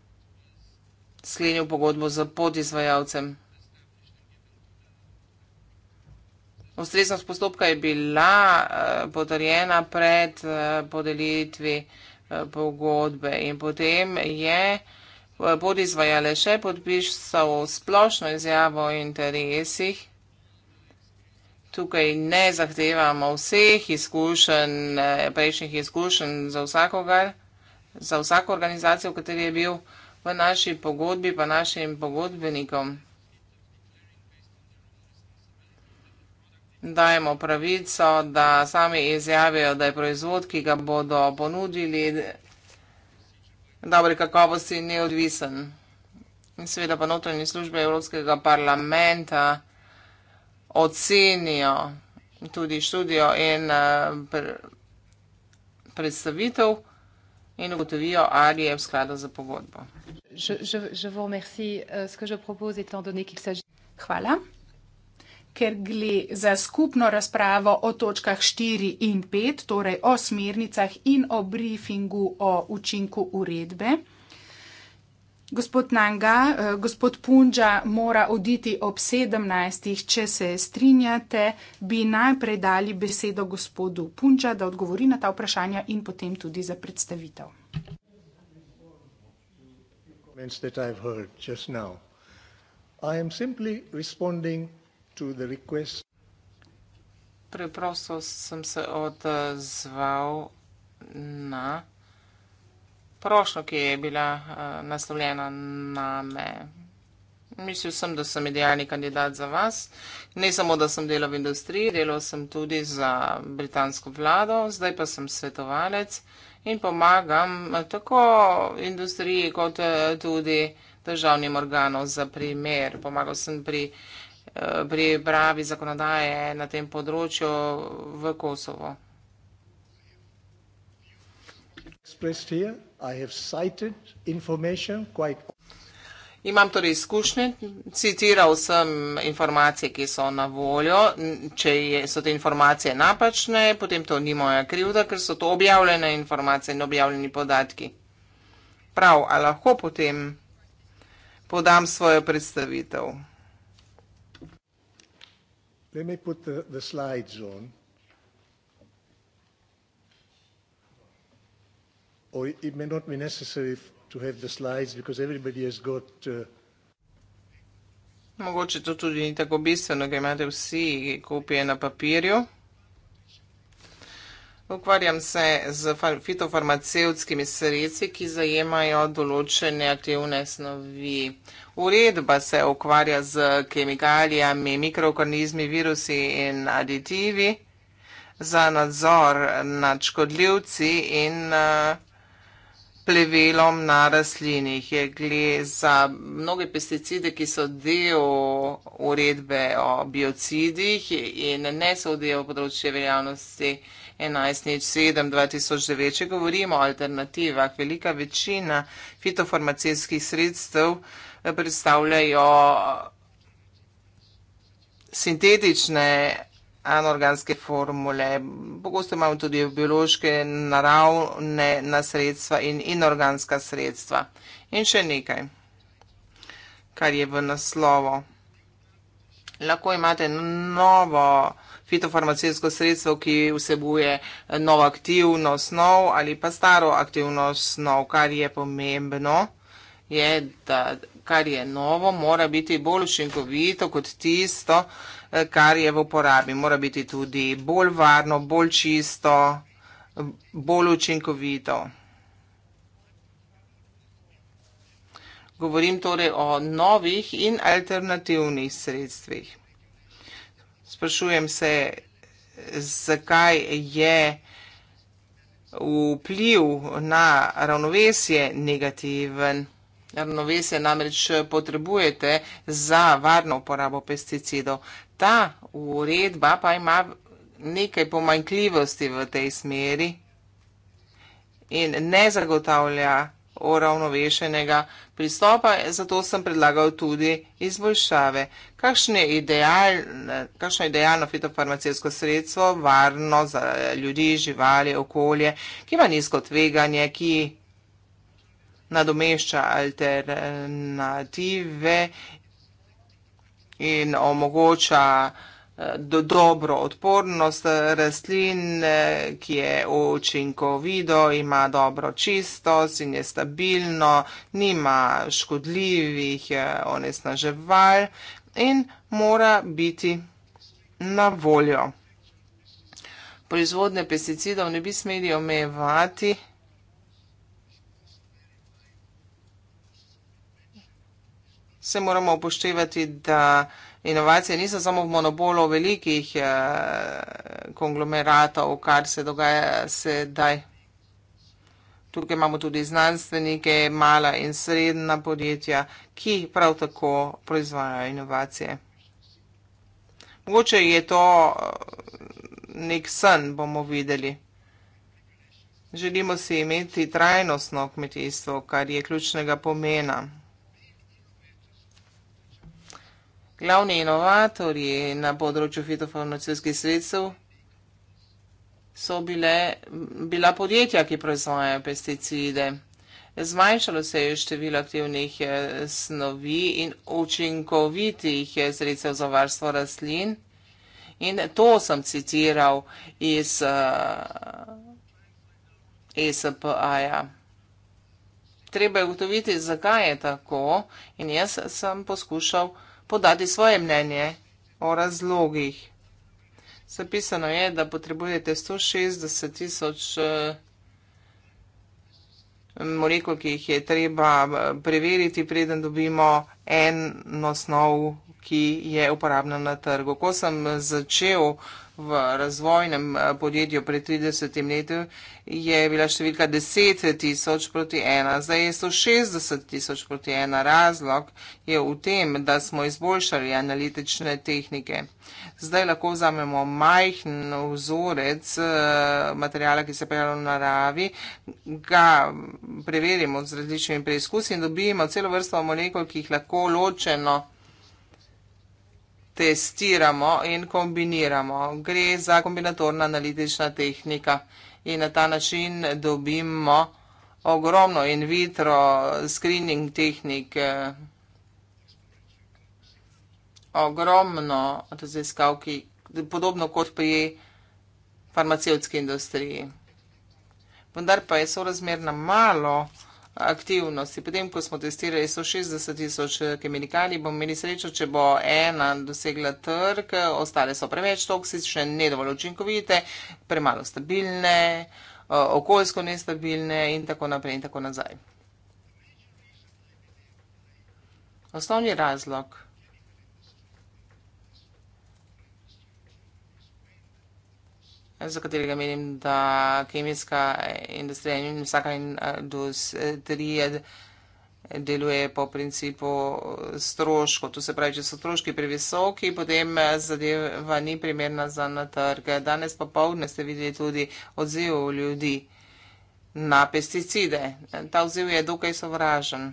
sklenil pogodbo z podizvajalcem. Ustreznost postopka je bila eh, podarjena pred eh, podelitvi eh, pogodbe in potem je podizvajale še podpisal splošno izjavo o interesih. Tukaj ne zahtevamo vseh izkušenj, eh, prejšnjih izkušenj za vsakogar, za vsako organizacijo, v kateri je bil v naši pogodbi, pa našim pogodbenikom. Dajemo pravico, da sami izjavijo, da je proizvod, ki ga bodo ponudili, dobre kakovosti neodvisen. In seveda pa notranje službe Evropskega parlamenta, ocenijo tudi študijo in eh, predstavitev in ugotovijo, ali je v skladu za pogodbo. Euh, Hvala. Ker gre za skupno razpravo o točkah 4 in 5, torej o smernicah in o briefingu o učinku uredbe. Gospod Nanga, eh, gospod Punča mora oditi ob 17. Če se strinjate, bi najprej dali besedo gospodu Punča, da odgovori na ta vprašanja in potem tudi za predstavitev. Preprosto sem se odzval na prošlo, ki je bila uh, naslovljena na me. Mislil sem, da sem idealni kandidat za vas. Ne samo, da sem delal v industriji, delal sem tudi za britansko vlado, zdaj pa sem svetovalec in pomagam eh, tako industriji kot eh, tudi državnim organom za primer. Pomagal sem pri pripravi zakonodaje na tem področju v Kosovo. Expressed here. Imam torej izkušnje, citiral sem informacije, ki so na voljo. Če je, so te informacije napačne, potem to ni moja krivda, ker so to objavljene informacije in objavljeni podatki. Prav, a lahko potem podam svojo predstavitev. Let me put the, the slides on. or it may not be necessary to have the slides because everybody has got uh, Mogoče to tudi ni tako bistveno, da imate vsi kopije na papirju. Ukvarjam se z fitofarmacevskimi sredstvi, ki zajemajo določene aktivne snovi. Uredba se ukvarja z kemikalijami, mikroorganizmi, virusi in aditivi za nadzor nad škodljivci in uh, plevelom na rastlinih. Je gre za mnoge pesticide, ki so del uredbe o biocidih in ne sodijo v področje veljavnosti 11.7.2009. Če govorimo o alternativah, velika večina fitofarmacijskih sredstev eh, predstavljajo sintetične anorganske formule. Pogosto imamo tudi biološke naravne na sredstva in inorganska sredstva. In še nekaj, kar je v naslovo. Lahko imate novo fitofarmacijsko sredstvo, ki vsebuje novo aktivno snov ali pa staro aktivno snov, kar je pomembno, je, da kar je novo, mora biti bolj učinkovito kot tisto, kar je v uporabi. Mora biti tudi bolj varno, bolj čisto, bolj učinkovito. Govorim torej o novih in alternativnih sredstvih. Sprašujem se, zakaj je vpliv na ravnovesje negativen. Ravnovesje namreč potrebujete za varno uporabo pesticidov ta uredba pa ima nekaj pomanjkljivosti v tej smeri in ne zagotavlja uravnovešenega pristopa, zato sem predlagal tudi izboljšave. Kakšno je idealno, idealno fitofarmacijsko sredstvo, varno za ljudi, živali, okolje, ki ima nizko tveganje, ki nadomešča alternative in omogoča eh, dobro odpornost rastlin, eh, ki je učinkovito, ima dobro čistost in je stabilno, nima škodljivih eh, onesnaževal in mora biti na voljo. Proizvodne pesticidov ne bi smeli omejevati. se moramo upoštevati, da inovacije niso samo v monopolu velikih eh, konglomeratov, kar se dogaja sedaj. Tukaj imamo tudi znanstvenike, mala in sredna podjetja, ki prav tako proizvajajo inovacije. Mogoče je to eh, nek sen, bomo videli. Želimo si imeti trajnostno kmetijstvo, kar je ključnega pomena. Glavni inovatorji na področju fitofarmacijskih sredstev so bile, bila podjetja, ki proizvajajo pesticide. Zmanjšalo se je število aktivnih eh, snovi in učinkovitih eh, sredstev za varstvo rastlin. In to sem citiral iz uh, eh, ESPA-ja. Treba je ugotoviti, zakaj je tako. In jaz sem poskušal podati svoje mnenje o razlogih. Zapisano je, da potrebujete 160 tisoč eh, molekul, ki jih je treba eh, preveriti, preden dobimo eno snov, ki je uporabna na trgu. Ko sem začel v razvojnem eh, podjetju pred 30 leti, je bila številka 10 tisoč proti ena, zdaj je 160 tisoč proti ena. Razlog je v tem, da smo izboljšali analitične tehnike. Zdaj lahko vzamemo majhen vzorec eh, materijala, ki se pojavlja v naravi, ga preverimo z različnimi preizkusi in dobimo celo vrsto molekul, ki jih lahko ločeno testiramo in kombiniramo. Gre za kombinatorna analitična tehnika in na ta način dobimo ogromno in vitro screening tehnik, ogromno raziskav, ki podobno kot pri farmacevtski industriji. Vendar pa je sorazmerno malo aktivnosti. Potem, ko smo testirali 160 tisoč eh, kemikalij, bomo imeli srečo, če bo ena dosegla trg, ostale so preveč toksične, nedovolj učinkovite, premalo stabilne, eh, okoljsko nestabilne in tako naprej in tako nazaj. Osnovni razlog za katerega menim, da kemijska industrija in vsaka eh, industrija deluje po principu eh, stroško. To se pravi, če so stroški previsoki, potem eh, zadeva ni primerna za na trg. Danes popovdne ste videli tudi odziv ljudi na pesticide. Ta odziv je dokaj sovražen.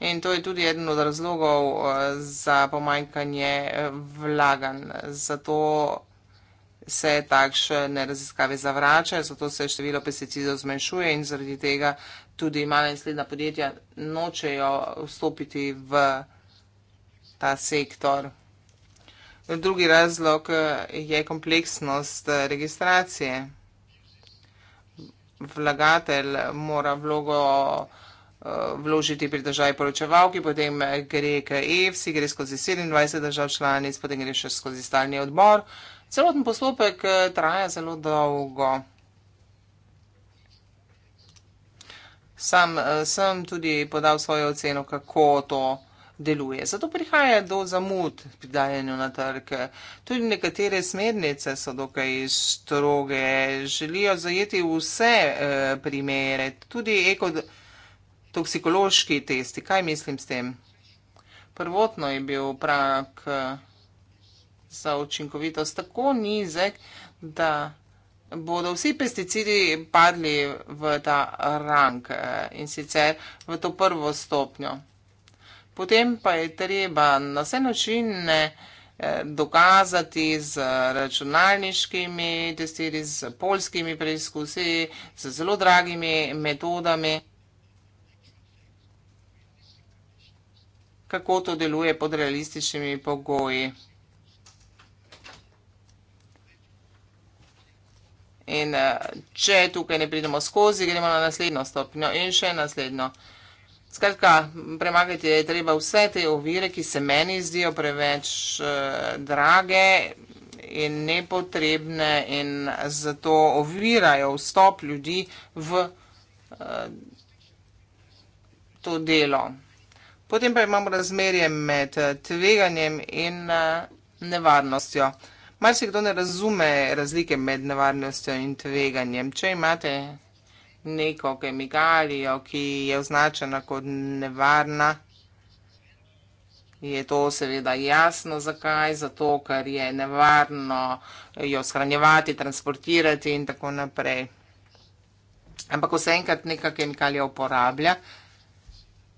In to je tudi eden od razlogov eh, za pomanjkanje eh, vlaganj. Zato se takšne raziskave zavračajo, zato se število pesticidov zmanjšuje in zaradi tega tudi mala in sledna podjetja nočejo vstopiti v ta sektor. Drugi razlog eh, je kompleksnost registracije. Vlagatelj mora vlogo Eh, vložiti pridržaj poročevalki, potem gre k EFSI, gre skozi 27 držav članic, potem gre še skozi stalni odbor. Celoten postopek eh, traja zelo dolgo. Sam eh, sem tudi podal svojo oceno, kako to deluje. Zato prihaja do zamud pri dajanju na trg. Tudi nekatere smernice so dokaj stroge. Želijo zajeti vse eh, primere, tudi ekod toksikološki testi. Kaj mislim s tem? Prvotno je bil prak eh, za učinkovitost tako nizek, da bodo vsi pesticidi padli v ta rang eh, in sicer v to prvo stopnjo. Potem pa je treba na vse načine eh, dokazati z računalniškimi testiri, z polskimi preizkusi, z zelo dragimi metodami. kako to deluje pod realističnimi pogoji. In eh, če tukaj ne pridemo skozi, gremo na naslednjo stopnjo in še naslednjo. Skratka, premagati je treba vse te ovire, ki se meni zdijo preveč eh, drage in nepotrebne in zato ovirajo vstop ljudi v eh, to delo. Potem pa imamo razmerje med eh, tveganjem in eh, nevarnostjo. Mar si kdo ne razume razlike med nevarnostjo in tveganjem? Če imate neko kemikalijo, ki je označena kot nevarna, je to seveda jasno zakaj, zato ker je nevarno jo shranjevati, transportirati in tako naprej. Ampak vse enkrat neka kemikalija uporablja,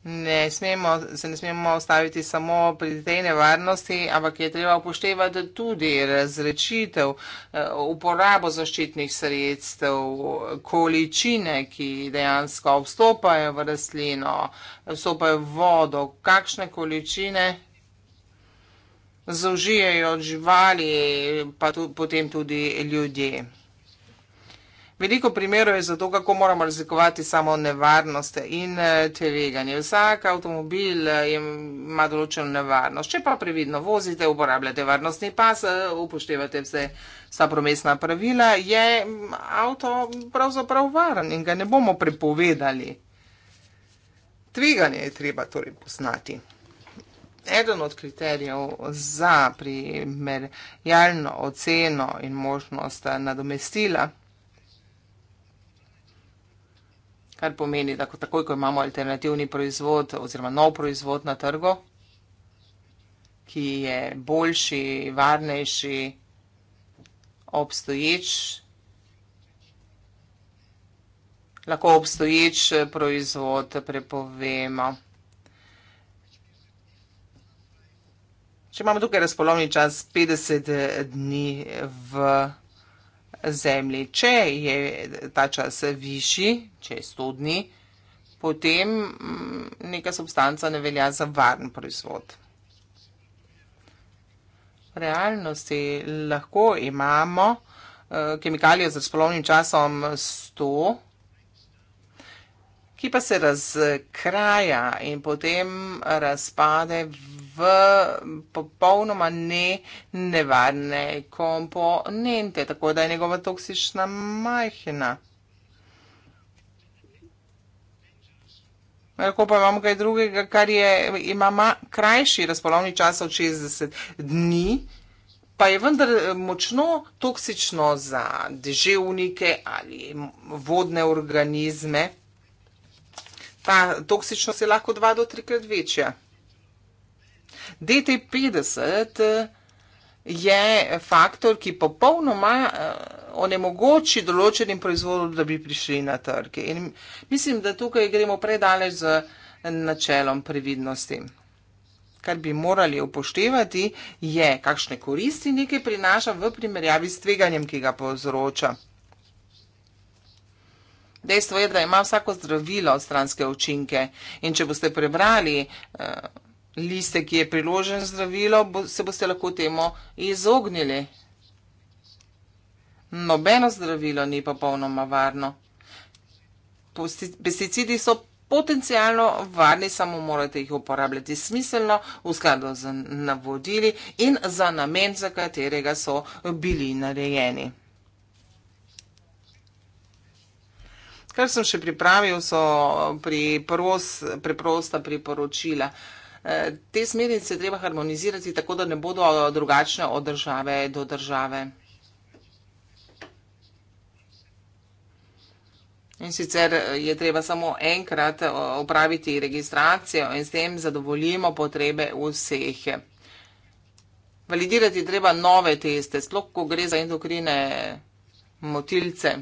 ne smemo, se ne smemo ustaviti samo pri tej nevarnosti, ampak je treba upoštevati tudi razrečitev, eh, uporabo zaščitnih sredstev, količine, ki dejansko vstopajo v rastlino, vstopajo v vodo, kakšne količine zaužijajo živali, pa tu, potem tudi ljudje. Veliko primerov je za to, kako moramo razlikovati samo nevarnost in eh, tveganje. Vsak avtomobil eh, ima določeno nevarnost. Če pa previdno vozite, uporabljate varnostni pas, eh, upoštevate vse sva promesna pravila, je avto pravzaprav varen in ga ne bomo prepovedali. Tveganje je treba torej poznati. Eden od kriterijev za primerjalno oceno in možnost nadomestila. kar pomeni, da ko takoj, ko imamo alternativni proizvod oziroma nov proizvod na trgu, ki je boljši, varnejši, obstoječ, lahko obstoječ proizvod prepovemo. Če imamo tukaj razpolovni čas 50 dni v zemlji. Če je ta čas višji, če je 100 dni, potem mm, neka substanca ne velja za varen proizvod. V realnosti lahko imamo eh, kemikalije z razpolovnim časom 100, ki pa se razkraja in potem razpade v v popolnoma ne nevarne komponente, tako da je njegova toksična majhna. Lahko pa imamo kaj drugega, kar je, ima ma, krajši razpolovni čas od 60 dni, pa je vendar eh, močno toksično za deževnike ali vodne organizme. Ta toksičnost je lahko dva do trikrat večja. DT50 eh, je faktor, ki popolnoma eh, onemogoči določenim proizvodom, da bi prišli na trg. In mislim, da tukaj gremo predaleč z načelom previdnosti. Kar bi morali upoštevati, je, kakšne koristi nekaj prinaša v primerjavi s tveganjem, ki ga povzroča. Dejstvo je, da ima vsako zdravilo stranske učinke in če boste prebrali uh, liste, ki je priložen zdravilo, bo, se boste lahko temu izognili. Nobeno zdravilo ni popolnoma varno. Pesticidi so potencijalno varni, samo morate jih uporabljati smiselno, v skladu z navodili in za namen, za katerega so bili narejeni. Kar sem še pripravil, so priprost, preprosta priporočila. Uh, Eh, te smernice treba harmonizirati tako, da ne bodo eh, drugačne od države do države. In sicer eh, je treba samo enkrat opraviti registracijo in s tem zadovoljimo potrebe vseh. Validirati treba nove teste, sploh ko gre za endokrine motilce.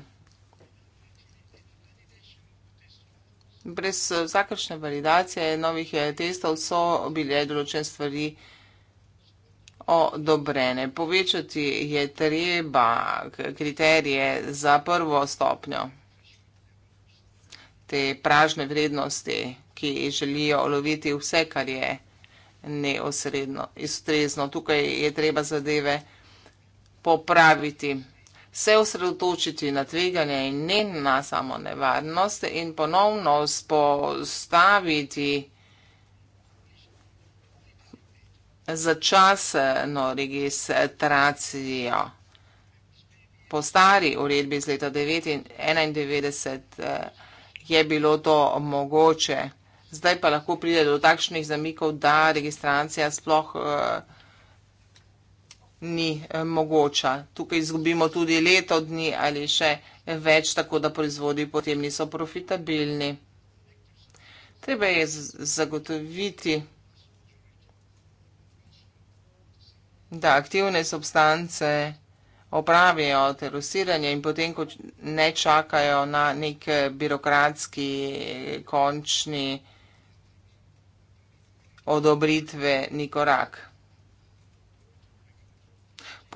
brez eh, vsakršne validacije novih eh, testov so bile določene stvari odobrene. Povečati je treba kriterije za prvo stopnjo te pražne vrednosti, ki želijo loviti vse, kar je neosredno, iztrezno. Tukaj je treba zadeve popraviti se osredotočiti na tveganje in ne na samo nevarnost in ponovno spostaviti začasno registracijo. Po stari uredbi iz leta 1991 eh, je bilo to mogoče. Zdaj pa lahko pride do takšnih zamikov, da registracija sploh vsega. Eh, ni eh, mogoča. Tukaj izgubimo tudi leto dni ali še več, tako da proizvodi potem niso profitabilni. Treba je zagotoviti, da aktivne substance opravijo terosiranje in potem, ko ne čakajo na nek eh, birokratski eh, končni odobritveni korak.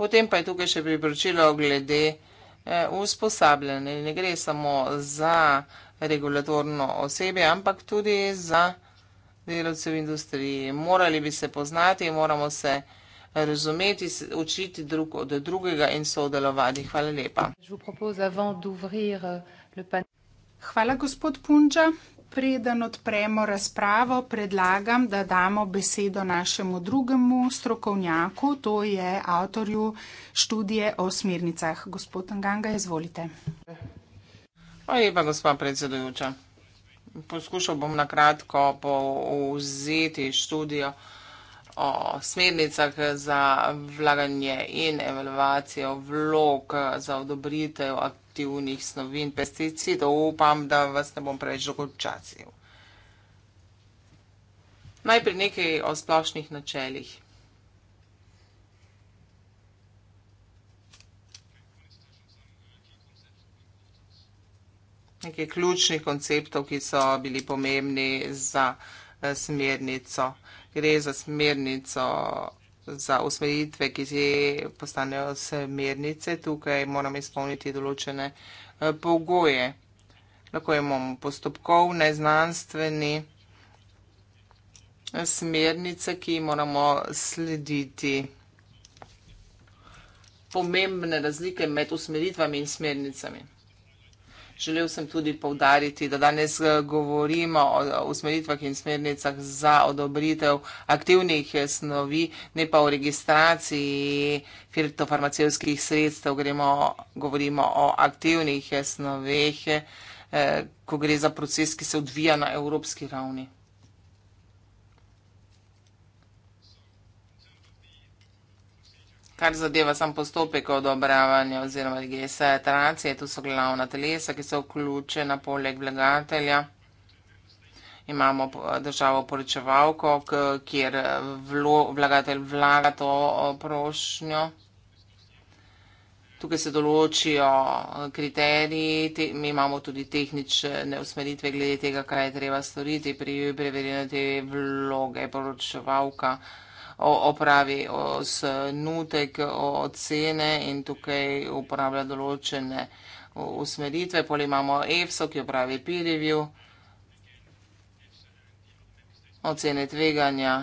Potem pa je tukaj še priporočilo glede eh, usposabljanja. Ne gre samo za regulatorno osebje, ampak tudi za delovce v industriji. Morali bi se poznati, moramo se razumeti, učiti drug od drugega in sodelovati. Hvala lepa. Euh, Hvala, gospod Punča. Preden odpremo razpravo, predlagam, da damo besedo našemu drugemu strokovnjaku, to je avtorju študije o smernicah. Gospod Nganga, izvolite. Hvala lepa, gospa predsedujoča. Poskušal bom na kratko povzeti študijo o smernicah za vlaganje in evalvacijo vlog za odobritev aktivnosti aktivnih snovi in pesticidov. Upam, da vas ne bom preveč dolgo časil. Najprej nekaj o splošnih načelih. Nekaj ključnih konceptov, ki so bili pomembni za eh, smernico. Gre za smernico za usvojitve, ki si postanejo smernice, tukaj moramo izpolniti določene eh, pogoje. Lahko imamo postopkovne, znanstvene eh, smernice, ki moramo slediti. Pomembne razlike med usmeritvami in smernicami. Želel sem tudi povdariti, da danes eh, govorimo o usmeritvah in smernicah za odobritev aktivnih eh, snovi, ne pa o registraciji fitofarmacevskih sredstev. Gremo, govorimo o aktivnih eh, snoveh, ko gre za proces, ki se odvija na evropski ravni. kar zadeva sam postopek odobravanja oziroma GSA etracije, to so glavna telesa, ki so vključena poleg vlagatelja. Imamo državo poročevalko, kjer vlagatelj vlaga to prošnjo. Tukaj se določijo kriteriji, te, mi imamo tudi tehnične usmeritve glede tega, kaj je treba storiti pri preverjanju te vloge poročevalka opravi osnutek ocene in tukaj uporablja določene usmeritve. Poli imamo EFSO, ki opravi peer review, ocene tveganja.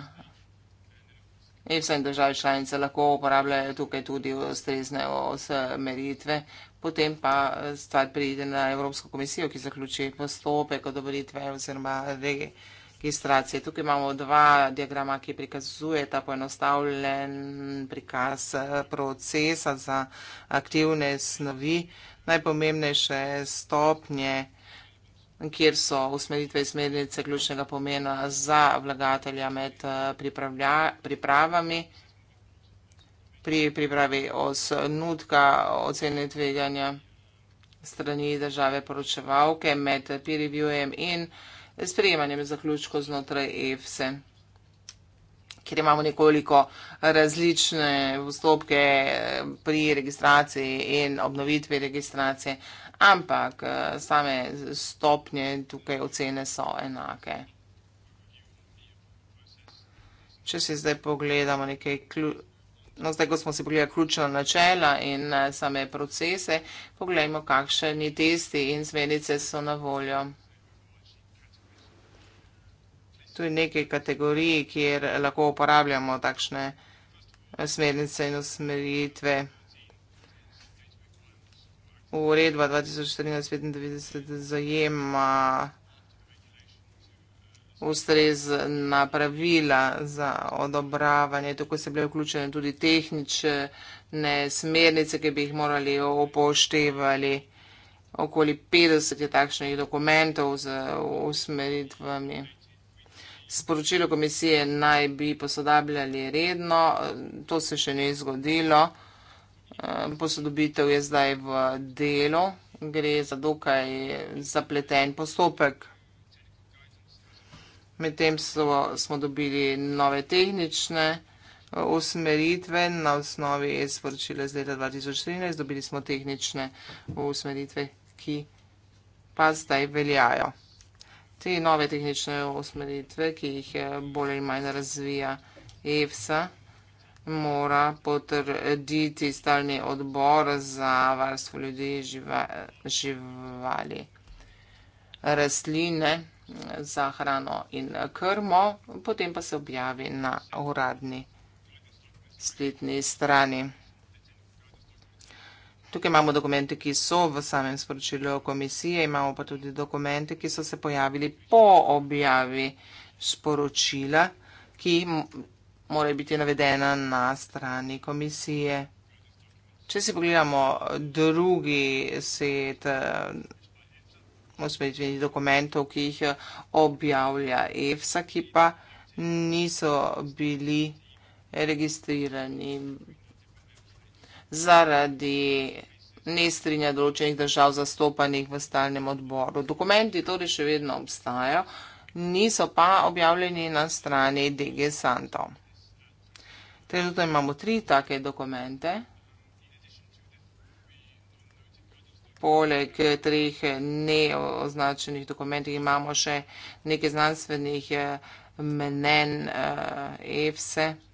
EFSO in države članice lahko uporabljajo tukaj tudi ustrezne usmeritve. Potem pa stvar pride na Evropsko komisijo, ki zaključi postopek odobritve oziroma regije registracije. Tukaj imamo dva diagrama, ki prikazuje ta poenostavljen prikaz eh, procesa za aktivne snovi. Najpomembnejše stopnje, kjer so usmeritve in smernice ključnega pomena za vlagatelja med eh, pripravami. Pri pripravi osnutka ocene tveganja strani države poročevalke med peer reviewem in sprejemanjem zaključkov znotraj EFSE, e, kjer imamo nekoliko različne vstopke eh, pri registraciji in obnovitvi registracije, ampak eh, same stopnje tukaj ocene so enake. Če si zdaj pogledamo nekaj ključ, No, zdaj, ko smo si pogledali ključno načela in eh, same procese, pogledajmo, kakšni testi in zmenice so na voljo tudi nekaj kategorij, kjer lahko uporabljamo takšne smernice in usmeritve. Uredba 2014-95 zajema ustrezna pravila za odobravanje. Tukaj so bile vključene tudi tehnične smernice, ki bi jih morali upoštevali. Okoli 50 je takšnih dokumentov z usmeritvami. Sporočilo komisije naj bi posodabljali redno, to se še ni zgodilo. Ehm, posodobitev je zdaj v delu, gre za dokaj zapleten postopek. Medtem smo dobili nove tehnične eh, usmeritve na osnovi sporočila z leta 2013. Dobili smo tehnične usmeritve, ki pa zdaj veljajo te nove tehnične usmeritve, ki jih eh, bolj ali manj razvija EFSA, mora potrditi stalni odbor za varstvo ljudi in živa, živali. Rastline eh, za hrano in eh, krmo, potem pa se objavi na uradni spletni strani. Tukaj imamo dokumente, ki so v samem sporočilu komisije, imamo pa tudi dokumente, ki so se pojavili po objavi sporočila, ki mora biti navedena na strani komisije. Če si pogledamo drugi set eh, usmeritvenih dokumentov, ki jih objavlja EFSA, ki pa niso bili registrirani zaradi nestrinja določenih držav zastopanih v stalnem odboru. Dokumenti torej še vedno obstajajo, niso pa objavljeni na strani DG Santo. Trenutno imamo tri take dokumente. Poleg treh neoznačenih dokumentih imamo še nekaj znanstvenih menen EFSE. Eh, eh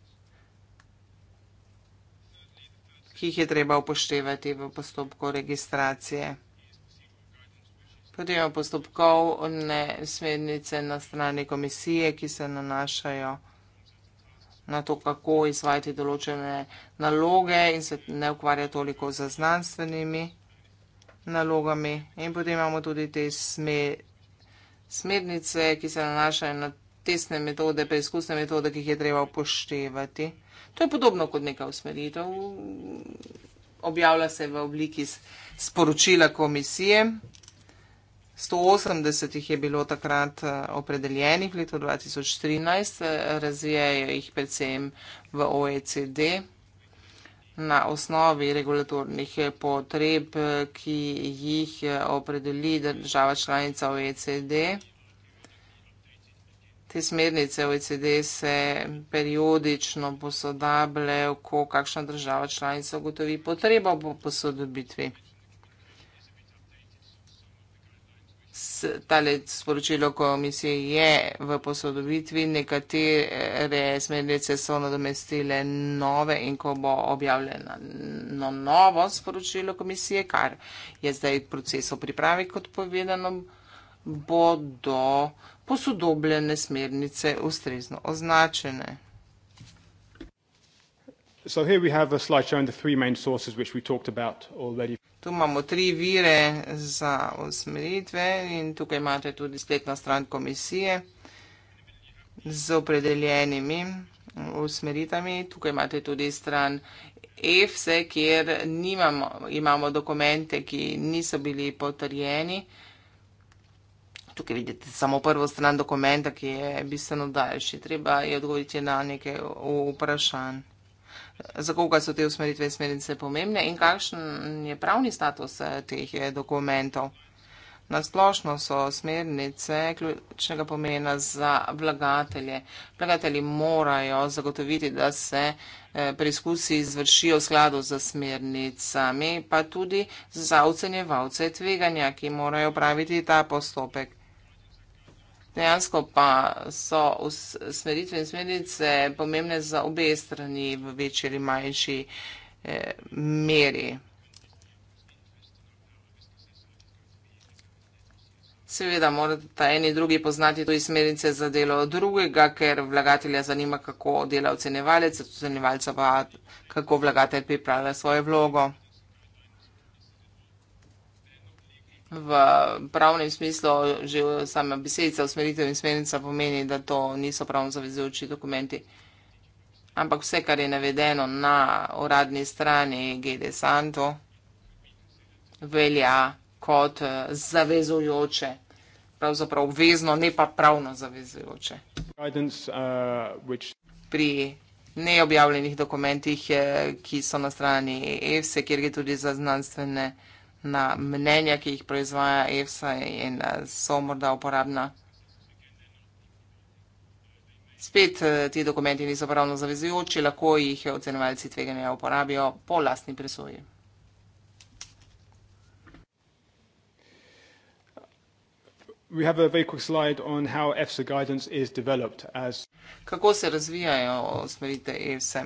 ki jih je treba upoštevati v postopku registracije. Potem je postopkov ne smednice na strani komisije, ki se nanašajo na to, kako izvajati določene naloge in se ne ukvarja toliko za znanstvenimi nalogami. In potem imamo tudi te smednice, ki se nanašajo na testne metode, preizkusne metode, ki jih je treba upoštevati. To je podobno kot neka usmeritev. Objavlja se v obliki sporočila komisije. 180 jih je bilo takrat eh, opredeljenih v letu 2013, eh, razvijajo jih predvsem v OECD na osnovi regulatornih eh, potreb, ki jih opredeli država članica OECD. Te smernice OECD se periodično posodabljajo, ko kakšna država članica ugotovi potrebo po posodobitvi. Tale sporočilo komisije je v posodobitvi, nekatere smernice so nadomestile nove in ko bo objavljeno no, novo sporočilo komisije, kar je zdaj proces v pripravi, kot povedano, bodo posodobljene smernice ustrezno označene. So here we have a slide showing the three main sources which we talked about already. Tu imamo tri vire za usmeritve in tukaj imate tudi spletna stran komisije z opredeljenimi usmeritami. Tukaj imate tudi stran EFSE, kjer nimamo, imamo dokumente, ki niso bili potrjeni tukaj vidite samo prvo stran dokumenta, ki je bistveno daljši. Treba je odgovoriti na nekaj vprašanj. Za koga so te usmeritve in smernice pomembne in kakšen je pravni status eh, teh eh, dokumentov? Nasplošno so smernice ključnega pomena za vlagatelje. Vlagatelji morajo zagotoviti, da se eh, preizkusi izvršijo v skladu z smernicami, pa tudi za ocenjevalce tveganja, ki morajo praviti ta postopek dejansko pa so usmeritve in smernice pomembne za obe strani v večji ali manjši eh, meri. Seveda morate eni drugi poznati tudi smernice za delo drugega, ker vlagatelja zanima, kako dela ocenevalec, ocenevalca pa kako vlagatelj pripravlja svojo vlogo. v pravnem smislu že sama besedica usmeritev in smernica pomeni, da to niso pravno zavezujoči dokumenti. Ampak vse, kar je navedeno na uradni strani GD Santo, velja kot eh, zavezujoče, pravzaprav obvezno, ne pa pravno zavezujoče. Uh, Pri neobjavljenih dokumentih, eh, ki so na strani EFSE, kjer gre tudi za znanstvene na mnenja, ki jih proizvaja EFSA in eh, so morda uporabna. Spet eh, ti dokumenti niso pravno zavezujoči, lahko jih ocenovalci tveganja uporabijo po lastni presoji. Kako se razvijajo usmeritve EFSA?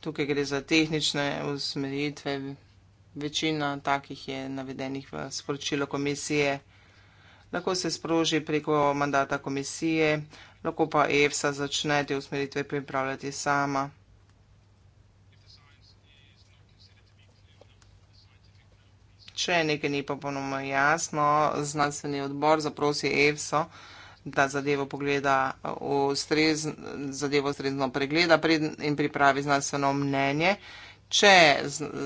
tukaj gre za tehnične usmeritve, večina takih je navedenih v sporočilo komisije. Lahko se sproži preko mandata komisije, lahko pa EFSA začne te usmeritve pripravljati sama. Če nekaj ni popolnoma jasno, znanstveni odbor zaprosi EFSO, da zadevo pogleda, ustrez, zadevo ustrezno pregleda in pripravi znanstveno mnenje. Če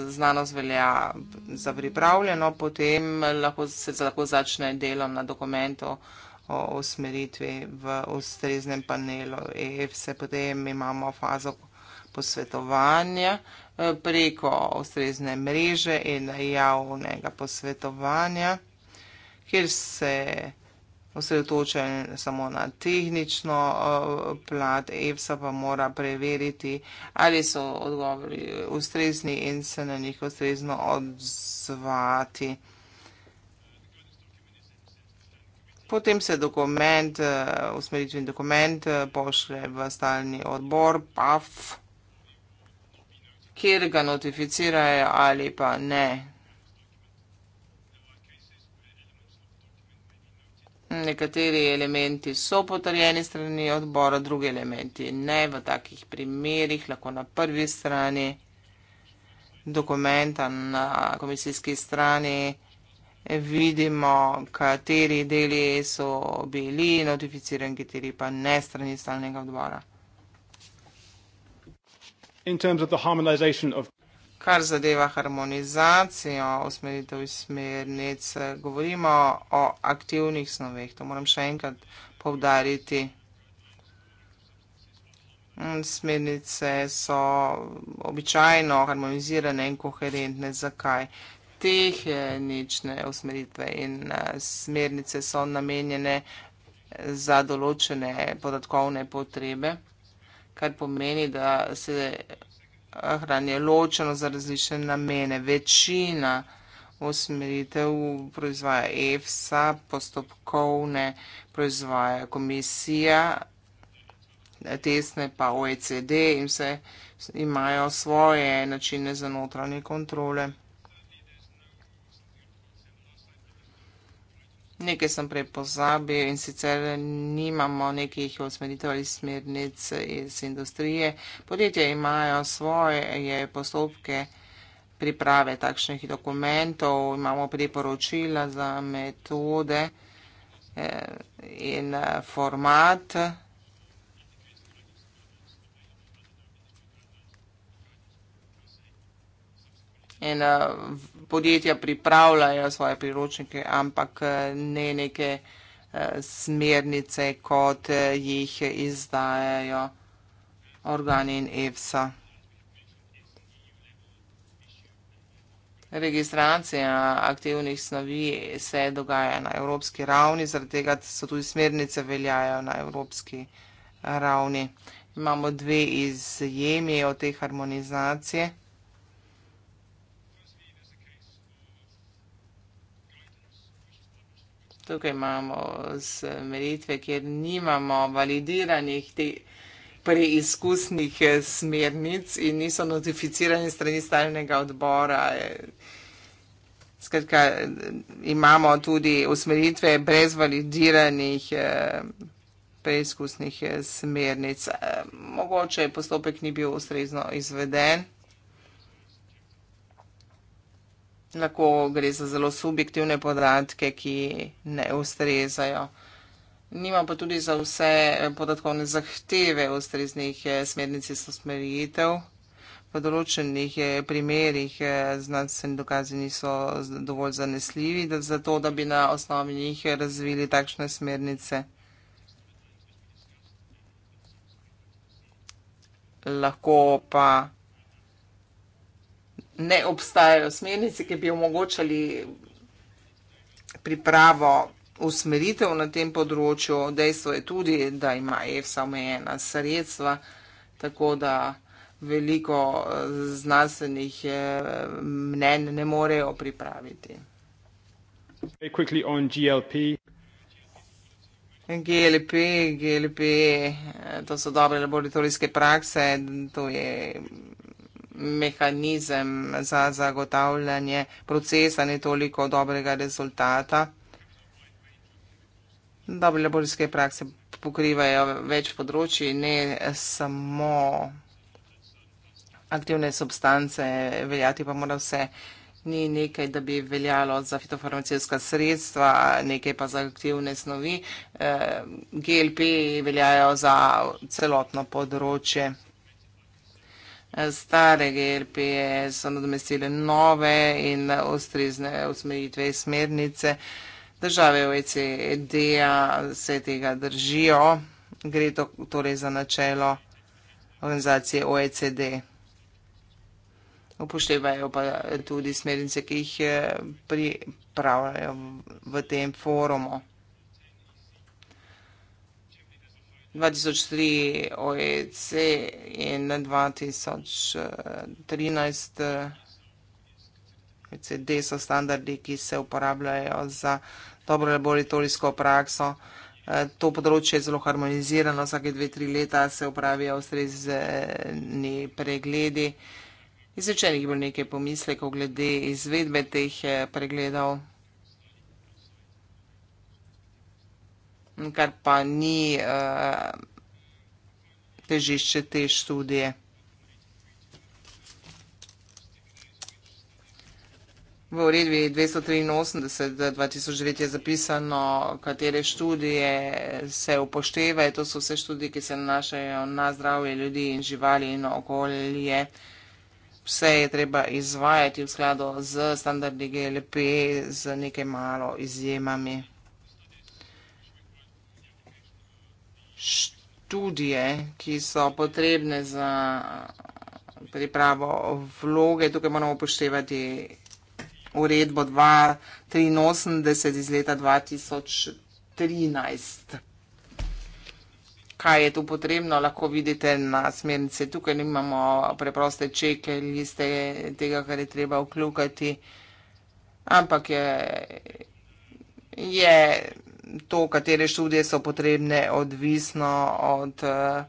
znanost velja za pripravljeno, potem lahko se lahko začne delo na dokumentu o usmeritvi v ustreznem panelu EFSE, potem imamo fazo posvetovanja eh, preko ustrezne mreže in javnega posvetovanja, kjer se osredotočen samo na tehnično eh, plat, EFSA pa mora preveriti, ali so odgovori ustrezni in se na njih ustrezno odzvati. Potem se dokument, eh, usmeritveni dokument eh, pošle v stalni odbor PAF, kjer ga notificirajo ali pa ne. Nekateri elementi so potrjeni strani odbora, drugi elementi ne. V takih primerih lahko na prvi strani dokumenta, na komisijski strani vidimo, kateri deli so bili notificirani, kateri pa ne strani stalnega odbora. In terms of the harmonization of kar zadeva harmonizacijo, usmeritev iz smernic, govorimo o aktivnih snoveh. To moram še enkrat povdariti. Smernice so običajno harmonizirane in koherentne. Zakaj? Tehnične usmeritve in eh, smernice so namenjene za določene podatkovne potrebe, kar pomeni, da se hranijo ločeno za različne namene. Večina usmeritev proizvaja EFSA, postopkovne proizvaja komisija, testne pa OECD in vse imajo svoje načine za notranje kontrole. Nekaj sem prej pozabil in sicer nimamo nekih usmeritev ali smernic iz industrije. Podjetje imajo svoje postopke priprave takšnih dokumentov, imamo priporočila za metode eh, in eh, format. in uh, podjetja pripravljajo svoje priročnike, ampak eh, ne neke uh, smernice, kot uh, jih izdajajo organi in EFSA. Registracija aktivnih snovi se dogaja na evropski ravni, zaradi tega so tudi smernice veljajo na evropski ravni. Imamo dve izjemi od te harmonizacije. tukaj imamo smeritve, kjer nimamo validiranih te preizkusnih eh, smernic in niso notificirani strani stalnega odbora. Skratka, imamo tudi usmeritve brez validiranih eh, preizkusnih eh, smernic. Mogoče postopek ni bil ustrezno izveden. lahko gre za zelo subjektivne podatke, ki ne ustrezajo. Nima pa tudi za vse eh, podatkovne zahteve ustreznih eh, smernic in usmeritev. V določenih eh, primerjih znanstveni dokazi niso dovolj zanesljivi, da za to, da bi na osnovi njih razvili takšne smernice. Lahko pa ne obstajajo smernice, ki bi omogočali pripravo usmeritev na tem področju. Dejstvo je tudi, da ima EFSA omejena sredstva, tako da veliko eh, znanstvenih eh, mnen ne morejo pripraviti. GLP. GLP, GLP, to so dobre laboratorijske prakse, to je mehanizem za zagotavljanje procesa ne toliko dobrega rezultata. Dobre laboratorijske prakse pokrivajo več področji, ne samo aktivne substance, veljati pa mora vse. Ni nekaj, da bi veljalo za fitofarmacijska sredstva, nekaj pa za aktivne snovi. Eh, GLP veljajo za celotno področje stare GRP-je so nadomestile nove in ustrezne usmeritve in smernice. Države OECD-a se tega držijo. Gre to torej za načelo organizacije OECD. Upoštevajo pa tudi smernice, ki jih eh, pripravljajo v tem forumu. 2003 OEC in 2013 OECD so standardi, ki se uporabljajo za dobro laboratorijsko prakso. E, to področje je zelo harmonizirano, vsake dve, tri leta se upravijo ustrezni pregledi. Izrečenih je bilo nekaj pomislekov glede izvedbe teh e, pregledov. kar pa ni eh, težišče te študije. V uredbi 283.2009 je zapisano, katere študije se upoštevajo. To so vse študije, ki se nanašajo na zdravje ljudi in živali in okolje. Vse je treba izvajati v skladu z standardi GLP z nekaj malo izjemami. študije, ki so potrebne za pripravo vloge. Tukaj moramo upoštevati uredbo 283 iz leta 2013. Kaj je tu potrebno, lahko vidite na smernice. Tukaj imamo preproste čeke, liste tega, kar je treba vklukati, ampak je, je to, katere študije so potrebne, odvisno od eh,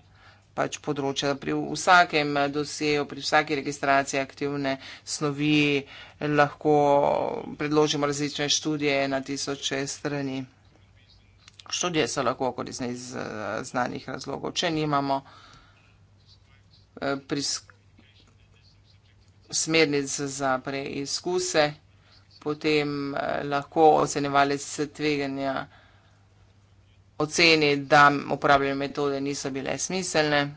pač področja. Pri vsakem dosjeju, pri vsaki registraciji aktivne snovi lahko predložimo različne študije na tisoče strani. Študije so lahko korisne iz eh, znanih razlogov. Če nimamo eh, smernic za preizkuse, potem lahko ocenevalec tveganja vsega, oceni, da uporabljene metode niso bile smiselne.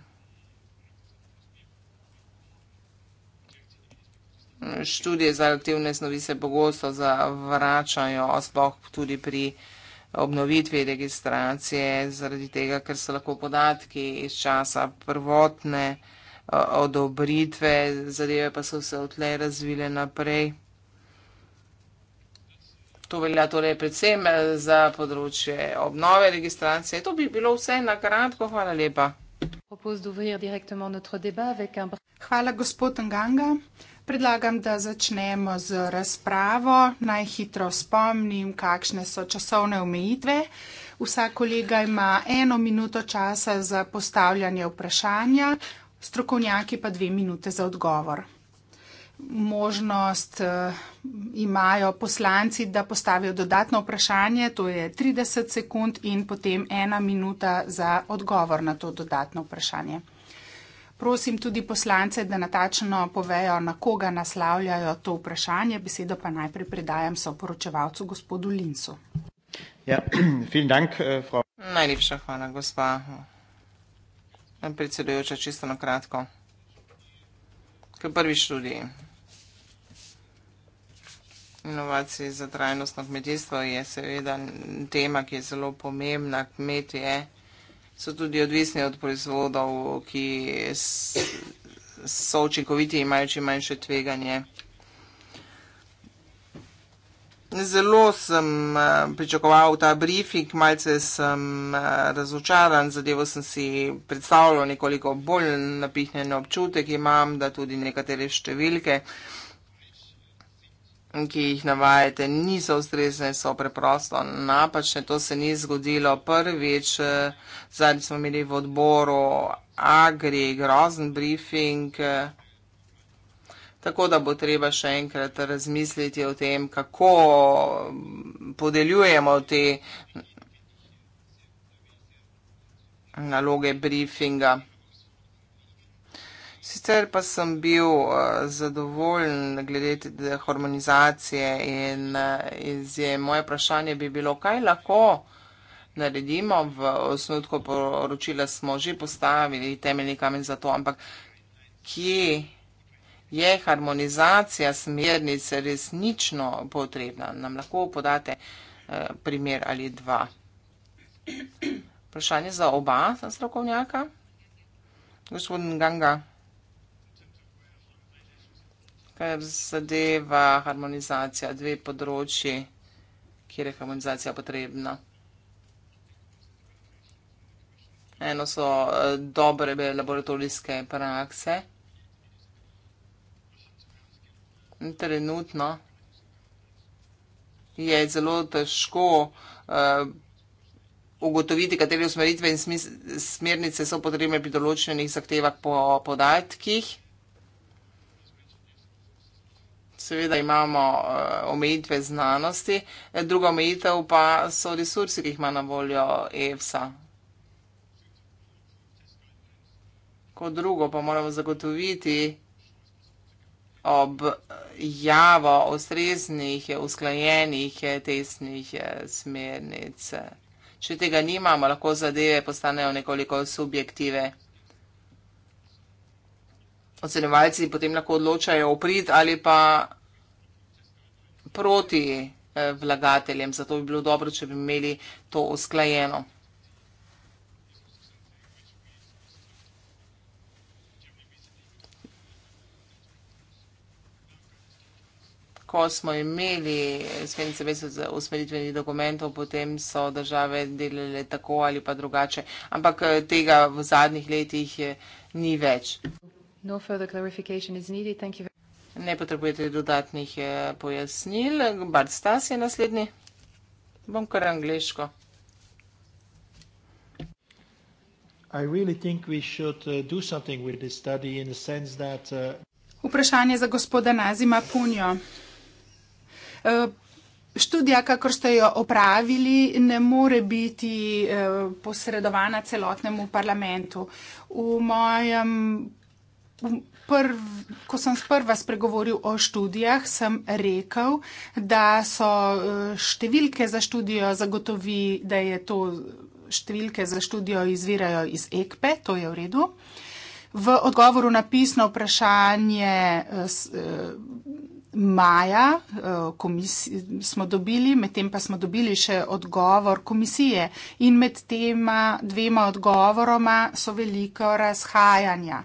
Študije za aktivne snovi se pogosto zavračajo, sploh tudi pri obnovitvi registracije, zaradi tega, ker so lahko podatki iz časa prvotne eh, odobritve, zadeve pa so vse odtlej razvile naprej. To velja torej predvsem eh, za področje obnove registracije. To bi bilo vse na kratko. Hvala lepa. Hvala, gospod Nganga. Predlagam, da začnemo z razpravo. Naj hitro spomnim, kakšne so časovne omejitve. Vsak kolega ima eno minuto časa za postavljanje vprašanja, strokovnjaki pa dve minute za odgovor možnost eh, imajo poslanci, da postavijo dodatno vprašanje, to je 30 sekund in potem ena minuta za odgovor na to dodatno vprašanje. Prosim tudi poslance, da natačno povejo, na koga naslavljajo to vprašanje. Besedo pa najprej predajam soporočevalcu gospodu Lincu. Ja, vielen Dank, eh, Frau. Najlepša hvala, gospa eh, predsedujoča, čisto na kratko. Kaj prvi študij? inovacij za trajnostno kmetijstvo je seveda tema, ki je zelo pomembna. Kmetije so tudi odvisni od proizvodov, ki so očinkoviti in imajo čim manjše tveganje. Zelo sem eh, pričakoval ta briefing, malce sem eh, razočaran, zadevo sem si predstavljal nekoliko bolj napihnjen občutek, imam da tudi nekatere številke ki jih navajate, niso ustrezne, so preprosto napačne. To se ni zgodilo prvič. Zadnji smo imeli v odboru Agri grozen briefing. Tako da bo treba še enkrat razmisliti o tem, kako podeljujemo te naloge briefinga sicer pa sem bil uh, zadovoljen glede harmonizacije in uh, izje, moje vprašanje bi bilo, kaj lahko naredimo. V osnutku poročila smo že postavili temeljni kamen za to, ampak kje je harmonizacija smernice resnično potrebna? Nam lahko podate uh, primer ali dva. Vprašanje za oba strokovnjaka. Gospod Nganga kar zadeva harmonizacija, dve področji, kjer je harmonizacija potrebna. Eno so eh, dobre laboratorijske prakse. Trenutno je zelo težko eh, ugotoviti, katere usmeritve in smernice so potrebne pri določenih zahtevah po podatkih. Seveda imamo uh, omejitve znanosti, eh, druga omejitev pa so resursi, ki jih ima na voljo EFSA. Kot drugo pa moramo zagotoviti objavo ustreznih, eh, usklajenih testnih smernic. Če tega nimamo, lahko zadeve postanejo nekoliko subjektive ocenevalci potem lahko odločajo v prid ali pa proti eh, vlagateljem. Zato bi bilo dobro, če bi imeli to usklajeno. Ko smo imeli smernice veze z usmeritvenih dokumentov, potem so države delale tako ali pa drugače. Ampak eh, tega v zadnjih letih eh, ni več. No further clarification is needed. Thank you. Ne potrebujete dodatnih eh, pojasnil. Bart Stas je naslednji. Bom kar angliško. I really think we should eh, do something with this study in the sense that uh... Vprašanje za gospoda Nazima Punjo. Študija, kakor ste jo opravili, ne more biti posredovana celotnemu parlamentu. V mojem prv, ko sem sprva spregovoril o študijah, sem rekel, da so e, številke za študijo zagotovi, da je to številke za študijo izvirajo iz EKPE, to je v redu. V odgovoru na pisno vprašanje e, s, e, Maja komisij, smo dobili, medtem pa smo dobili še odgovor komisije in med tema dvema odgovoroma so veliko razhajanja.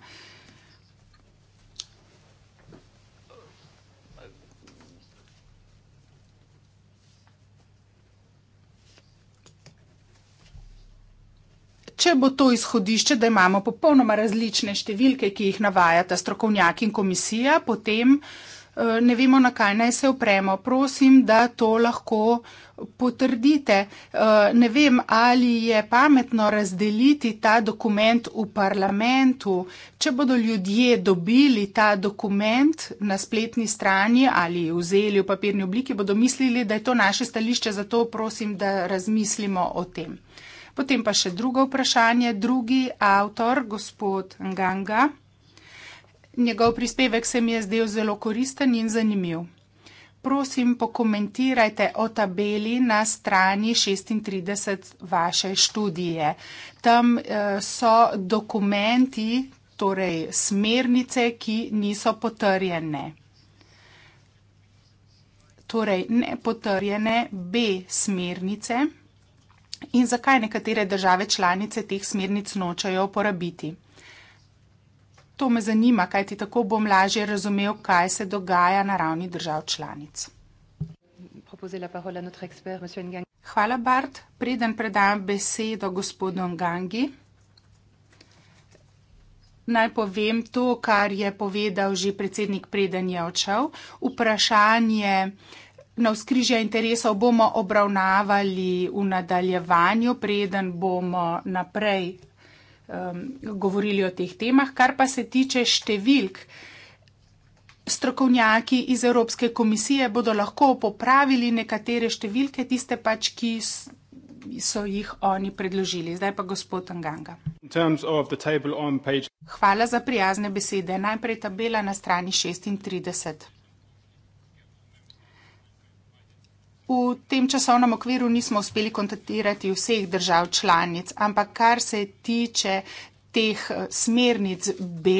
če bo to izhodišče, da imamo popolnoma različne številke, ki jih navajata strokovnjak in komisija, potem eh, ne vemo, na kaj naj se opremo. Prosim, da to lahko potrdite. Eh, ne vem, ali je pametno razdeliti ta dokument v parlamentu. Če bodo ljudje dobili ta dokument na spletni strani ali vzeli v papirni obliki, bodo mislili, da je to naše stališče, zato prosim, da razmislimo o tem. Potem pa še drugo vprašanje, drugi avtor, gospod Nganga. Njegov prispevek se mi je zdel zelo koristen in zanimiv. Prosim, pokomentirajte o tabeli na strani 36 vaše študije. Tam eh, so dokumenti, torej smernice, ki niso potrjene. Torej, ne potrjene B smernice in zakaj nekatere države članice teh smernic nočajo uporabiti. To me zanima, kaj ti tako bom lažje razumel, kaj se dogaja na ravni držav članic. Hvala, Bart. Preden predam besedo gospodu Ngangi, naj povem to, kar je povedal že predsednik, preden je odšel. Vprašanje na skrižje interesov bomo obravnavali v nadaljevanju, preden bomo naprej um, govorili o teh temah. Kar pa se tiče številk, strokovnjaki iz Evropske komisije bodo lahko popravili nekatere številke, tiste pač, ki so jih oni predložili. Zdaj pa gospod Anganga. Hvala za prijazne besede. Najprej tabela na strani 36. v tem časovnem okviru nismo uspeli kontaktirati vseh držav članic, ampak kar se tiče teh eh, smernic B.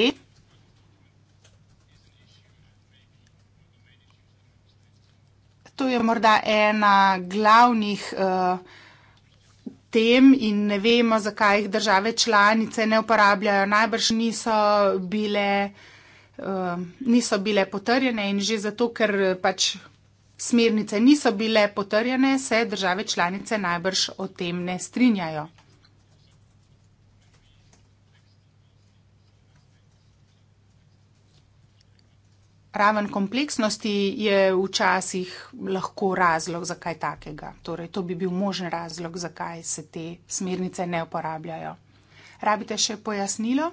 To je morda ena glavnih eh, tem in ne vemo, zakaj jih države članice ne uporabljajo. Najbrž niso bile, eh, niso bile potrjene in že zato, ker pač smernice niso bile potrjene, se države članice najbrž o tem ne strinjajo. Raven kompleksnosti je včasih lahko razlog za kaj takega. Torej, to bi bil možen razlog, zakaj se te smernice ne uporabljajo. Rabite še pojasnilo?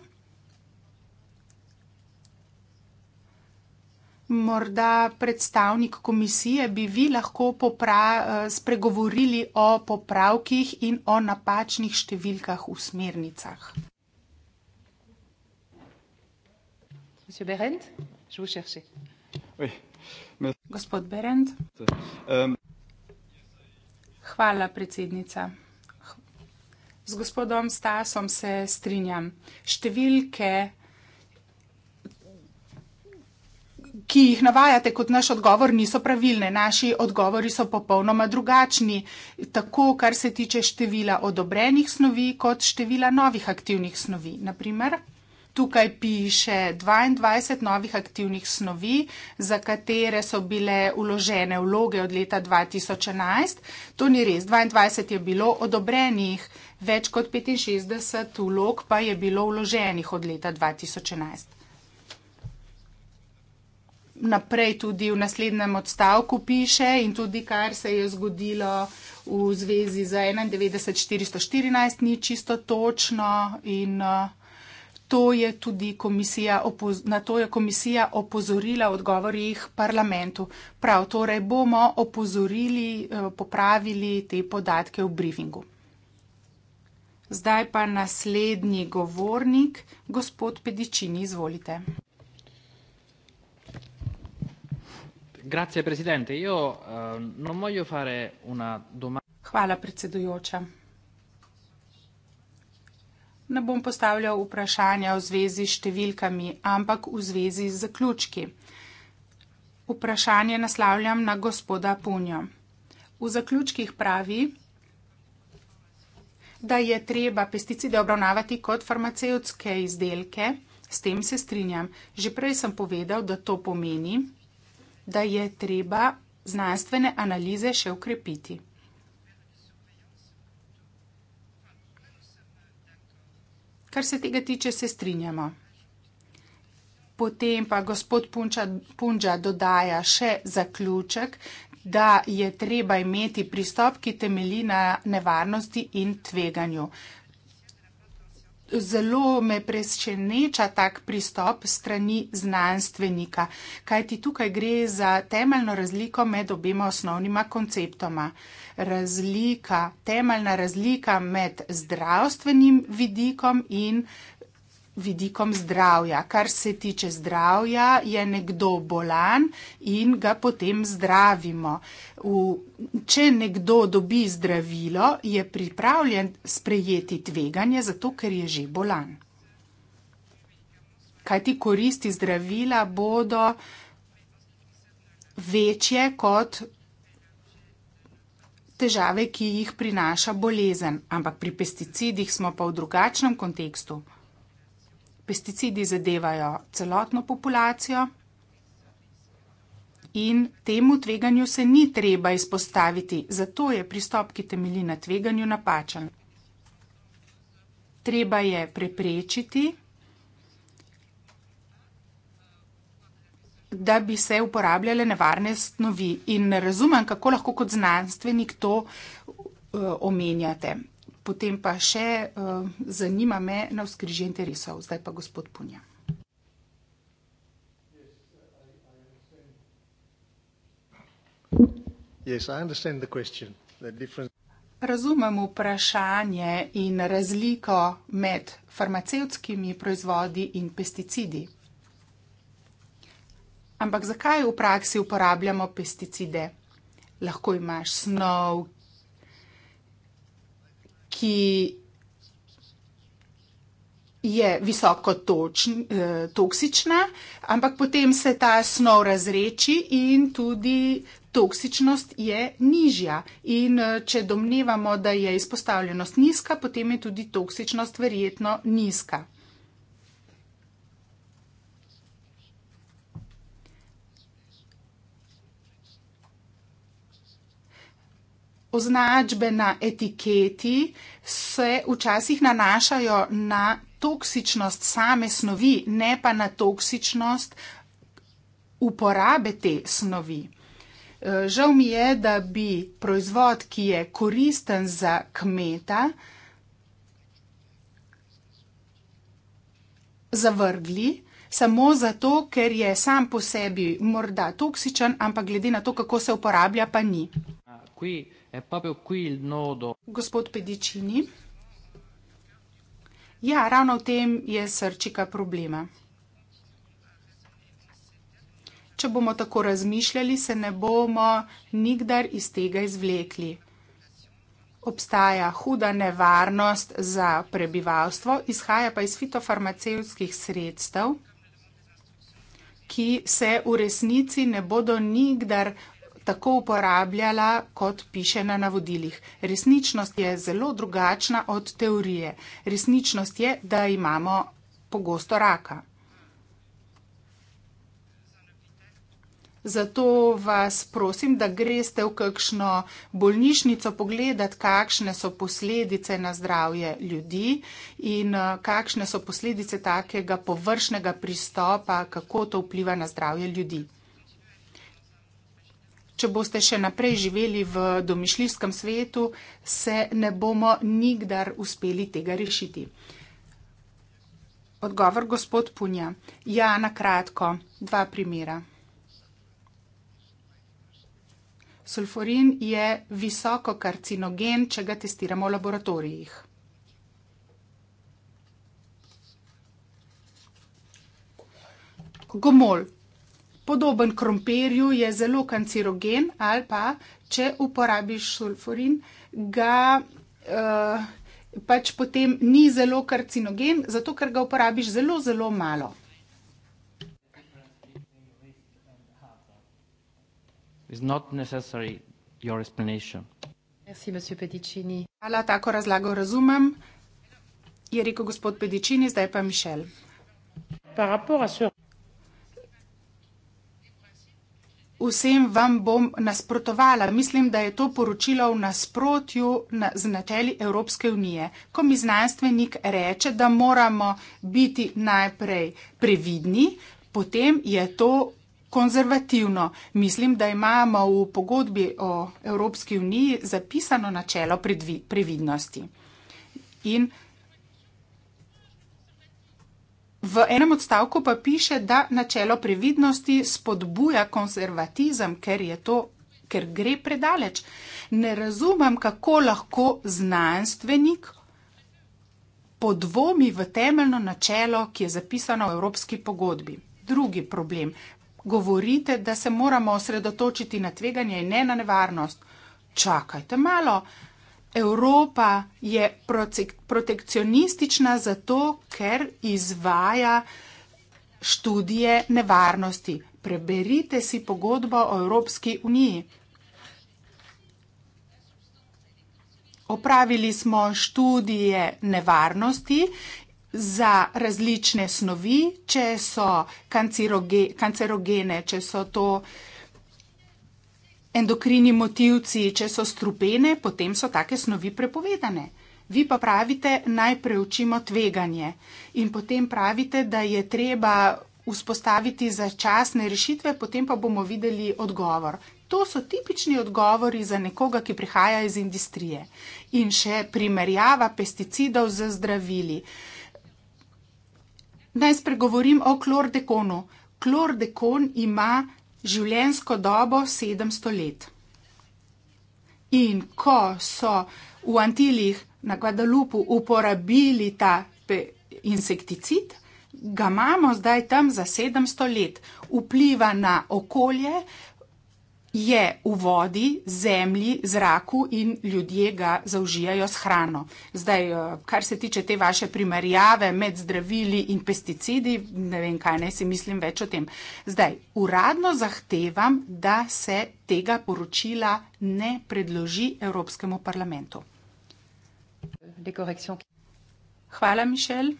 Morda predstavnik komisije bi vi lahko popra, eh, spregovorili o popravkih in o napačnih številkah v smernicah. Berend, oui, mais... Gospod Berend. Um... Hvala, predsednica. Z gospodom Stasom se strinjam. Številke ki jih navajate kot naš odgovor, niso pravilne. Naši odgovori so popolnoma drugačni, tako kar se tiče števila odobrenih snovi, kot števila novih aktivnih snovi. Naprimer, tukaj piše 22 novih aktivnih snovi, za katere so bile uložene vloge od leta 2011. To ni res, 22 je bilo odobrenih. Več kot 65 vlog pa je bilo vloženih od leta 2011 naprej tudi v naslednjem odstavku piše in tudi kar se je zgodilo v zvezi z 91.414, ni čisto točno in eh, to je tudi komisija, na to je komisija opozorila v odgovorih parlamentu. Prav, torej bomo opozorili, eh, popravili te podatke v briefingu. Zdaj pa naslednji govornik, gospod Pedičini, izvolite. Grazie, presidente. Io uh, non voglio fare una domanda. Hvala, predsedujoča. Ne bom postavljal vprašanja v zvezi s številkami, ampak v zvezi z zaključki. Vprašanje naslavljam na gospoda Punjo. V zaključkih pravi, da je treba pesticide obravnavati kot farmacevtske izdelke. S tem se strinjam. Že prej sem povedal, da to pomeni, da je treba znanstvene analize še ukrepiti. Kar se tega tiče, se strinjamo. Potem pa gospod Punča, Punča dodaja še zaključek, da je treba imeti pristop, ki temelji na nevarnosti in tveganju zelo me presčeneča tak pristop strani znanstvenika, kajti tukaj gre za temeljno razliko med obema osnovnima konceptoma. Razlika, temeljna razlika med zdravstvenim vidikom in vidikom zdravja. Kar se tiče zdravja, je nekdo bolan in ga potem zdravimo. V, če nekdo dobi zdravilo, je pripravljen sprejeti tveganje, zato ker je že bolan. Kaj ti koristi zdravila bodo večje kot težave, ki jih prinaša bolezen. Ampak pri pesticidih smo pa v drugačnem kontekstu. Pesticidi zadevajo celotno populacijo in temu tveganju se ni treba izpostaviti, zato je pristop, ki temelji na tveganju, napačen. Treba je preprečiti, da bi se uporabljale nevarne snovi in ne razumem, kako lahko kot znanstvenik to eh, omenjate. Potem pa še uh, zanima me na vzkrižje interesov. Zdaj pa gospod Punja. Razumem vprašanje in razliko med farmacevskimi proizvodi in pesticidi. Ampak zakaj v praksi uporabljamo pesticide? Lahko imaš snov, ki je visoko točn, eh, toksična, ampak potem se ta snov razreči in tudi toksičnost je nižja. In eh, če domnevamo, da je izpostavljenost nizka, potem je tudi toksičnost verjetno nizka. označbe na etiketi se včasih nanašajo na toksičnost same snovi, ne pa na toksičnost uporabe te snovi. E, žal mi je, da bi proizvod, ki je koristen za kmeta, zavrgli samo zato, ker je sam po sebi morda toksičen, ampak glede na to, kako se uporablja, pa ni. Kaj? Gospod Pedicini. Ja, ravno v tem je srčika problema. Če bomo tako razmišljali, se ne bomo nikdar iz tega izvlekli. Obstaja huda nevarnost za prebivalstvo, izhaja pa iz fitofarmacevskih sredstev, ki se v resnici ne bodo nikdar tako uporabljala, kot piše na navodilih. Resničnost je zelo drugačna od teorije. Resničnost je, da imamo pogosto raka. Zato vas prosim, da greste v kakšno bolnišnico pogledati, kakšne so posledice na zdravje ljudi in eh, kakšne so posledice takega površnega pristopa, kako to vpliva na zdravje ljudi če boste še naprej živeli v domišljivskem svetu, se ne bomo nikdar uspeli tega rešiti. Odgovor gospod Punja. Ja, na kratko, dva primera. Sulfurin je visoko karcinogen, če ga testiramo v laboratorijih. Gomol podoben krompirju, je zelo kancerogen, ali pa če uporabiš sulfurin, ga uh, pač potem ni zelo karcinogen, zato ker ga uporabiš zelo, zelo malo. Hvala, tako razlago razumem, je rekel gospod Pedicini, zdaj pa Mišel. vsem vam bom nasprotovala. Mislim, da je to poročilo v nasprotju na, z načeli Evropske unije. Ko mi znanstvenik reče, da moramo biti najprej previdni, potem je to konzervativno. Mislim, da imamo v pogodbi o Evropski uniji zapisano načelo predvi, previdnosti. In V enem odstavku pa piše, da načelo previdnosti spodbuja konservatizem, ker je to, ker gre predaleč. Ne razumem, kako lahko znanstvenik podvomi v temeljno načelo, ki je zapisano v Evropski pogodbi. Drugi problem. Govorite, da se moramo osredotočiti na tveganje in ne na nevarnost. Čakajte malo. Evropa je protekcionistična zato, ker izvaja študije nevarnosti. Preberite si pogodbo o Evropski uniji. Opravili smo študije nevarnosti za različne snovi, če so kancerogene, če so to nevarnosti endokrini motivci, če so strupene, potem so take snovi prepovedane. Vi pa pravite, naj preučimo tveganje in potem pravite, da je treba vzpostaviti začasne rešitve, potem pa bomo videli odgovor. To so tipični odgovori za nekoga, ki prihaja iz industrije. In še primerjava pesticidov z zdravili. Naj spregovorim o klordekonu. Klordekon ima življenjsko dobo 700 let. In ko so v Antilih na Guadalupu uporabili ta insekticid, ga imamo zdaj tam za 700 let. Vpliva na okolje, je v vodi, zemlji, zraku in ljudje ga zaužijajo s hrano. Zdaj, eh, kar se tiče te vaše primerjave med zdravili in pesticidi, ne vem, kaj naj si mislim več o tem. Zdaj, uradno zahtevam, da se tega poročila ne predloži Evropskemu parlamentu. Hvala, Mišel.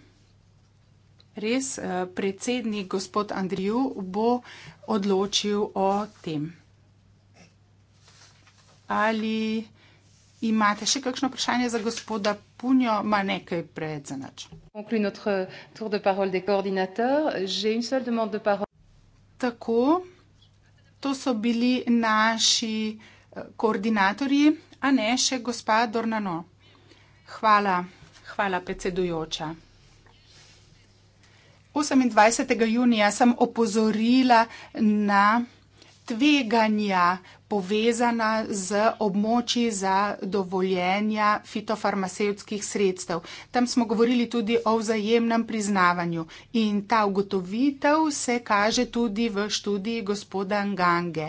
Res, eh, predsednik gospod Andriju bo odločil o tem. Ali imate še kakšno vprašanje za gospoda Punjo? Ma nekaj pred za nač. Tako, to so bili naši eh, koordinatorji, a ne še gospa Dornano. Hvala, hvala, predsedujoča. 28. junija sem opozorila na tveganja povezana z območji za dovoljenja fitofarmacevskih sredstev. Tam smo govorili tudi o vzajemnem priznavanju in ta ugotovitev se kaže tudi v študiji gospoda Ngange.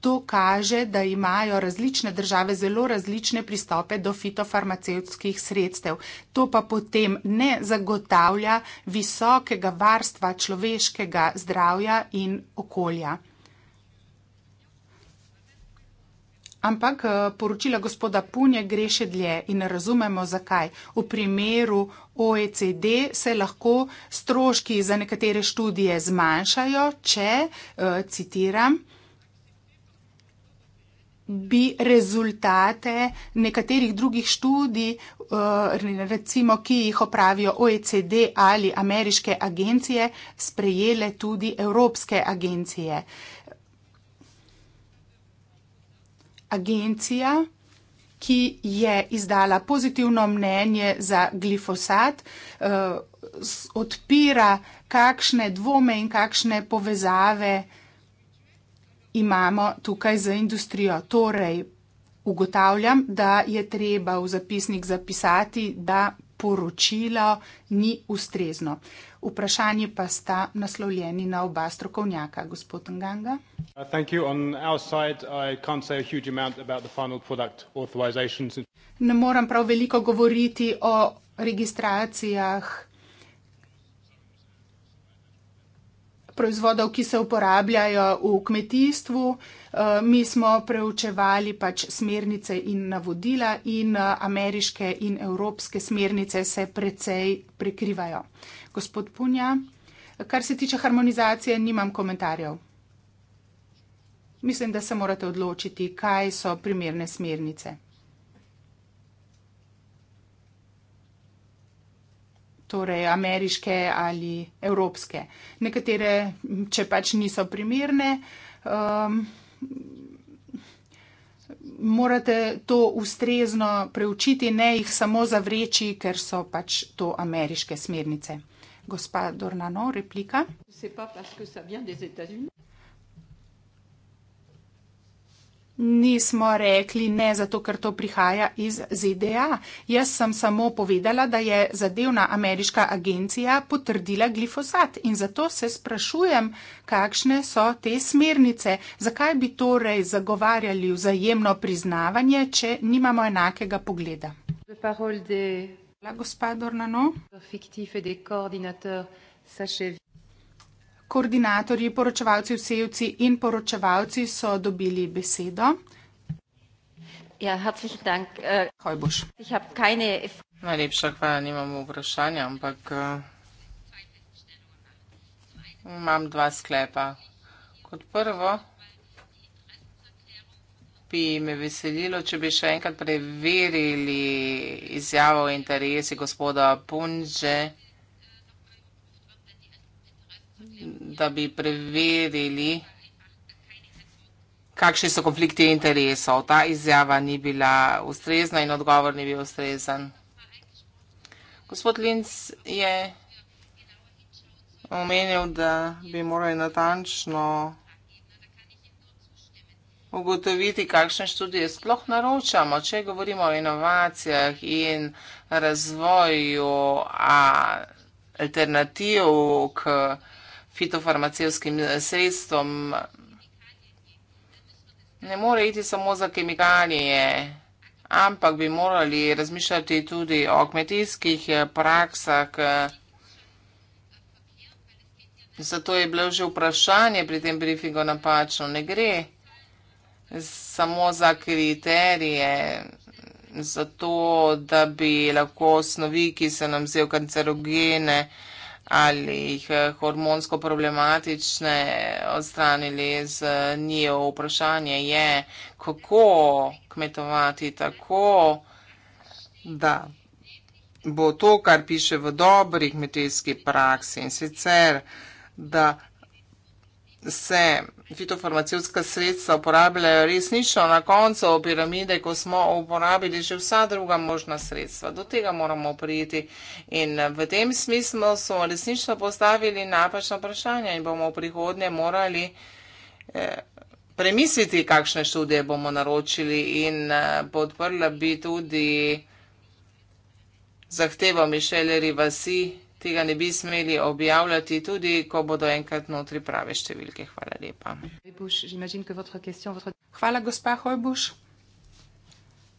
To kaže, da imajo različne države zelo različne pristope do fitofarmacevskih sredstev. To pa potem ne zagotavlja visokega varstva človeškega zdravja in okolja. Ampak eh, poročila gospoda Punje gre še dlje in ne razumemo, zakaj. V primeru OECD se lahko stroški za nekatere študije zmanjšajo, če, eh, citiram, bi rezultate nekaterih drugih študij, eh, recimo, ki jih opravijo OECD ali ameriške agencije, sprejele tudi evropske agencije. agencija, ki je izdala pozitivno mnenje za glifosat, eh, odpira, kakšne dvome in kakšne povezave imamo tukaj z industrijo. Torej, ugotavljam, da je treba v zapisnik zapisati, da poročilo ni ustrezno. Vprašanje pa sta naslovljeni na oba strokovnjaka, gospod Nganga. Uh, ne moram prav veliko govoriti o registracijah proizvodov, ki se uporabljajo v kmetijstvu. Eh, mi smo preučevali pač smernice in navodila in eh, ameriške in evropske smernice se precej prekrivajo. Gospod Punja, kar se tiče harmonizacije, nimam komentarjev. Mislim, da se morate odločiti, kaj so primerne smernice. Torej, ameriške ali evropske. Nekatere, če pač niso primerne, um, morate to ustrezno preučiti, ne jih samo zavreči, ker so pač to ameriške smernice. Gospa Dornano, replika. nismo rekli ne, zato ker to prihaja iz ZDA. Jaz sem samo povedala, da je zadevna ameriška agencija potrdila glifosat in zato se sprašujem, kakšne so te smernice, zakaj bi torej zagovarjali vzajemno priznavanje, če nimamo enakega pogleda. Hvala, gospod Dornano koordinatorji, poročevalci, vsejci in poročevalci so dobili besedo. Ja, herzlichen Dank. Äh, Kaj boš? Najlepša hvala, nimam vprašanja, ampak uh, imam dva sklepa. Kot prvo bi me veselilo, če bi še enkrat preverili izjavo o interesi gospoda Punže da bi preverili, kakšni so konflikti interesov. Ta izjava ni bila ustrezna in odgovor ni bil ustrezen. Gospod Linz je omenil, da bi morali natančno ugotoviti, kakšne študije sploh naročamo. Če govorimo o inovacijah in razvoju alternativ k inovacijam, fitofarmacevskim eh, sredstvom. Ne more iti samo za kemikalije, ampak bi morali razmišljati tudi o kmetijskih eh, praksah. Eh. Zato je bilo že vprašanje pri tem briefingu napačno. Ne gre samo za kriterije, zato da bi lahko snovi, ki se nam zdijo kancerogene, ali jih eh, hormonsko problematične odstranili z eh, njo. Vprašanje je, kako kmetovati tako, da bo to, kar piše v dobri kmetijski praksi in sicer, da se fitofarmacijska sredstva uporabljajo resnično na koncu piramide, ko smo uporabili že vsa druga možna sredstva. Do tega moramo prijeti in eh, v tem smislu smo resnično postavili napačno vprašanje in bomo v prihodnje morali eh, premisliti, kakšne študije bomo naročili in eh, podprla bi tudi zahtevo Mišeljeri Vasi, tega ne bi smeli objavljati, tudi ko bodo enkrat notri prave številke. Hvala lepa. Hvala, gospa Hojbuš.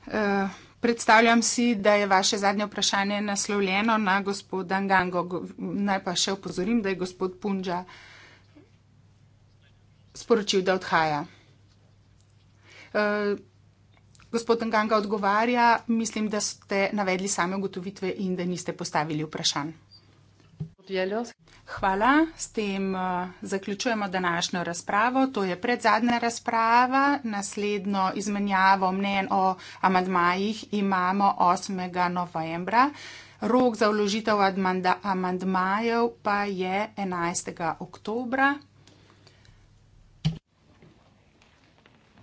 Eh, predstavljam si, da je vaše zadnje vprašanje naslovljeno na gospoda Ngango. Naj pa še upozorim, da je gospod Punča sporočil, da odhaja. Eh, gospod Nganga odgovarja, mislim, da ste navedli same ugotovitve in da niste postavili vprašanj. Hvala. S tem uh, zaključujemo današnjo razpravo. To je predzadnja razprava. Naslednjo izmenjavo mnen o amadmajih imamo 8. novembra. Rok za vložitev amandmajev pa je 11. oktobra.